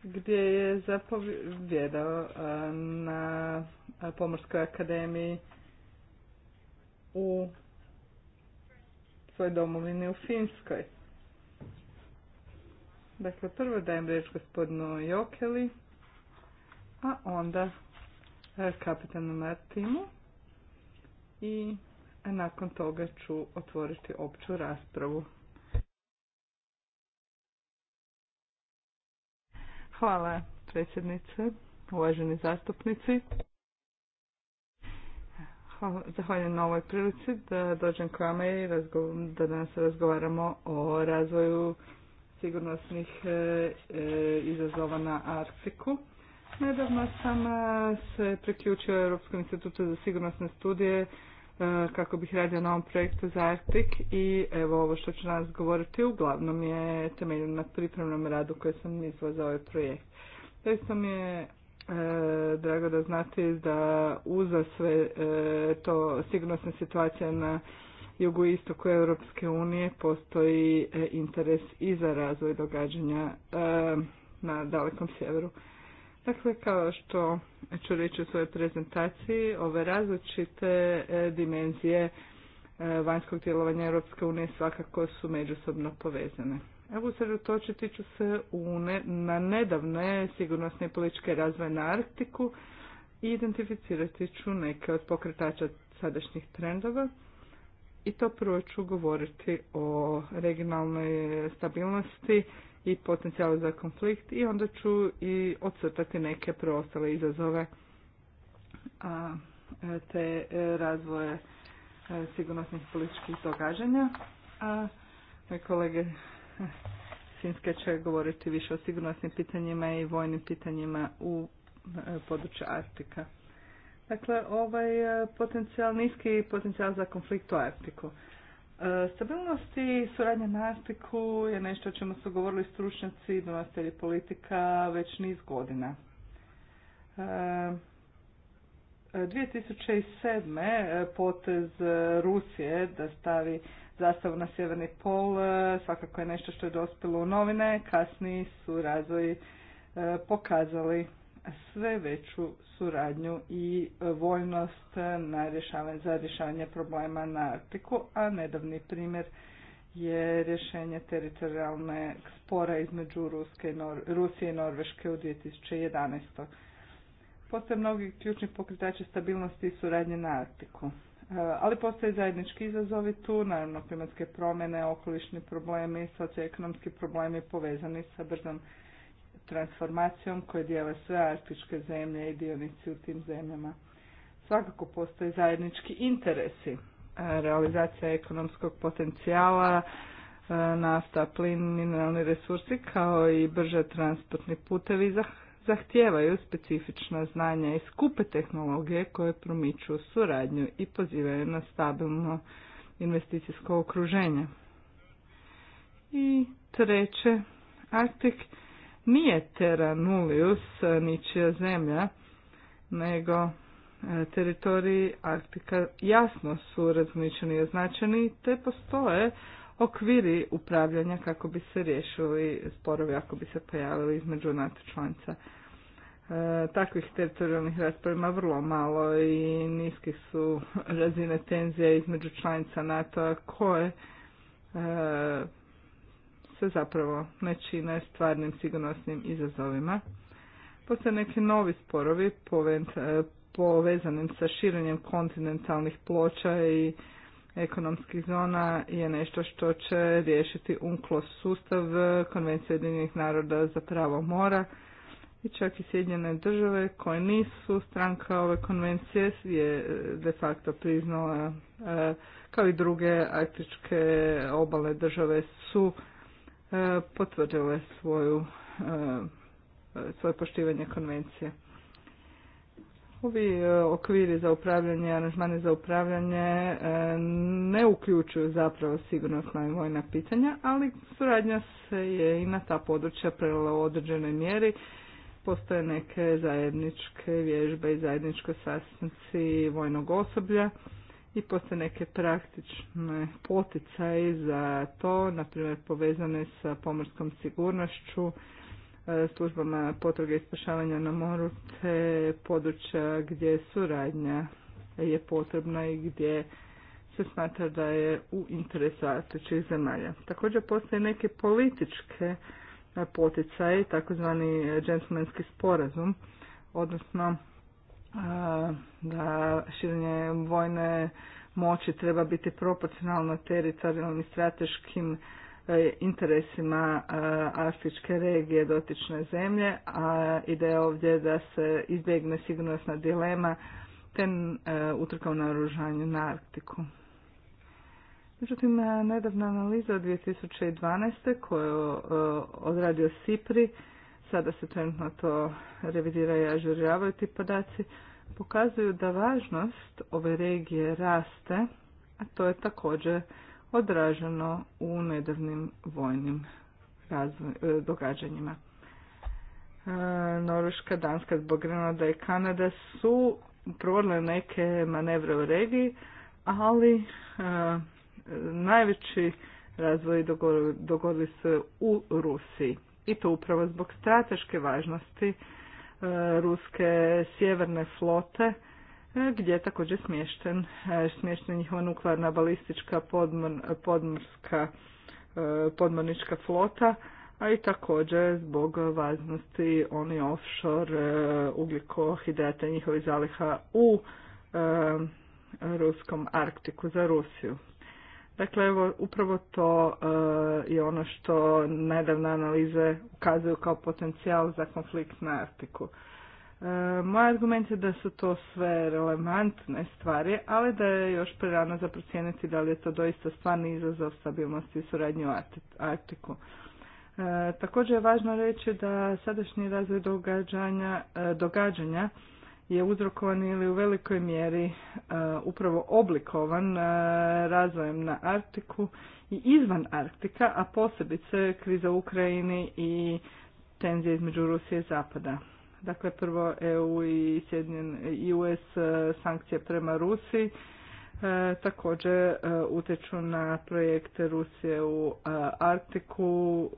gdje je zapovjedao na Pomorskoj akademiji u svojoj domovini u Finskoj. Dakle, prvo dajem reč gospodinu Jokeli, a onda e, kapitanu Martinu i nakon toga ću otvoriti opću raspravu. Hvala predsjednice, uvaženi zastupnici. Zahvaljujem na ovoj prilici da dođem k vama i da danas razgovaramo o razvoju sigurnosnih e, e, izazova na Arktiku. Nedavno sam e, se priključio Europskom institutu za sigurnosne studije E, kako bih radio na ovom projektu za Arctic i evo ovo što ću danas govoriti uglavnom je temeljeno na pripremnom radu koje sam izvao za ovaj projekt. što mi je e, drago da znate da uza sve e, to sigurnosne situacije na jugu istoku Europske unije postoji interes i za razvoj događanja na dalekom sjeveru. Dakle, kao što ću reći u svojoj prezentaciji, ove različite e, dimenzije e, vanjskog djelovanja Europske unije svakako su međusobno povezane. Evo usredotočiti ću se na nedavne sigurnosne i političke razvoje na Arktiku i identificirati ću neke od pokretača sadašnjih trendova. I to prvo ću govoriti o regionalnoj stabilnosti i potencijal za konflikt i onda ću i odsrtati neke preostale izazove a, e, te e, razvoje e, sigurnosnih političkih događanja. A kolege Sinske će govoriti više o sigurnosnim pitanjima i vojnim pitanjima u području Arktika. Dakle, ovaj potencijal, niski potencijal za konflikt u Arktiku. E, stabilnost i suradnja na Artiku je nešto o čemu su govorili stručnjaci i donostelji politika već niz godina. 2007. E, e, potez Rusije da stavi zastavu na sjeverni pol svakako je nešto što je dospjelo u novine, kasniji su razvoji pokazali sve veću suradnju i voljnost na rješavanje, za rješavanje problema na Artiku, a nedavni primjer je rješenje teritorijalne spora između Ruske Rusije i Norveške u 2011. Postoje mnogi ključni pokretači stabilnosti i suradnje na Artiku. E, ali postoje zajednički izazovi tu, naravno klimatske promjene, okolišni problemi, socioekonomski problemi povezani sa brzom transformacijom koje dijele sve arktičke zemlje i dionici u tim zemljama. Svakako postoje zajednički interesi. E, realizacija ekonomskog potencijala, e, nafta, plin, mineralni resursi kao i brže transportni putevi zahtijevaju specifična znanja i skupe tehnologije koje promiču suradnju i pozivaju na stabilno investicijsko okruženje. I treće, Arktik nije terra nullius ničija zemlja, nego e, teritoriji Arktika jasno su razmičeni i označeni, te postoje okviri upravljanja kako bi se riješili sporovi ako bi se pojavili između NATO članica. E, takvih teritorijalnih rasprava vrlo malo i niske su razine tenzija između članica NATO-a koje e, se zapravo ne čine stvarnim sigurnosnim izazovima. Postoje neki novi sporovi e, povezanim sa širenjem kontinentalnih ploča i ekonomskih zona je nešto što će riješiti UNCLOS sustav Konvencije Ujedinjenih naroda za pravo mora i čak i Sjedinjene države koje nisu stranka ove konvencije je e, de facto priznala e, kao i druge arktičke obale države su E, potvrdile svoju, e, svoje poštivanje konvencije. Ovi e, okviri za upravljanje, aranžmani za upravljanje ne uključuju zapravo sigurnosna i vojna pitanja, ali suradnja se je i na ta područja prelila u određenoj mjeri. Postoje neke zajedničke vježbe i zajedničko sastanci vojnog osoblja i postoje neke praktične poticaje za to, naprimjer povezane sa pomorskom sigurnošću, e, službama potrage i spašavanja na moru, te područja gdje suradnja je potrebna i gdje se smatra da je u interesu različitih zemalja. Također postoje neke političke poticaje, takozvani džentlmenski sporazum, odnosno da širenje vojne moći treba biti proporcionalno teritorijalnim i strateškim e, interesima e, Arktičke regije dotične zemlje, a ide ovdje da se izbjegne sigurnosna dilema ten e, utrka u naoružanju na Arktiku. Međutim, nedavna analiza od 2012. koju odradio SIPRI sada se trenutno to revidira i ažurjavaju ti podaci, pokazuju da važnost ove regije raste, a to je također odraženo u nedavnim vojnim e, događanjima. E, Norveška, Danska, zbog Grenada i Kanada su provodile neke manevre u regiji, ali e, najveći razvoj dogodili se u Rusiji i to upravo zbog strateške važnosti e, ruske sjeverne flote e, gdje je također smješten, e, Smješten njihova nuklearna balistička podmorska podmornička flota, a i također zbog važnosti oni offshore ugljikohidrata i njihovih zaliha u ruskom Arktiku za Rusiju. Dakle, upravo to e, je ono što nedavne analize ukazuju kao potencijal za konflikt na Artiku. E, moj argument je da su to sve relevantne stvari, ali da je još prerano za procijeniti da li je to doista stvarni izazov stabilnosti i suradnju u Artiku. E, također je važno reći da sadašnji razvoj događanja, događanja je uzrokovan ili u velikoj mjeri e, upravo oblikovan e, razvojem na Arktiku i izvan Arktika, a posebice kriza u Ukrajini i tenzije između Rusije i Zapada. Dakle, prvo EU i US e, sankcije prema Rusiji također utječu na projekte Rusije u Arktiku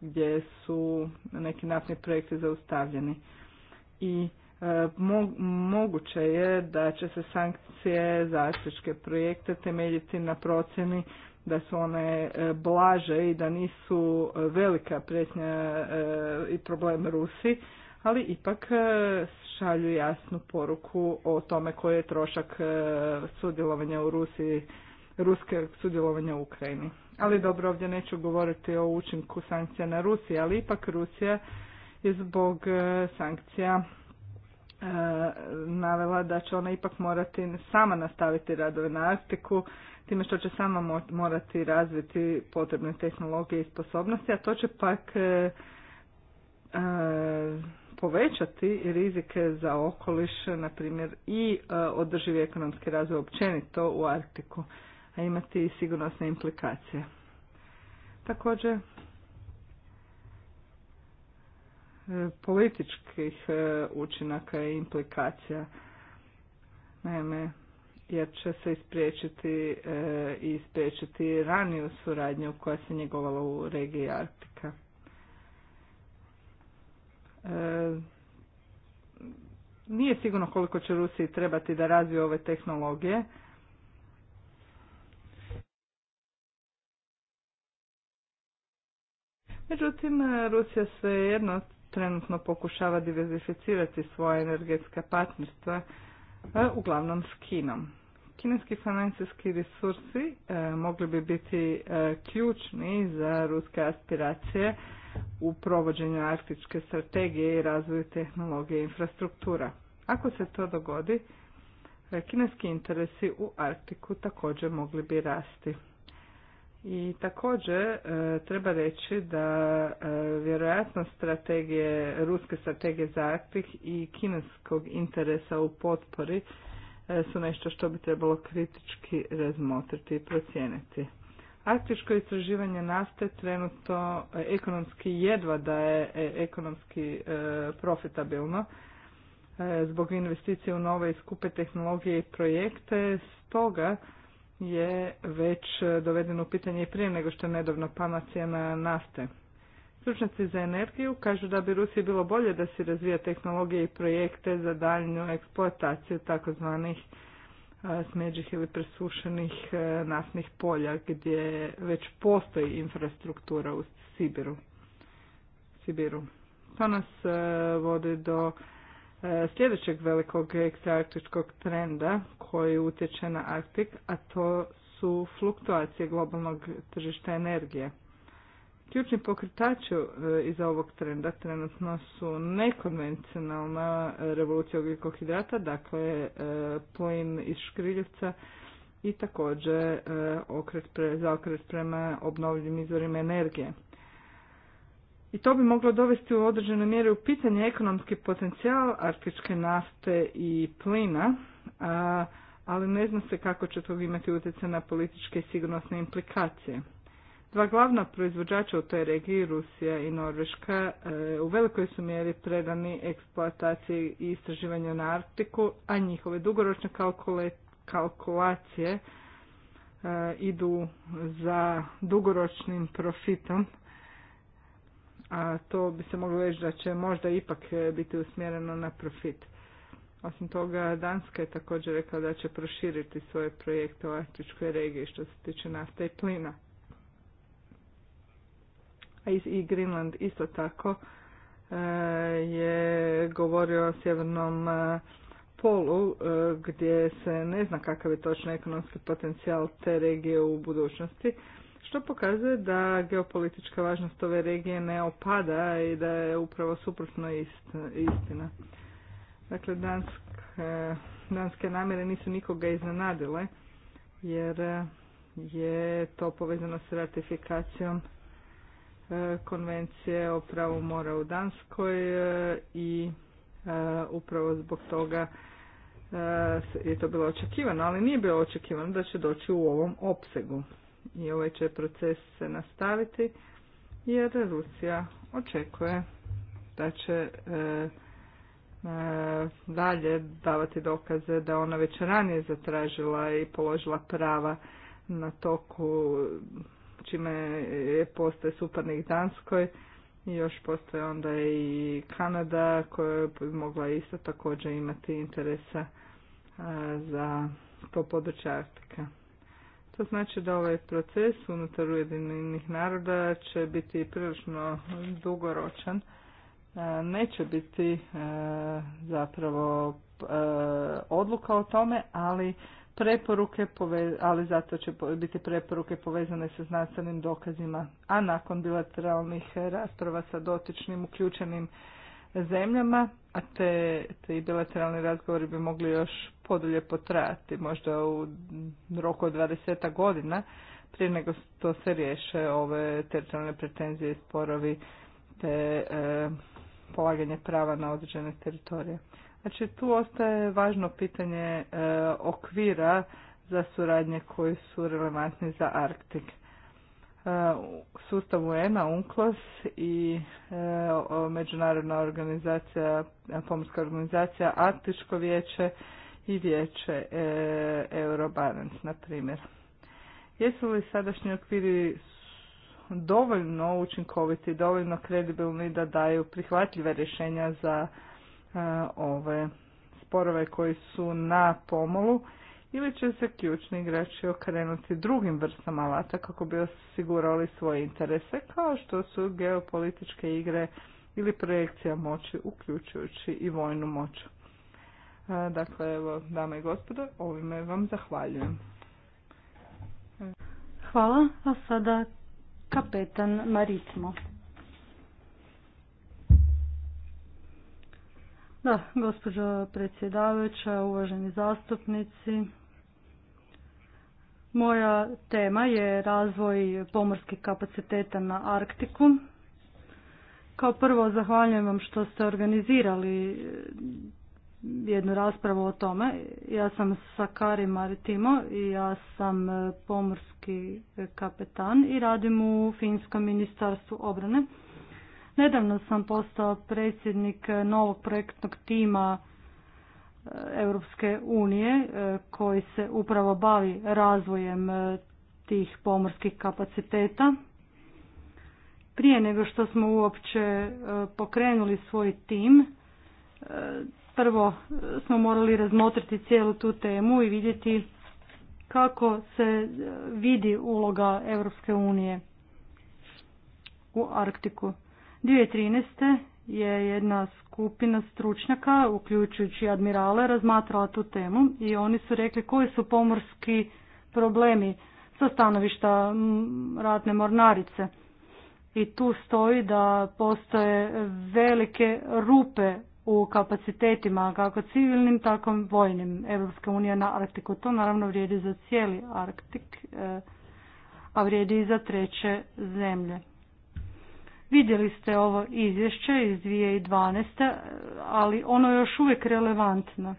gdje su neki naftni projekti zaustavljeni. I E, moguće je da će se sankcije za afričke projekte temeljiti na procjeni da su one e, blaže i da nisu e, velika prijetnja i problem Rusi, ali ipak šalju jasnu poruku o tome koji je trošak sudjelovanja u Rusiji, ruske sudjelovanja u Ukrajini. Ali dobro, ovdje neću govoriti o učinku sankcija na Rusiji, ali ipak Rusija je zbog sankcija navela da će ona ipak morati sama nastaviti radove na Arktiku, time što će sama morati razviti potrebne tehnologije i sposobnosti, a to će pak e, e, povećati rizike za okoliš, na primjer, i e, održivi ekonomski razvoj općenito u Arktiku, a imati i sigurnosne implikacije. Također političkih e, učinaka i implikacija. Naime, jer će se ispriječiti e, i ispriječiti raniju suradnju koja se njegovala u regiji Arktika. E, nije sigurno koliko će Rusiji trebati da razvije ove tehnologije, Međutim, Rusija jedno trenutno pokušava diversificirati svoje energetska partnerstva, e, uglavnom s Kinom. Kineski financijski resursi e, mogli bi biti e, ključni za ruske aspiracije u provođenju arktičke strategije i razvoju tehnologije i infrastruktura. Ako se to dogodi, kineski interesi u Arktiku također mogli bi rasti. I također e, treba reći da e, vjerojatno strategije, ruske strategije za Arktik i kineskog interesa u potpori e, su nešto što bi trebalo kritički razmotriti i procijeniti. Arktičko istraživanje nastaje trenutno ekonomski jedva da je ekonomski profitabilno zbog investicije u nove i skupe tehnologije i projekte, stoga je već dovedeno u pitanje i prije nego što je nedavno pala cijena nafte. Stručnjaci za energiju kažu da bi Rusiji bilo bolje da se razvija tehnologije i projekte za daljnju eksploataciju takozvanih smeđih ili presušenih e, naftnih polja gdje već postoji infrastruktura u Sibiru. Sibiru. To nas e, vodi do E, sljedećeg velikog ekstraktičkog trenda koji utječe na Arktik, a to su fluktuacije globalnog tržišta energije. Ključni pokretači e, iza ovog trenda trenutno su nekonvencionalna revolucija ugljikohidrata, dakle e, plin iz škriljevca i također zaokret prema obnovljivim izvorima energije i to bi moglo dovesti u određene mjere u pitanje ekonomski potencijal arktičke nafte i plina, ali ne zna se kako će to imati utjecaj na političke i sigurnosne implikacije. Dva glavna proizvođača u toj regiji, Rusija i Norveška, e, u velikoj su mjeri predani eksploataciji i istraživanju na Arktiku, a njihove dugoročne kalkulacije e, idu za dugoročnim profitom a to bi se moglo reći da će možda ipak e, biti usmjereno na profit. Osim toga, Danska je također rekla da će proširiti svoje projekte u Arktičkoj regiji što se tiče nafte i plina. A i Greenland isto tako e, je govorio o sjevernom e, polu gdje se ne zna kakav je točno ekonomski potencijal te regije u budućnosti što pokazuje da geopolitička važnost ove regije ne opada i da je upravo suprotno istina. Dakle, danske, danske namjere nisu nikoga iznenadile, jer je to povezano s ratifikacijom e, konvencije o pravu mora u Danskoj e, i e, upravo zbog toga je to bilo očekivano, ali nije bilo očekivano da će doći u ovom opsegu i ovaj će proces se nastaviti jer Rusija očekuje da će e, e, dalje davati dokaze da ona već ranije zatražila i položila prava na toku čime je postoje suparnik Danskoj i još postoje onda i Kanada koja je mogla isto također imati interesa e, za to područje Arktika. To znači da ovaj proces unutar Ujedinjenih naroda će biti prilično dugoročan. E, neće biti e, zapravo e, odluka o tome, ali preporuke, ali zato će biti preporuke povezane sa znanstvenim dokazima, a nakon bilateralnih rasprava sa dotičnim uključenim zemljama, a te, te bilateralni razgovori bi mogli još podulje potrajati, možda u roku od 20 godina, prije nego što se riješe ove teritorijalne pretenzije i sporovi te e, polaganje prava na određene teritorije. Znači tu ostaje važno pitanje e, okvira za suradnje koji su relevantni za Arktik. E, sustav sustavu a UNCLOS i e, Međunarodna organizacija, pomorska organizacija, Arktičko vijeće i vijeće e, Eurobalance, na primjer. Jesu li sadašnji okviri dovoljno učinkoviti, dovoljno kredibilni da daju prihvatljive rješenja za e, ove sporove koji su na pomolu ili će se ključni igrači okrenuti drugim vrstama alata kako bi osigurali svoje interese kao što su geopolitičke igre ili projekcija moći uključujući i vojnu moć. Dakle, evo, dame i gospodo, ovime vam zahvaljujem. Hvala, a sada kapetan Maritmo. Da, gospođo predsjedavajuća, uvaženi zastupnici, moja tema je razvoj pomorskih kapaciteta na Arktiku. Kao prvo zahvaljujem vam što ste organizirali jednu raspravu o tome. Ja sam Sakari Maritimo i ja sam e, pomorski kapetan i radim u Finskom ministarstvu obrane. Nedavno sam postao predsjednik novog projektnog tima e, Europske unije e, koji se upravo bavi razvojem tih pomorskih kapaciteta. Prije nego što smo uopće pokrenuli svoj tim, Prvo e, smo morali razmotriti cijelu tu temu i vidjeti kako se e, vidi uloga Europske unije u Arktiku. 2013. je jedna skupina stručnjaka, uključujući admirale, razmatrala tu temu i oni su rekli koji su pomorski problemi sa stanovišta ratne mornarice. I tu stoji da postoje velike rupe u kapacitetima kako civilnim tako vojnim Europska unija na Arktiku. To naravno vrijedi za cijeli Arktik, eh, a vrijedi i za treće zemlje. Vidjeli ste ovo izvješće iz 2012. ali ono je još uvijek relevantno.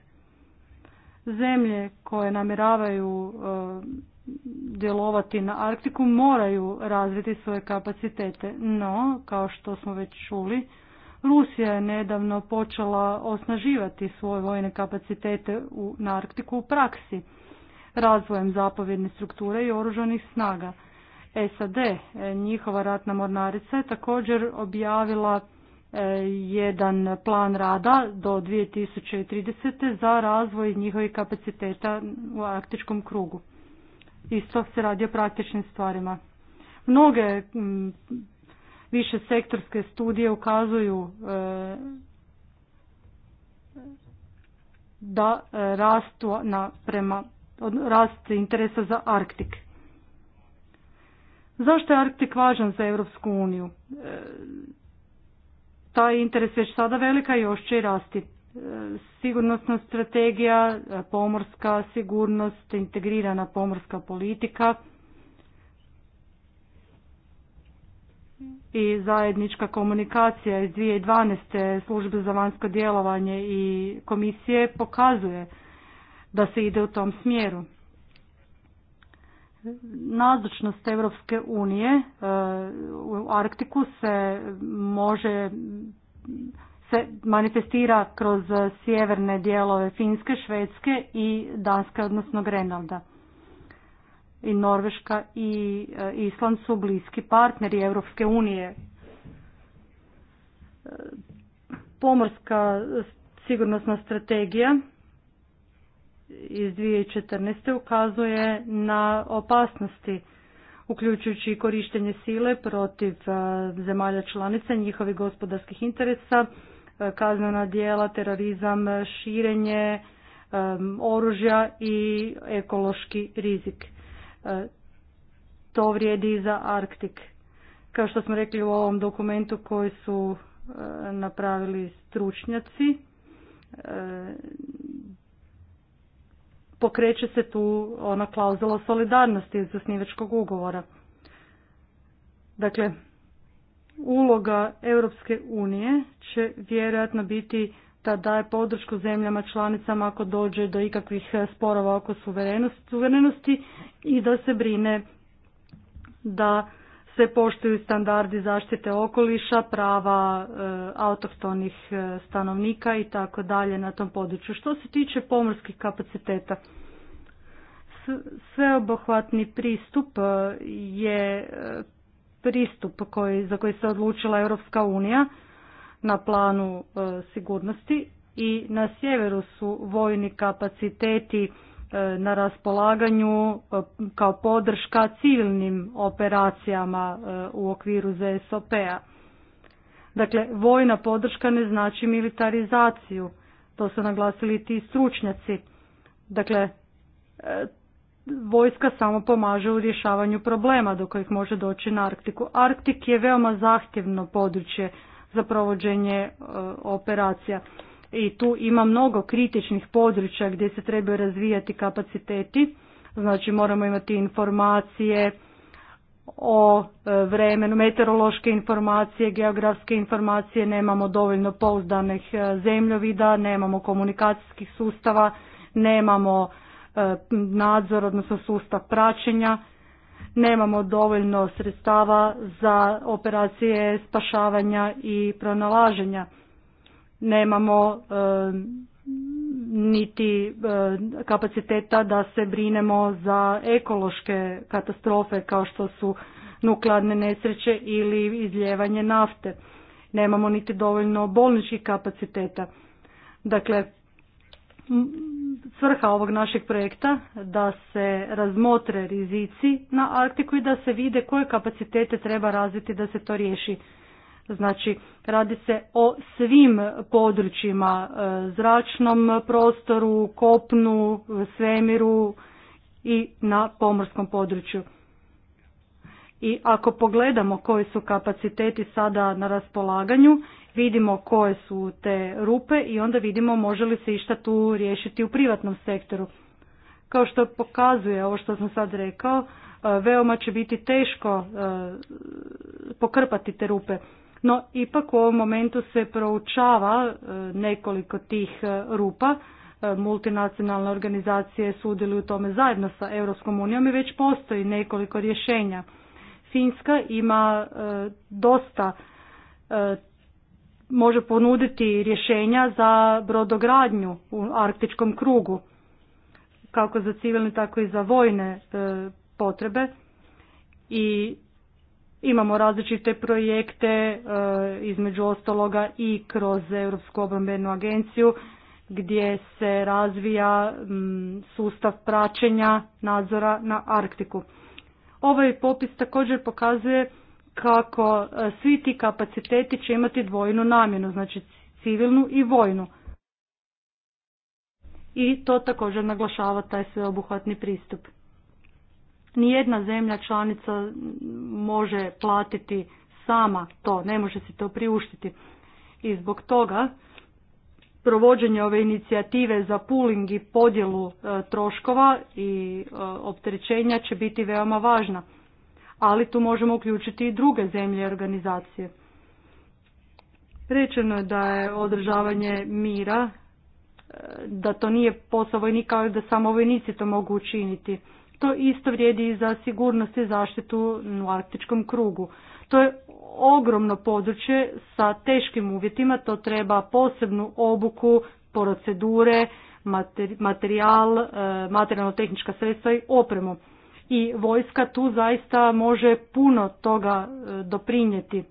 Zemlje koje namjeravaju eh, djelovati na Arktiku moraju razviti svoje kapacitete, no, kao što smo već čuli, Rusija je nedavno počela osnaživati svoje vojne kapacitete u, na Arktiku u praksi razvojem zapovjedne strukture i oružanih snaga. SAD, e, njihova ratna mornarica, je također objavila e, jedan plan rada do 2030. za razvoj njihovih kapaciteta u arktičkom krugu. Isto se radi o praktičnim stvarima. Mnoge više sektorske studije ukazuju e, da e, rastu na prema rast interesa za Arktik. Zašto je Arktik važan za Europsku uniju? E, taj interes je sada velika i još će i rasti. sigurnosna strategija, pomorska sigurnost, integrirana pomorska politika – i zajednička komunikacija iz 2012. službe za vanjsko djelovanje i komisije pokazuje da se ide u tom smjeru. Nazočnost Europske unije e, u Arktiku se može se manifestira kroz sjeverne dijelove Finske, Švedske i Danske, odnosno Grenalda i Norveška i e, Island su bliski partneri Europske unije. E, pomorska sigurnosna strategija iz 2014. ukazuje na opasnosti uključujući i korištenje sile protiv e, zemalja članica, njihovih gospodarskih interesa, kaznena dijela, terorizam, širenje oružja i ekološki rizik. E, to vrijedi i za Arktik. Kao što smo rekli u ovom dokumentu koji su e, napravili stručnjaci, e, pokreće se tu ona klauzula solidarnosti iz osnivačkog ugovora. Dakle, uloga Europske unije će vjerojatno biti da daje podršku zemljama članicama ako dođe do ikakvih sporova oko suverenosti i da se brine da se poštuju standardi zaštite okoliša, prava e, autohtonih e, stanovnika i tako dalje na tom području. Što se tiče pomorskih kapaciteta, sveobuhvatni pristup e, je pristup koji, za koji se odlučila Europska unija na planu e, sigurnosti i na sjeveru su vojni kapaciteti e, na raspolaganju e, kao podrška civilnim operacijama u okviru ZSOP-a. Dakle, vojna podrška ne znači militarizaciju, to su naglasili ti stručnjaci. Dakle, vojska samo pomaže u rješavanju problema do kojih može doći na Arktiku. Arktik je veoma zahtjevno područje, za provođenje e, operacija. I tu ima mnogo kritičnih područja gdje se trebaju razvijati kapaciteti, znači moramo imati informacije o e, vremenu, meteorološke informacije, geografske informacije, nemamo dovoljno pouzdanih e, zemljovida, nemamo komunikacijskih sustava, nemamo nadzor, odnosno sustav praćenja nemamo dovoljno sredstava za operacije spašavanja i pronalaženja. Nemamo e, niti e, kapaciteta da se brinemo za ekološke katastrofe kao što su nuklearne nesreće ili izljevanje nafte. Nemamo niti dovoljno bolničkih kapaciteta. Dakle, svrha ovog našeg projekta da se razmotre rizici na Arktiku i da se vide koje kapacitete treba razviti da se to riješi. Znači, radi se o svim područjima, e, zračnom prostoru, kopnu, svemiru i na pomorskom području i ako pogledamo koji su kapaciteti sada na raspolaganju, vidimo koje su te rupe i onda vidimo može li se išta tu riješiti u privatnom sektoru. Kao što pokazuje ovo što sam sad rekao, e, veoma će biti teško e, pokrpati te rupe. No, ipak u ovom momentu se proučava e, nekoliko tih rupa. Multinacionalne organizacije sudjeluju u tome zajedno sa Europskom unijom i već postoji nekoliko rješenja. Finska ima e, dosta e, može ponuditi rješenja za brodogradnju u arktičkom krugu, kako za civilne, tako i za vojne e, potrebe. I imamo različite projekte, između ostaloga i kroz Europsku obrambenu agenciju, gdje se razvija sustav praćenja nadzora na Arktiku. Ovaj popis također pokazuje kako e, svi ti kapaciteti će imati dvojnu namjenu, znači civilnu i vojnu. I to također naglašava taj sveobuhvatni pristup. Nijedna zemlja članica može platiti sama to, ne može se to priuštiti. I zbog toga provođenje ove inicijative za pooling i podjelu e, troškova i e, opterećenja će biti veoma važna. Ali tu možemo uključiti i druge zemlje i organizacije. Rečeno je da je održavanje mira, e, da to nije posao vojnika, da samo vojnici to mogu učiniti. To isto vrijedi i za sigurnost i zaštitu u arktičkom krugu. To je ogromno područje sa teškim uvjetima, to treba posebnu obuku, procedure, materijal, e, materijalno-tehnička sredstva i opremu. I vojska tu zaista može puno toga e, doprinijeti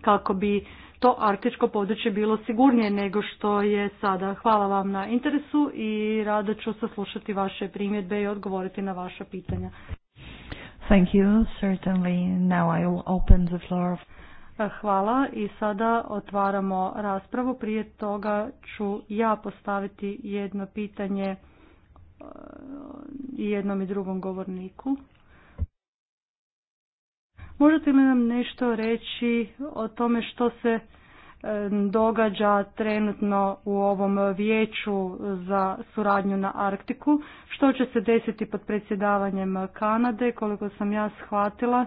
kako bi to arktičko područje bilo sigurnije nego što je sada. Hvala vam na interesu i rado ću saslušati vaše primjedbe i odgovoriti na vaša pitanja. Thank you, certainly. Now I will open the floor. E, hvala i sada otvaramo raspravu. Prije toga ću ja postaviti jedno pitanje e, i jednom i drugom govorniku. Možete li nam nešto reći o tome što se događa trenutno u ovom vijeću za suradnju na Arktiku. Što će se desiti pod predsjedavanjem Kanade, koliko sam ja shvatila?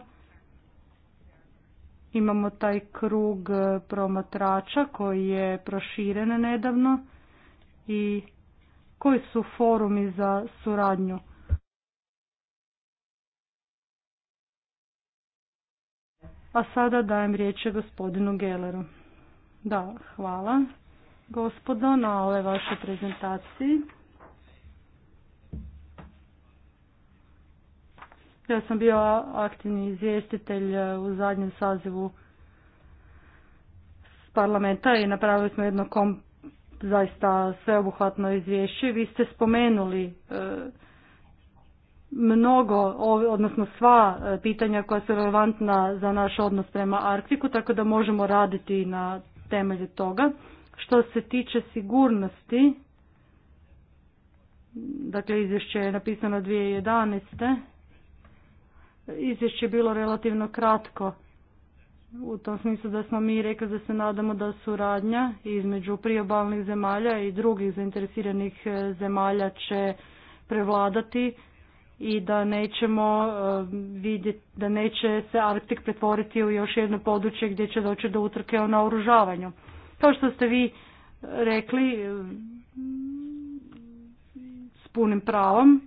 Imamo taj krug eh, promatrača koji je proširen nedavno i koji su forumi za suradnju? A sada dajem riječ gospodinu Gelleru. Da, hvala gospodo na ove vaše prezentaciji. Ja sam bio aktivni izvjestitelj e, u zadnjem sazivu parlamenta i napravili smo jedno kom, zaista sveobuhvatno izvješće. Vi ste spomenuli e, mnogo, odnosno sva e, pitanja koja su relevantna za naš odnos prema Arktiku, tako da možemo raditi na temelju toga. Što se tiče sigurnosti, dakle izvješće je napisano 2011. Izvješće je bilo relativno kratko u tom smislu da smo mi rekli da se nadamo da suradnja između priobalnih zemalja i drugih zainteresiranih eh, zemalja će prevladati i da nećemo e, vidjeti, da neće se Arktik pretvoriti u još jedno područje gdje će doći do utrke o naoružavanju. Kao što ste vi e, rekli e, s punim pravom,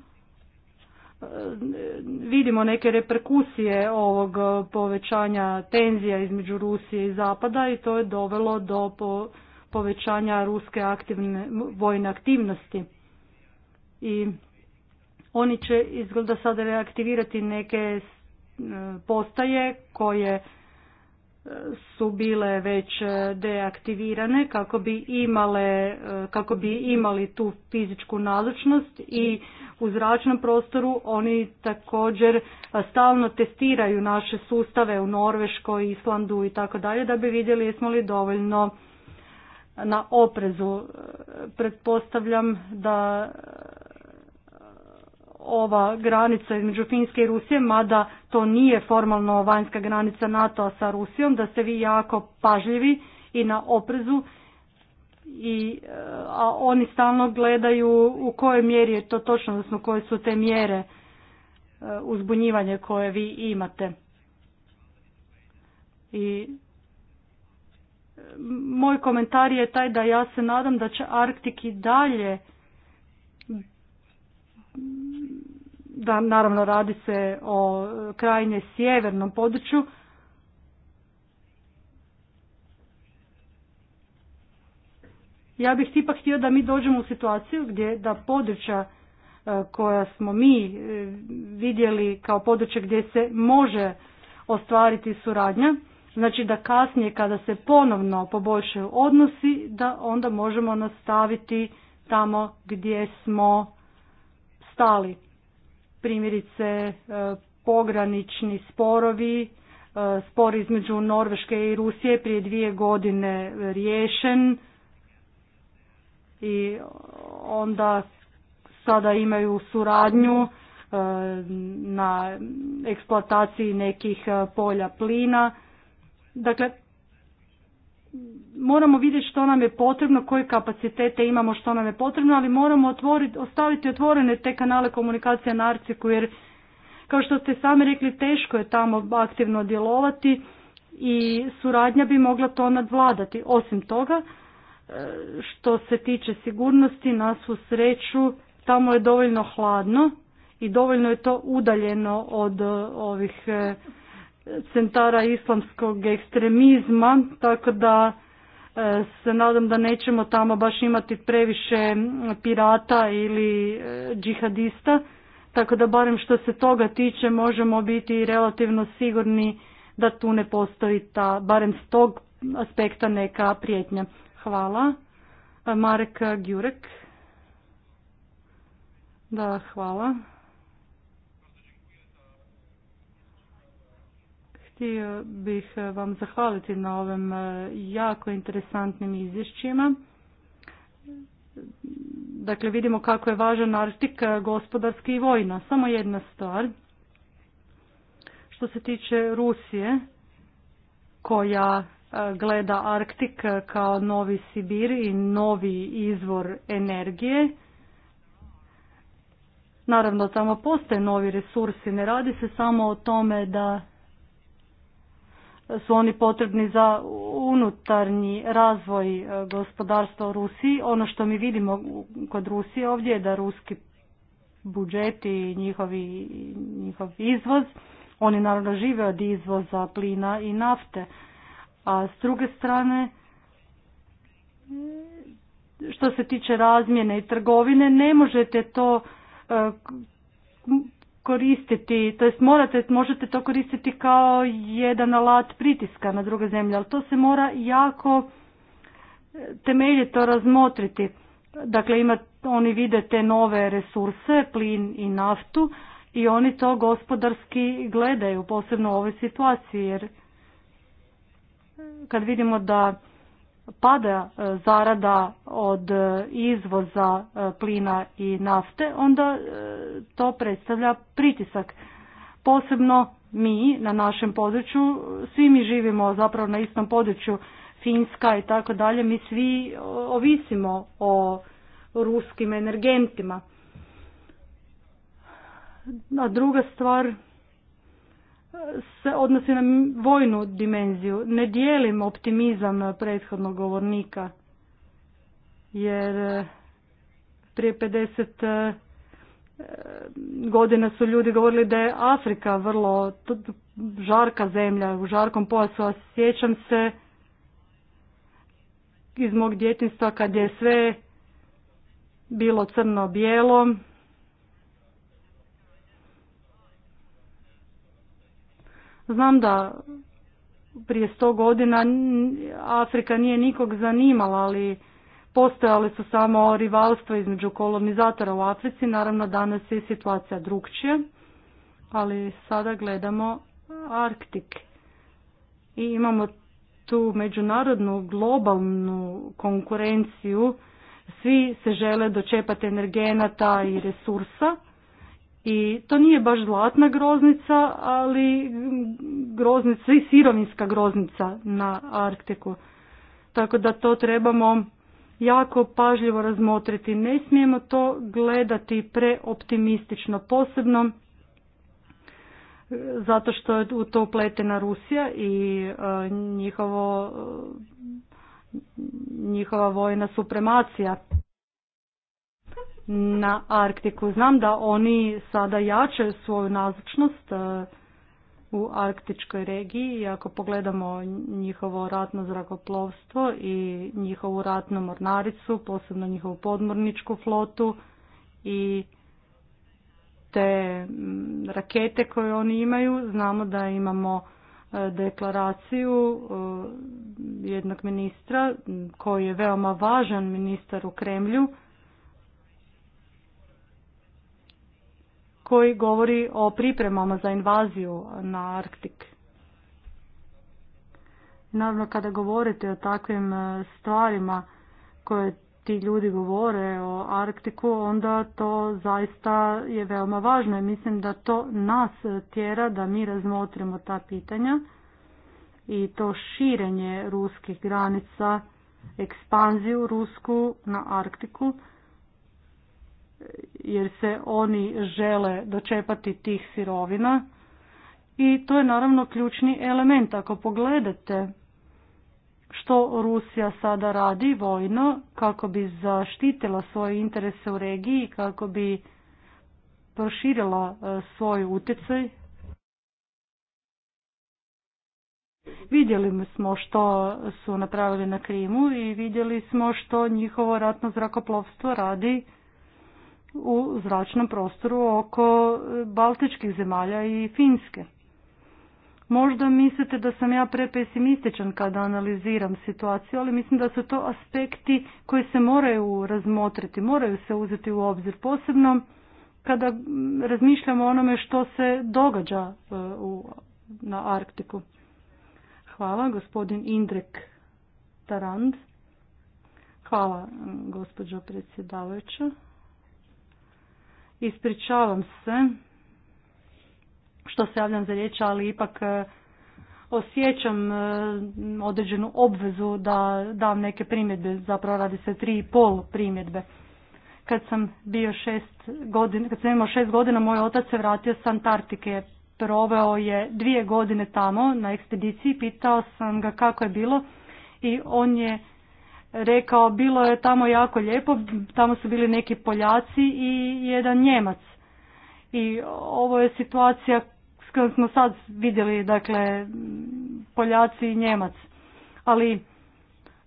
vidimo neke reperkusije ovog povećanja tenzija između Rusije i Zapada i to je dovelo do povećanja ruske aktivne, vojne aktivnosti. I oni će izgleda sada reaktivirati neke e, postaje koje e, su bile već e, deaktivirane kako bi imale, kako bi imali tu fizičku nazočnost i u zračnom prostoru oni također stalno testiraju naše sustave u Norveškoj, Islandu i tako dalje da bi vidjeli jesmo li dovoljno na oprezu. Pretpostavljam da ova granica između Finske i Rusije, mada to nije formalno vanjska granica NATO-a sa Rusijom, da ste vi jako pažljivi i na oprezu i e, a oni stalno gledaju u kojoj mjeri je to točno, odnosno koje su te mjere e, uzbunjivanje koje vi imate. I e, moj komentar je taj da ja se nadam da će Arktiki dalje da naravno radi se o e, krajnje sjevernom području, Ja bih ipak htio da mi dođemo u situaciju gdje da područja e, koja smo mi e, vidjeli kao područje gdje se može ostvariti suradnja, znači da kasnije kada se ponovno poboljšaju odnosi, da onda možemo nastaviti tamo gdje smo stali. Primjerice e, pogranični sporovi, e, spor između Norveške i Rusije prije dvije godine riješen i onda sada imaju suradnju e, na eksploataciji nekih polja plina. Dakle, moramo vidjeti što nam je potrebno, koje kapacitete imamo, što nam je potrebno, ali moramo otvoriti, ostaviti otvorene te kanale komunikacije na jer kao što ste sami rekli, teško je tamo aktivno djelovati i suradnja bi mogla to nadvladati. Osim toga, e, što se tiče sigurnosti, na svu sreću, tamo je dovoljno hladno i dovoljno je to udaljeno od e, ovih e, centara islamskog ekstremizma, tako da e, se nadam da nećemo tamo baš imati previše pirata ili e, džihadista, tako da barem što se toga tiče možemo biti relativno sigurni da tu ne postoji ta, barem s tog aspekta neka prijetnja. Hvala. Marek Gjurek. Da, hvala. htio bih e, vam zahvaliti na ovim e, jako interesantnim izvješćima. Dakle, vidimo kako je važan Arktik e, gospodarski i vojna. Samo jedna stvar. Što se tiče Rusije, koja gleda Arktik kao novi Sibir i novi izvor energije, Naravno, tamo postoje novi resursi, ne radi se samo o tome da su oni potrebni za unutarnji razvoj e, gospodarstva u Rusiji. Ono što mi vidimo kod Rusije ovdje je da ruski budžet i njihovi, njihov izvoz, oni naravno žive od izvoza plina i nafte, a s druge strane što se tiče razmjene i trgovine ne možete to e, koristiti, to jest morate, možete to koristiti kao jedan alat pritiska na druge zemlje, ali to se mora jako e, temeljito razmotriti. Dakle, ima, oni vide te nove resurse, plin i naftu, i oni to gospodarski gledaju, posebno u ovoj situaciji, jer kad vidimo da pada e, zarada od e, izvoza e, plina i nafte, onda to predstavlja pritisak. Posebno mi na našem području, svi mi živimo zapravo na istom području, Finska i tako dalje, mi svi ovisimo o ruskim energentima. A druga stvar, se odnosi na vojnu dimenziju. Ne dijelim optimizam prethodnog govornika, jer eh, prije 50 eh, godina su ljudi govorili da je Afrika vrlo žarka zemlja, u žarkom pojasu, a sjećam se iz mog djetinstva kad je sve bilo crno-bijelo, Znam da prije sto godina Afrika nije nikog zanimala, ali postojale su samo rivalstvo između kolonizatora u Africi. Naravno, danas je situacija drugčija, ali sada gledamo Arktik. I imamo tu međunarodnu globalnu konkurenciju. Svi se žele dočepati energenata i resursa i to nije baš zlatna groznica, ali groznica i sirovinska groznica na Arktiku. Tako da to trebamo jako pažljivo razmotriti. Ne smijemo to gledati preoptimistično, posebno zato što je u to upletena Rusija i e, njihovo, e, njihova vojna supremacija na Arktiku. Znam da oni sada jačaju svoju nazočnost e, u arktičkoj regiji i ako pogledamo njihovo ratno zrakoplovstvo i njihovu ratnu mornaricu, posebno njihovu podmorničku flotu i te mm, rakete koje oni imaju, znamo da imamo e, deklaraciju e, jednog ministra koji je veoma važan ministar u Kremlju koji govori o pripremama za invaziju na Arktik. Naravno, kada govorite o takvim e, stvarima koje ti ljudi govore o Arktiku, onda to zaista je veoma važno i mislim da to nas tjera da mi razmotrimo ta pitanja i to širenje ruskih granica, ekspanziju rusku na Arktiku jer se oni žele dočepati tih sirovina i to je naravno ključni element. Ako pogledate što Rusija sada radi vojno kako bi zaštitila svoje interese u regiji, kako bi proširila e, svoj utjecaj. Vidjeli smo što su napravili na Krimu i vidjeli smo što njihovo ratno zrakoplovstvo radi u zračnom prostoru oko baltičkih zemalja i Finske. Možda mislite da sam ja prepesimističan kada analiziram situaciju, ali mislim da su to aspekti koji se moraju razmotriti, moraju se uzeti u obzir posebno kada razmišljamo o onome što se događa e, u, na Arktiku. Hvala, gospodin Indrek Tarand. Hvala, gospođo predsjedavajuća. Ispričavam se što se javljam za riječ, ali ipak e, osjećam e, određenu obvezu da dam neke primjedbe, zapravo radi se tri i pol primjedbe. Kad sam bio šest godina, kad sam imao šest godina, moj otac se vratio s Antarktike. Proveo je dvije godine tamo na ekspediciji, pitao sam ga kako je bilo i on je rekao bilo je tamo jako lijepo, tamo su bili neki Poljaci i jedan Njemac. I ovo je situacija s kojom smo sad vidjeli, dakle, Poljaci i Njemac. Ali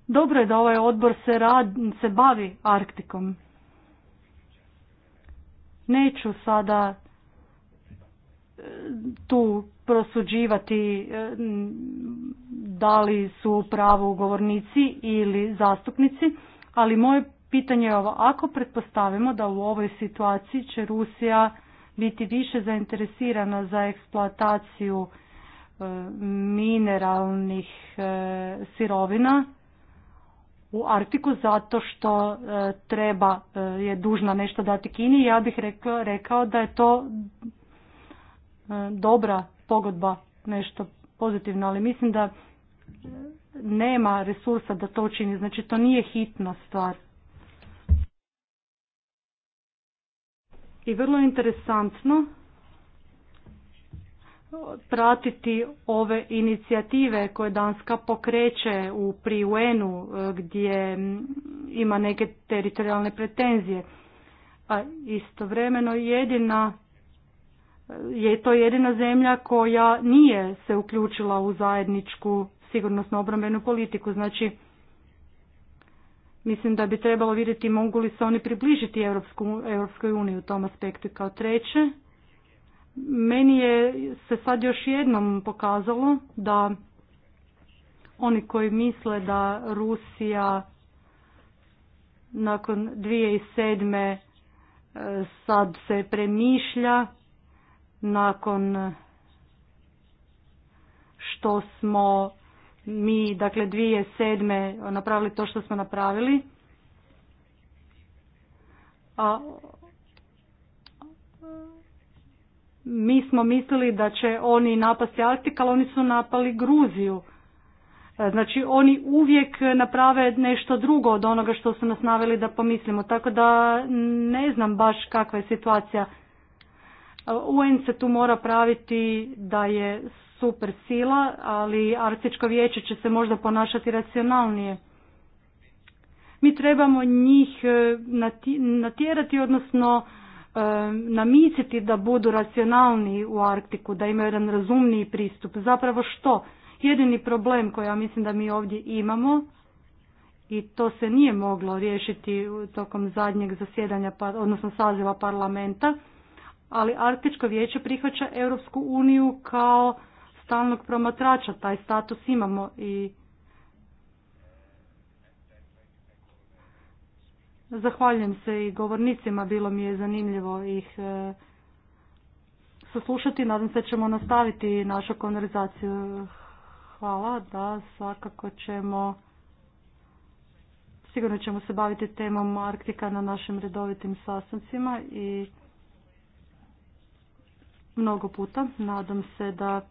dobro je da ovaj odbor se, rad, se bavi Arktikom. Neću sada e, tu prosuđivati e, da li su pravo govornici ili zastupnici, ali moje pitanje je ovo. Ako pretpostavimo da u ovoj situaciji će Rusija biti više zainteresirana za eksploataciju e, mineralnih e, sirovina u Arktiku zato što e, treba je dužna nešto dati Kini. Ja bih rekao, rekao da je to dobra pogodba, nešto pozitivno, ali mislim da nema resursa da to učini, znači to nije hitna stvar. I vrlo interesantno pratiti ove inicijative koje Danska pokreće u pri un e, gdje ima neke teritorijalne pretenzije. A istovremeno jedina e, je to jedina zemlja koja nije se uključila u zajedničku sigurnosno obrambenu politiku. Znači, mislim da bi trebalo vidjeti mogu li se oni približiti Europsku, Europskoj uniji u tom aspektu. Kao treće, meni je se sad još jednom pokazalo da oni koji misle da Rusija nakon 2007. E, sad se premišlja nakon što smo mi dakle dvije sedme napravili to što smo napravili. A mi smo mislili da će oni napasti Arktik, ali oni su napali Gruziju. E, znači oni uvijek naprave nešto drugo od onoga što su nas naveli da pomislimo. Tako da ne znam baš kakva je situacija. E, UN se tu mora praviti da je super sila, ali Arktičko vijeće će se možda ponašati racionalnije. Mi trebamo njih e, natjerati, odnosno e, namiciti da budu racionalniji u Arktiku, da imaju jedan razumniji pristup. Zapravo što? Jedini problem koji ja mislim da mi ovdje imamo i to se nije moglo riješiti tokom zadnjeg zasjedanja, pa, odnosno saziva parlamenta, ali Arktičko vijeće prihvaća Europsku uniju kao stalnog promatrača, taj status imamo i Zahvaljujem se i govornicima, bilo mi je zanimljivo ih e, saslušati. Nadam se ćemo nastaviti našu konverzaciju. Hvala, da, svakako ćemo, sigurno ćemo se baviti temom Arktika na našim redovitim sastancima i mnogo puta. Nadam se da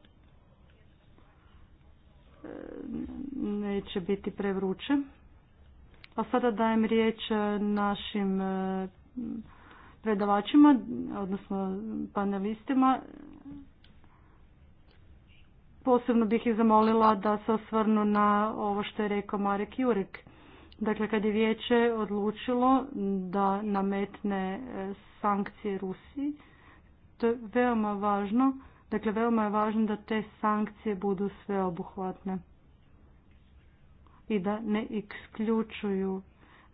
neće biti prevruće. A sada dajem riječ e, našim e, predavačima, odnosno panelistima. Posebno bih ih zamolila da se osvrnu na ovo što je rekao Marek Jurek. Dakle, kad je vijeće odlučilo da nametne e, sankcije Rusiji, to je veoma važno Dakle, veoma je važno da te sankcije budu sveobuhvatne i da ne isključuju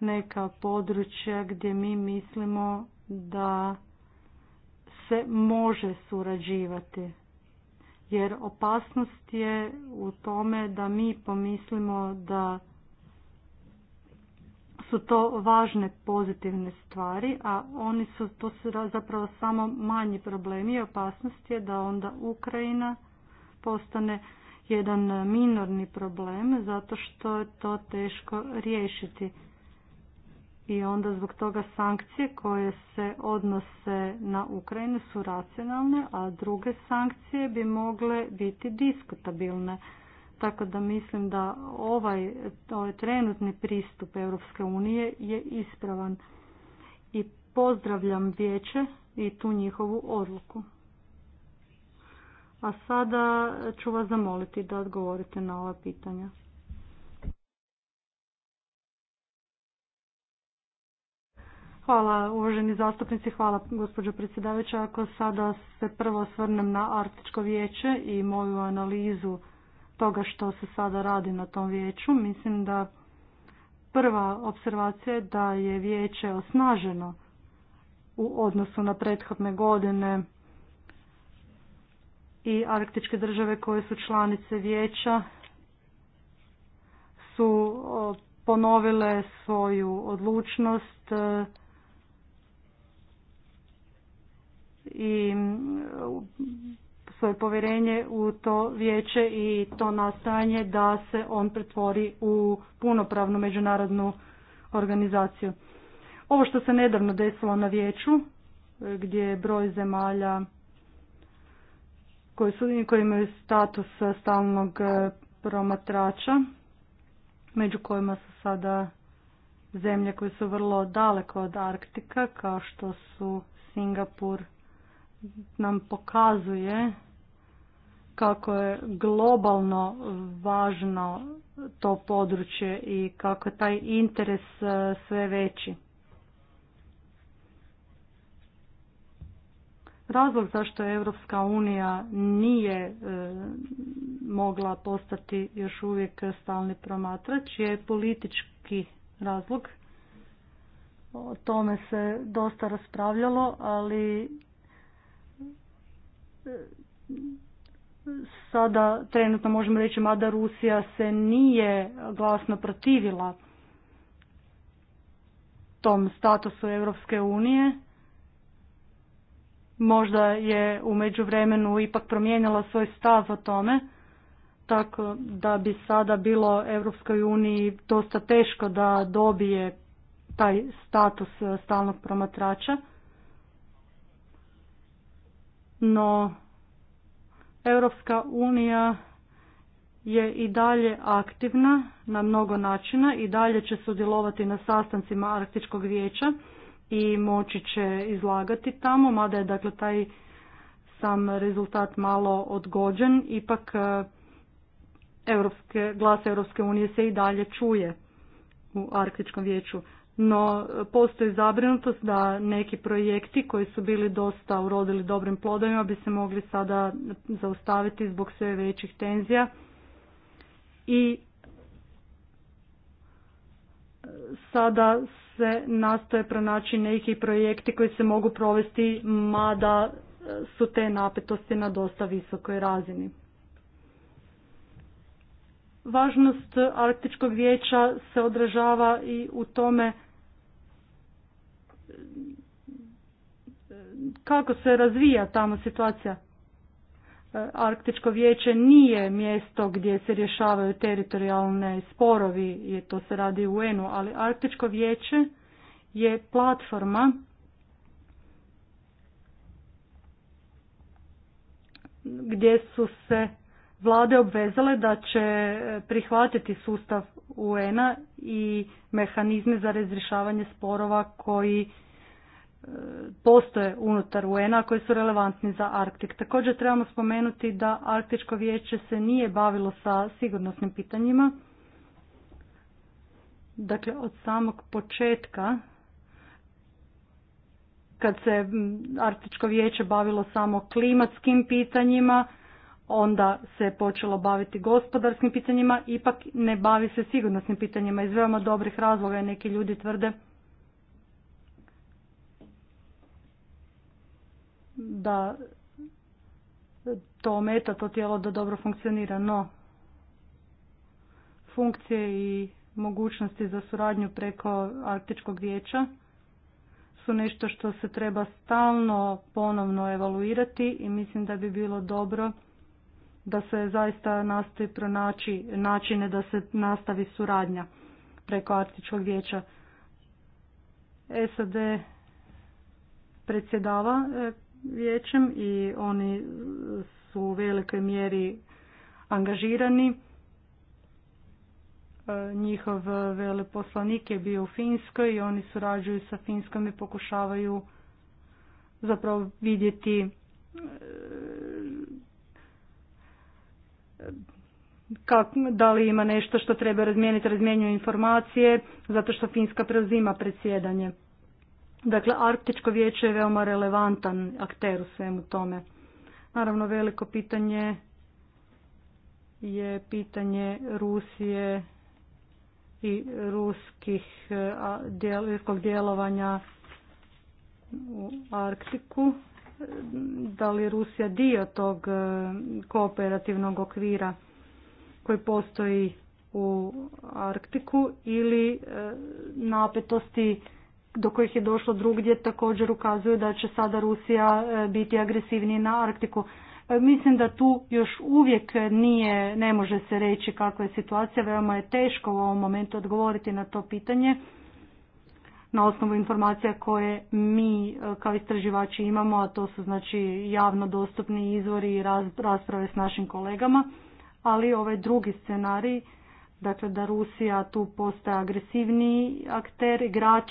neka područja gdje mi mislimo da se može surađivati. Jer opasnost je u tome da mi pomislimo da su to važne pozitivne stvari, a oni su, to su zapravo samo manji problemi i opasnost je da onda Ukrajina postane jedan minorni problem zato što je to teško riješiti. I onda zbog toga sankcije koje se odnose na Ukrajinu su racionalne, a druge sankcije bi mogle biti diskutabilne. Tako da mislim da ovaj, ovaj trenutni pristup Europske unije je ispravan i pozdravljam vijeće i tu njihovu odluku. A sada ću vas zamoliti da odgovorite na ova pitanja. Hvala uvaženi zastupnici, hvala gospođo predsjedavajuća. Ako sada se prvo osvrnem na Artičko vijeće i moju analizu toga što se sada radi na tom vijeću. Mislim da prva observacija je da je vijeće osnaženo u odnosu na prethodne godine i arktičke države koje su članice vijeća su ponovile svoju odlučnost e, i svoje povjerenje u to vijeće i to nastojanje da se on pretvori u punopravnu međunarodnu organizaciju. Ovo što se nedavno desilo na vijeću, gdje je broj zemalja koji, su, koji imaju status stalnog e, promatrača, među kojima su sada zemlje koje su vrlo daleko od Arktika, kao što su Singapur, nam pokazuje kako je globalno važno to područje i kako je taj interes e, sve veći. Razlog zašto Europska unija nije e, mogla postati još uvijek stalni promatrač je politički razlog. O tome se dosta raspravljalo, ali e, sada trenutno možemo reći mada Rusija se nije glasno protivila tom statusu Europske unije. Možda je u međuvremenu ipak promijenila svoj stav o tome, tako da bi sada bilo Europskoj uniji dosta teško da dobije taj status stalnog promatrača. No, Europska unija je i dalje aktivna na mnogo načina i dalje će sudjelovati na sastancima Arktičkog vijeća i moći će izlagati tamo, mada je dakle taj sam rezultat malo odgođen, ipak e, Europske, glas Europske unije se i dalje čuje u Arktičkom vijeću no postoji zabrinutost da neki projekti koji su bili dosta urodili dobrim plodovima bi se mogli sada zaustaviti zbog sve većih tenzija i sada se nastoje pronaći neki projekti koji se mogu provesti mada su te napetosti na dosta visokoj razini. Važnost Arktičkog vijeća se odražava i u tome kako se razvija tamo situacija. Arktičko vijeće nije mjesto gdje se rješavaju teritorijalne sporovi, je to se radi u UN-u, ali Arktičko vijeće je platforma gdje su se vlade obvezale da će e, prihvatiti sustav UN-a i mehanizme za razrješavanje sporova koji e, postoje unutar UN-a koji su relevantni za Arktik. Također trebamo spomenuti da Arktičko vijeće se nije bavilo sa sigurnosnim pitanjima. Dakle, od samog početka kad se Arktičko vijeće bavilo samo klimatskim pitanjima, onda se počelo baviti gospodarskim pitanjima, ipak ne bavi se sigurnosnim pitanjima iz veoma dobrih razloga i neki ljudi tvrde da to ometa to tijelo da dobro funkcionira, no funkcije i mogućnosti za suradnju preko Arktičkog vijeća su nešto što se treba stalno ponovno evaluirati i mislim da bi bilo dobro da se zaista nastoji pronaći načine da se nastavi suradnja preko Artičkog vijeća. SAD predsjedava e, vijećem i oni su u velikoj mjeri angažirani. E, njihov veleposlanik je bio u Finskoj i oni surađuju sa Finskom i pokušavaju zapravo vidjeti e, Kak, da li ima nešto što treba razmijeniti, razmjenjuju informacije, zato što Finska preuzima predsjedanje. Dakle, Arktičko vijeće je veoma relevantan akter u svemu tome. Naravno, veliko pitanje je pitanje Rusije i ruskih djelovanja u Arktiku da li je Rusija dio tog e, kooperativnog okvira koji postoji u Arktiku ili e, napetosti do kojih je došlo drugdje također ukazuju da će sada Rusija e, biti agresivniji na Arktiku. Mislim da tu još uvijek nije, ne može se reći kakva je situacija, veoma je teško u ovom momentu odgovoriti na to pitanje na osnovu informacija koje mi e, kao istraživači imamo, a to su znači javno dostupni izvori i rasprave s našim kolegama, ali ovaj drugi scenarij, dakle da Rusija tu postaje agresivniji akter, igrač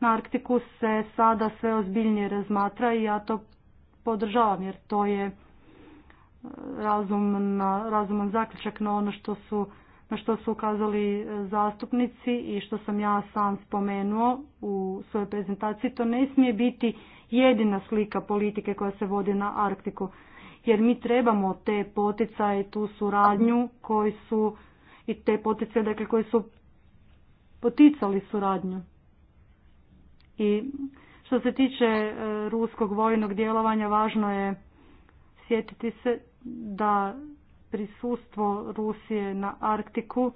na Arktiku se sada sve ozbiljnije razmatra i ja to podržavam jer to je e, razumna, razuman zaključak na ono što su na što su ukazali e, zastupnici i što sam ja sam spomenuo u svojoj prezentaciji, to ne smije biti jedina slika politike koja se vodi na Arktiku. Jer mi trebamo te poticaje, tu suradnju koji su i te poticaje dakle, koji su poticali suradnju. I što se tiče e, ruskog vojnog djelovanja, važno je sjetiti se da prisustvo Rusije na Arktiku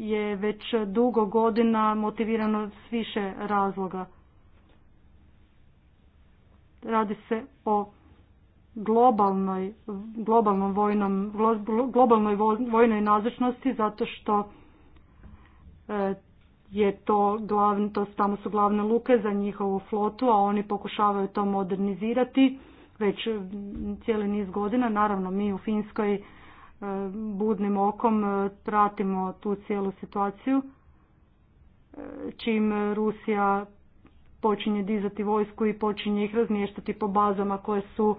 je već dugo godina motivirano s više razloga. Radi se o globalnoj, globalnom vojnom, globalnoj vojnoj nazočnosti zato što e, je to glavno, to tamo su glavne luke za njihovu flotu, a oni pokušavaju to modernizirati već cijeli niz godina. Naravno, mi u Finskoj e, budnim okom e, pratimo tu cijelu situaciju. E, čim Rusija počinje dizati vojsku i počinje ih razmještati po bazama koje su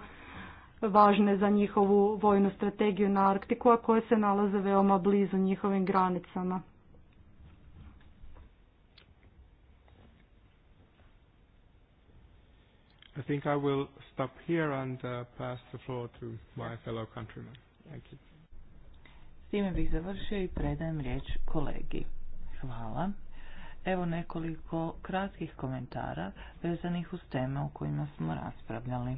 važne za njihovu vojnu strategiju na Arktiku, a koje se nalaze veoma blizu njihovim granicama. I think I will stop here and uh, pass the floor to my fellow countrymen. Thank you. S time bih završio i predajem riječ kolegi. Hvala. Evo nekoliko kratkih komentara vezanih uz teme o kojima smo raspravljali.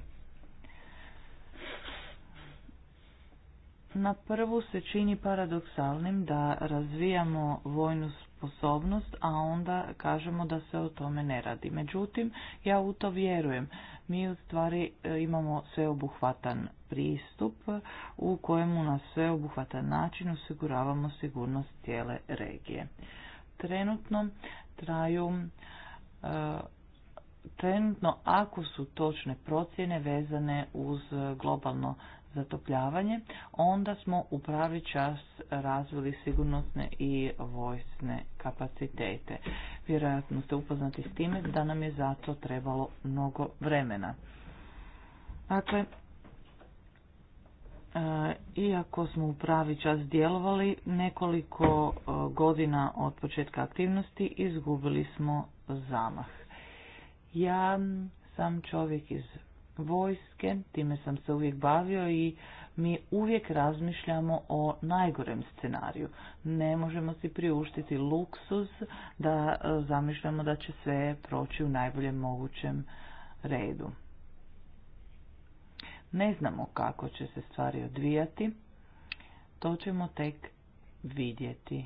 Na prvu se čini paradoksalnim da razvijamo vojnu sposobnost, a onda kažemo da se o tome ne radi. Međutim, ja u to vjerujem. Mi u stvari e, imamo sveobuhvatan pristup u kojemu na sveobuhvatan način osiguravamo sigurnost cijele regije. Trenutno traju e, trenutno ako su točne procjene vezane uz globalno zatopljavanje, onda smo u pravi čas razvili sigurnosne i vojsne kapacitete. Vjerojatno ste upoznati s time da nam je zato trebalo mnogo vremena. Dakle, e, iako smo u pravi čas djelovali, nekoliko e, godina od početka aktivnosti izgubili smo zamah. Ja sam čovjek iz vojske, time sam se uvijek bavio i mi uvijek razmišljamo o najgorem scenariju. Ne možemo si priuštiti luksuz da e, zamišljamo da će sve proći u najboljem mogućem redu. Ne znamo kako će se stvari odvijati, to ćemo tek vidjeti.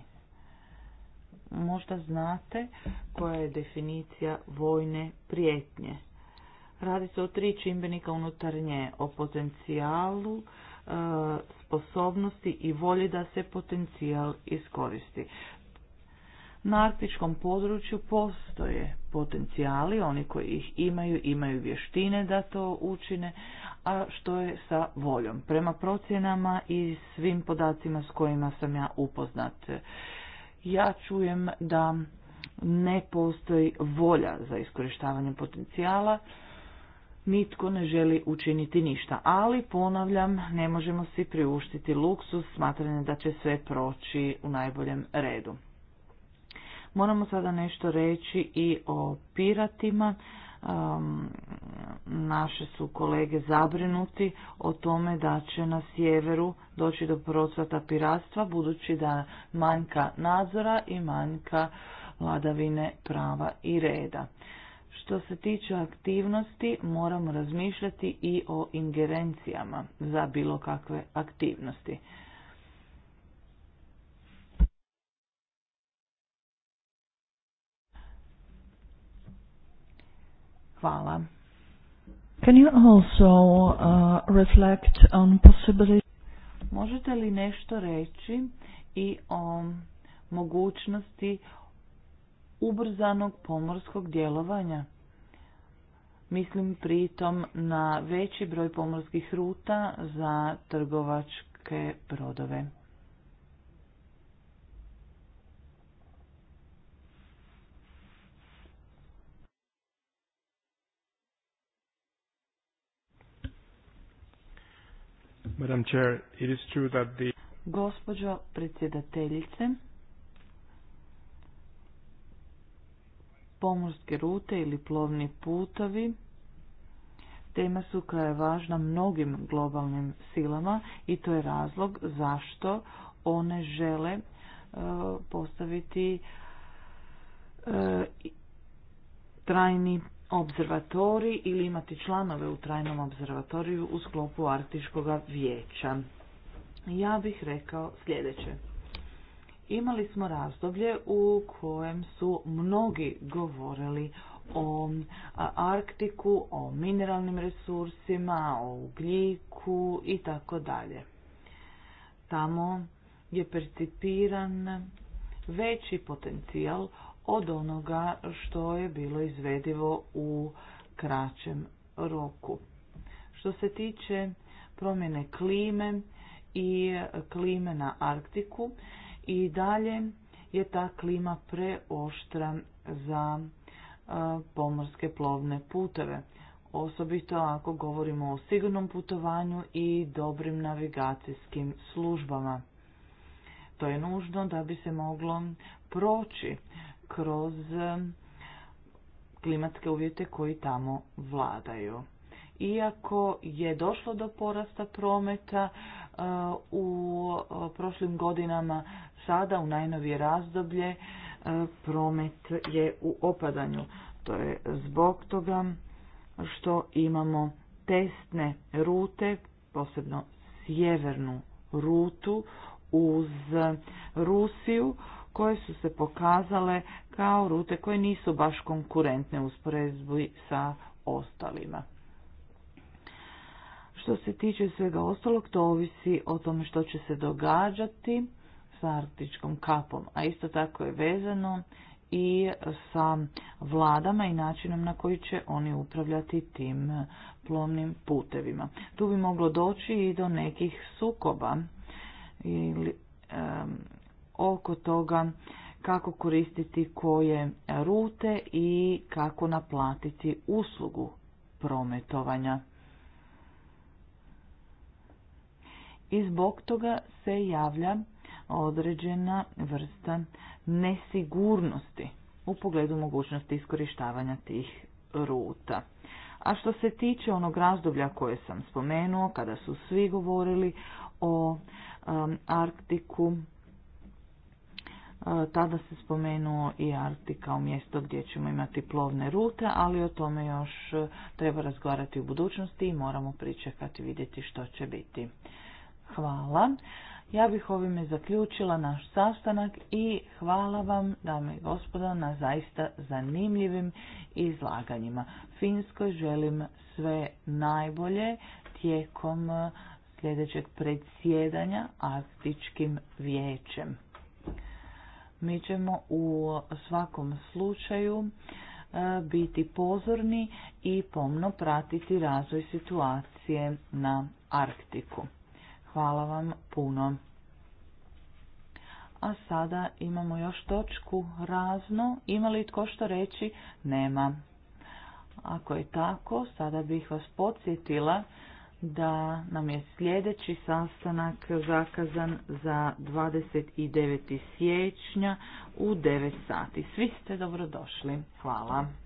Možda znate koja je definicija vojne prijetnje. Radi se o tri čimbenika unutarnje, o potencijalu, e, sposobnosti i volji da se potencijal iskoristi. Na arktičkom području postoje potencijali, oni koji ih imaju, imaju vještine da to učine, a što je sa voljom. Prema procjenama i svim podacima s kojima sam ja upoznat, ja čujem da ne postoji volja za iskorištavanje potencijala, nitko ne želi učiniti ništa. Ali, ponavljam, ne možemo si priuštiti luksus smatranje da će sve proći u najboljem redu. Moramo sada nešto reći i o piratima. naše su kolege zabrinuti o tome da će na sjeveru doći do procvata piratstva budući da manjka nadzora i manjka vladavine prava i reda. Što se tiče aktivnosti, moramo razmišljati i o ingerencijama za bilo kakve aktivnosti. Hvala. Can you also uh, reflect on possibility? Možete li nešto reći i o mogućnosti ubrzanog pomorskog djelovanja? Mislim pritom na veći broj pomorskih ruta za trgovačke brodove. Madam Gospođo predsjedateljice, pomorske rute ili plovni putovi tema su koja je važna mnogim globalnim silama i to je razlog zašto one žele e, postaviti e, trajni observatorij ili imati članove u trajnom observatoriju u sklopu Artiškog vijeća. Ja bih rekao sljedeće imali smo razdoblje u kojem su mnogi govorili o Arktiku, o mineralnim resursima, o ugljiku i tako dalje. Tamo je percipiran veći potencijal od onoga što je bilo izvedivo u kraćem roku. Što se tiče promjene klime i klime na Arktiku, i dalje je ta klima preoštra za e, pomorske plovne puteve, osobito ako govorimo o sigurnom putovanju i dobrim navigacijskim službama. To je nužno da bi se moglo proći kroz e, klimatske uvjete koji tamo vladaju. Iako je došlo do porasta prometa e, u prošlim godinama, sada u najnovije razdoblje e, promet je u opadanju. To je zbog toga što imamo testne rute, posebno sjevernu rutu uz Rusiju koje su se pokazale kao rute koje nisu baš konkurentne u usporedbi sa ostalima. Što se tiče svega ostalog, to ovisi o tome što će se događati s arktičkom kapom, a isto tako je vezano i sa vladama i načinom na koji će oni upravljati tim plovnim putevima. Tu bi moglo doći i do nekih sukoba ili oko toga kako koristiti koje rute i kako naplatiti uslugu prometovanja. I zbog toga se javlja određena vrsta nesigurnosti u pogledu mogućnosti iskorištavanja tih ruta. A što se tiče onog razdoblja koje sam spomenuo, kada su svi govorili o um, Arktiku, uh, tada se spomenuo i Arktika kao mjesto gdje ćemo imati plovne rute, ali o tome još uh, treba razgovarati u budućnosti i moramo pričekati vidjeti što će biti. Hvala. Ja bih ovime zaključila naš sastanak i hvala vam, dame i gospoda, na zaista zanimljivim izlaganjima. Finskoj želim sve najbolje tijekom eh, sljedećeg predsjedanja Arktičkim vijećem. Mi ćemo u svakom slučaju eh, biti pozorni i pomno pratiti razvoj situacije na Arktiku. Hvala vam puno. A sada imamo još točku razno. Ima li tko što reći? Nema. Ako je tako, sada bih vas podsjetila da nam je sljedeći sastanak zakazan za 29. siječnja u 9 sati. Svi ste dobrodošli. Hvala.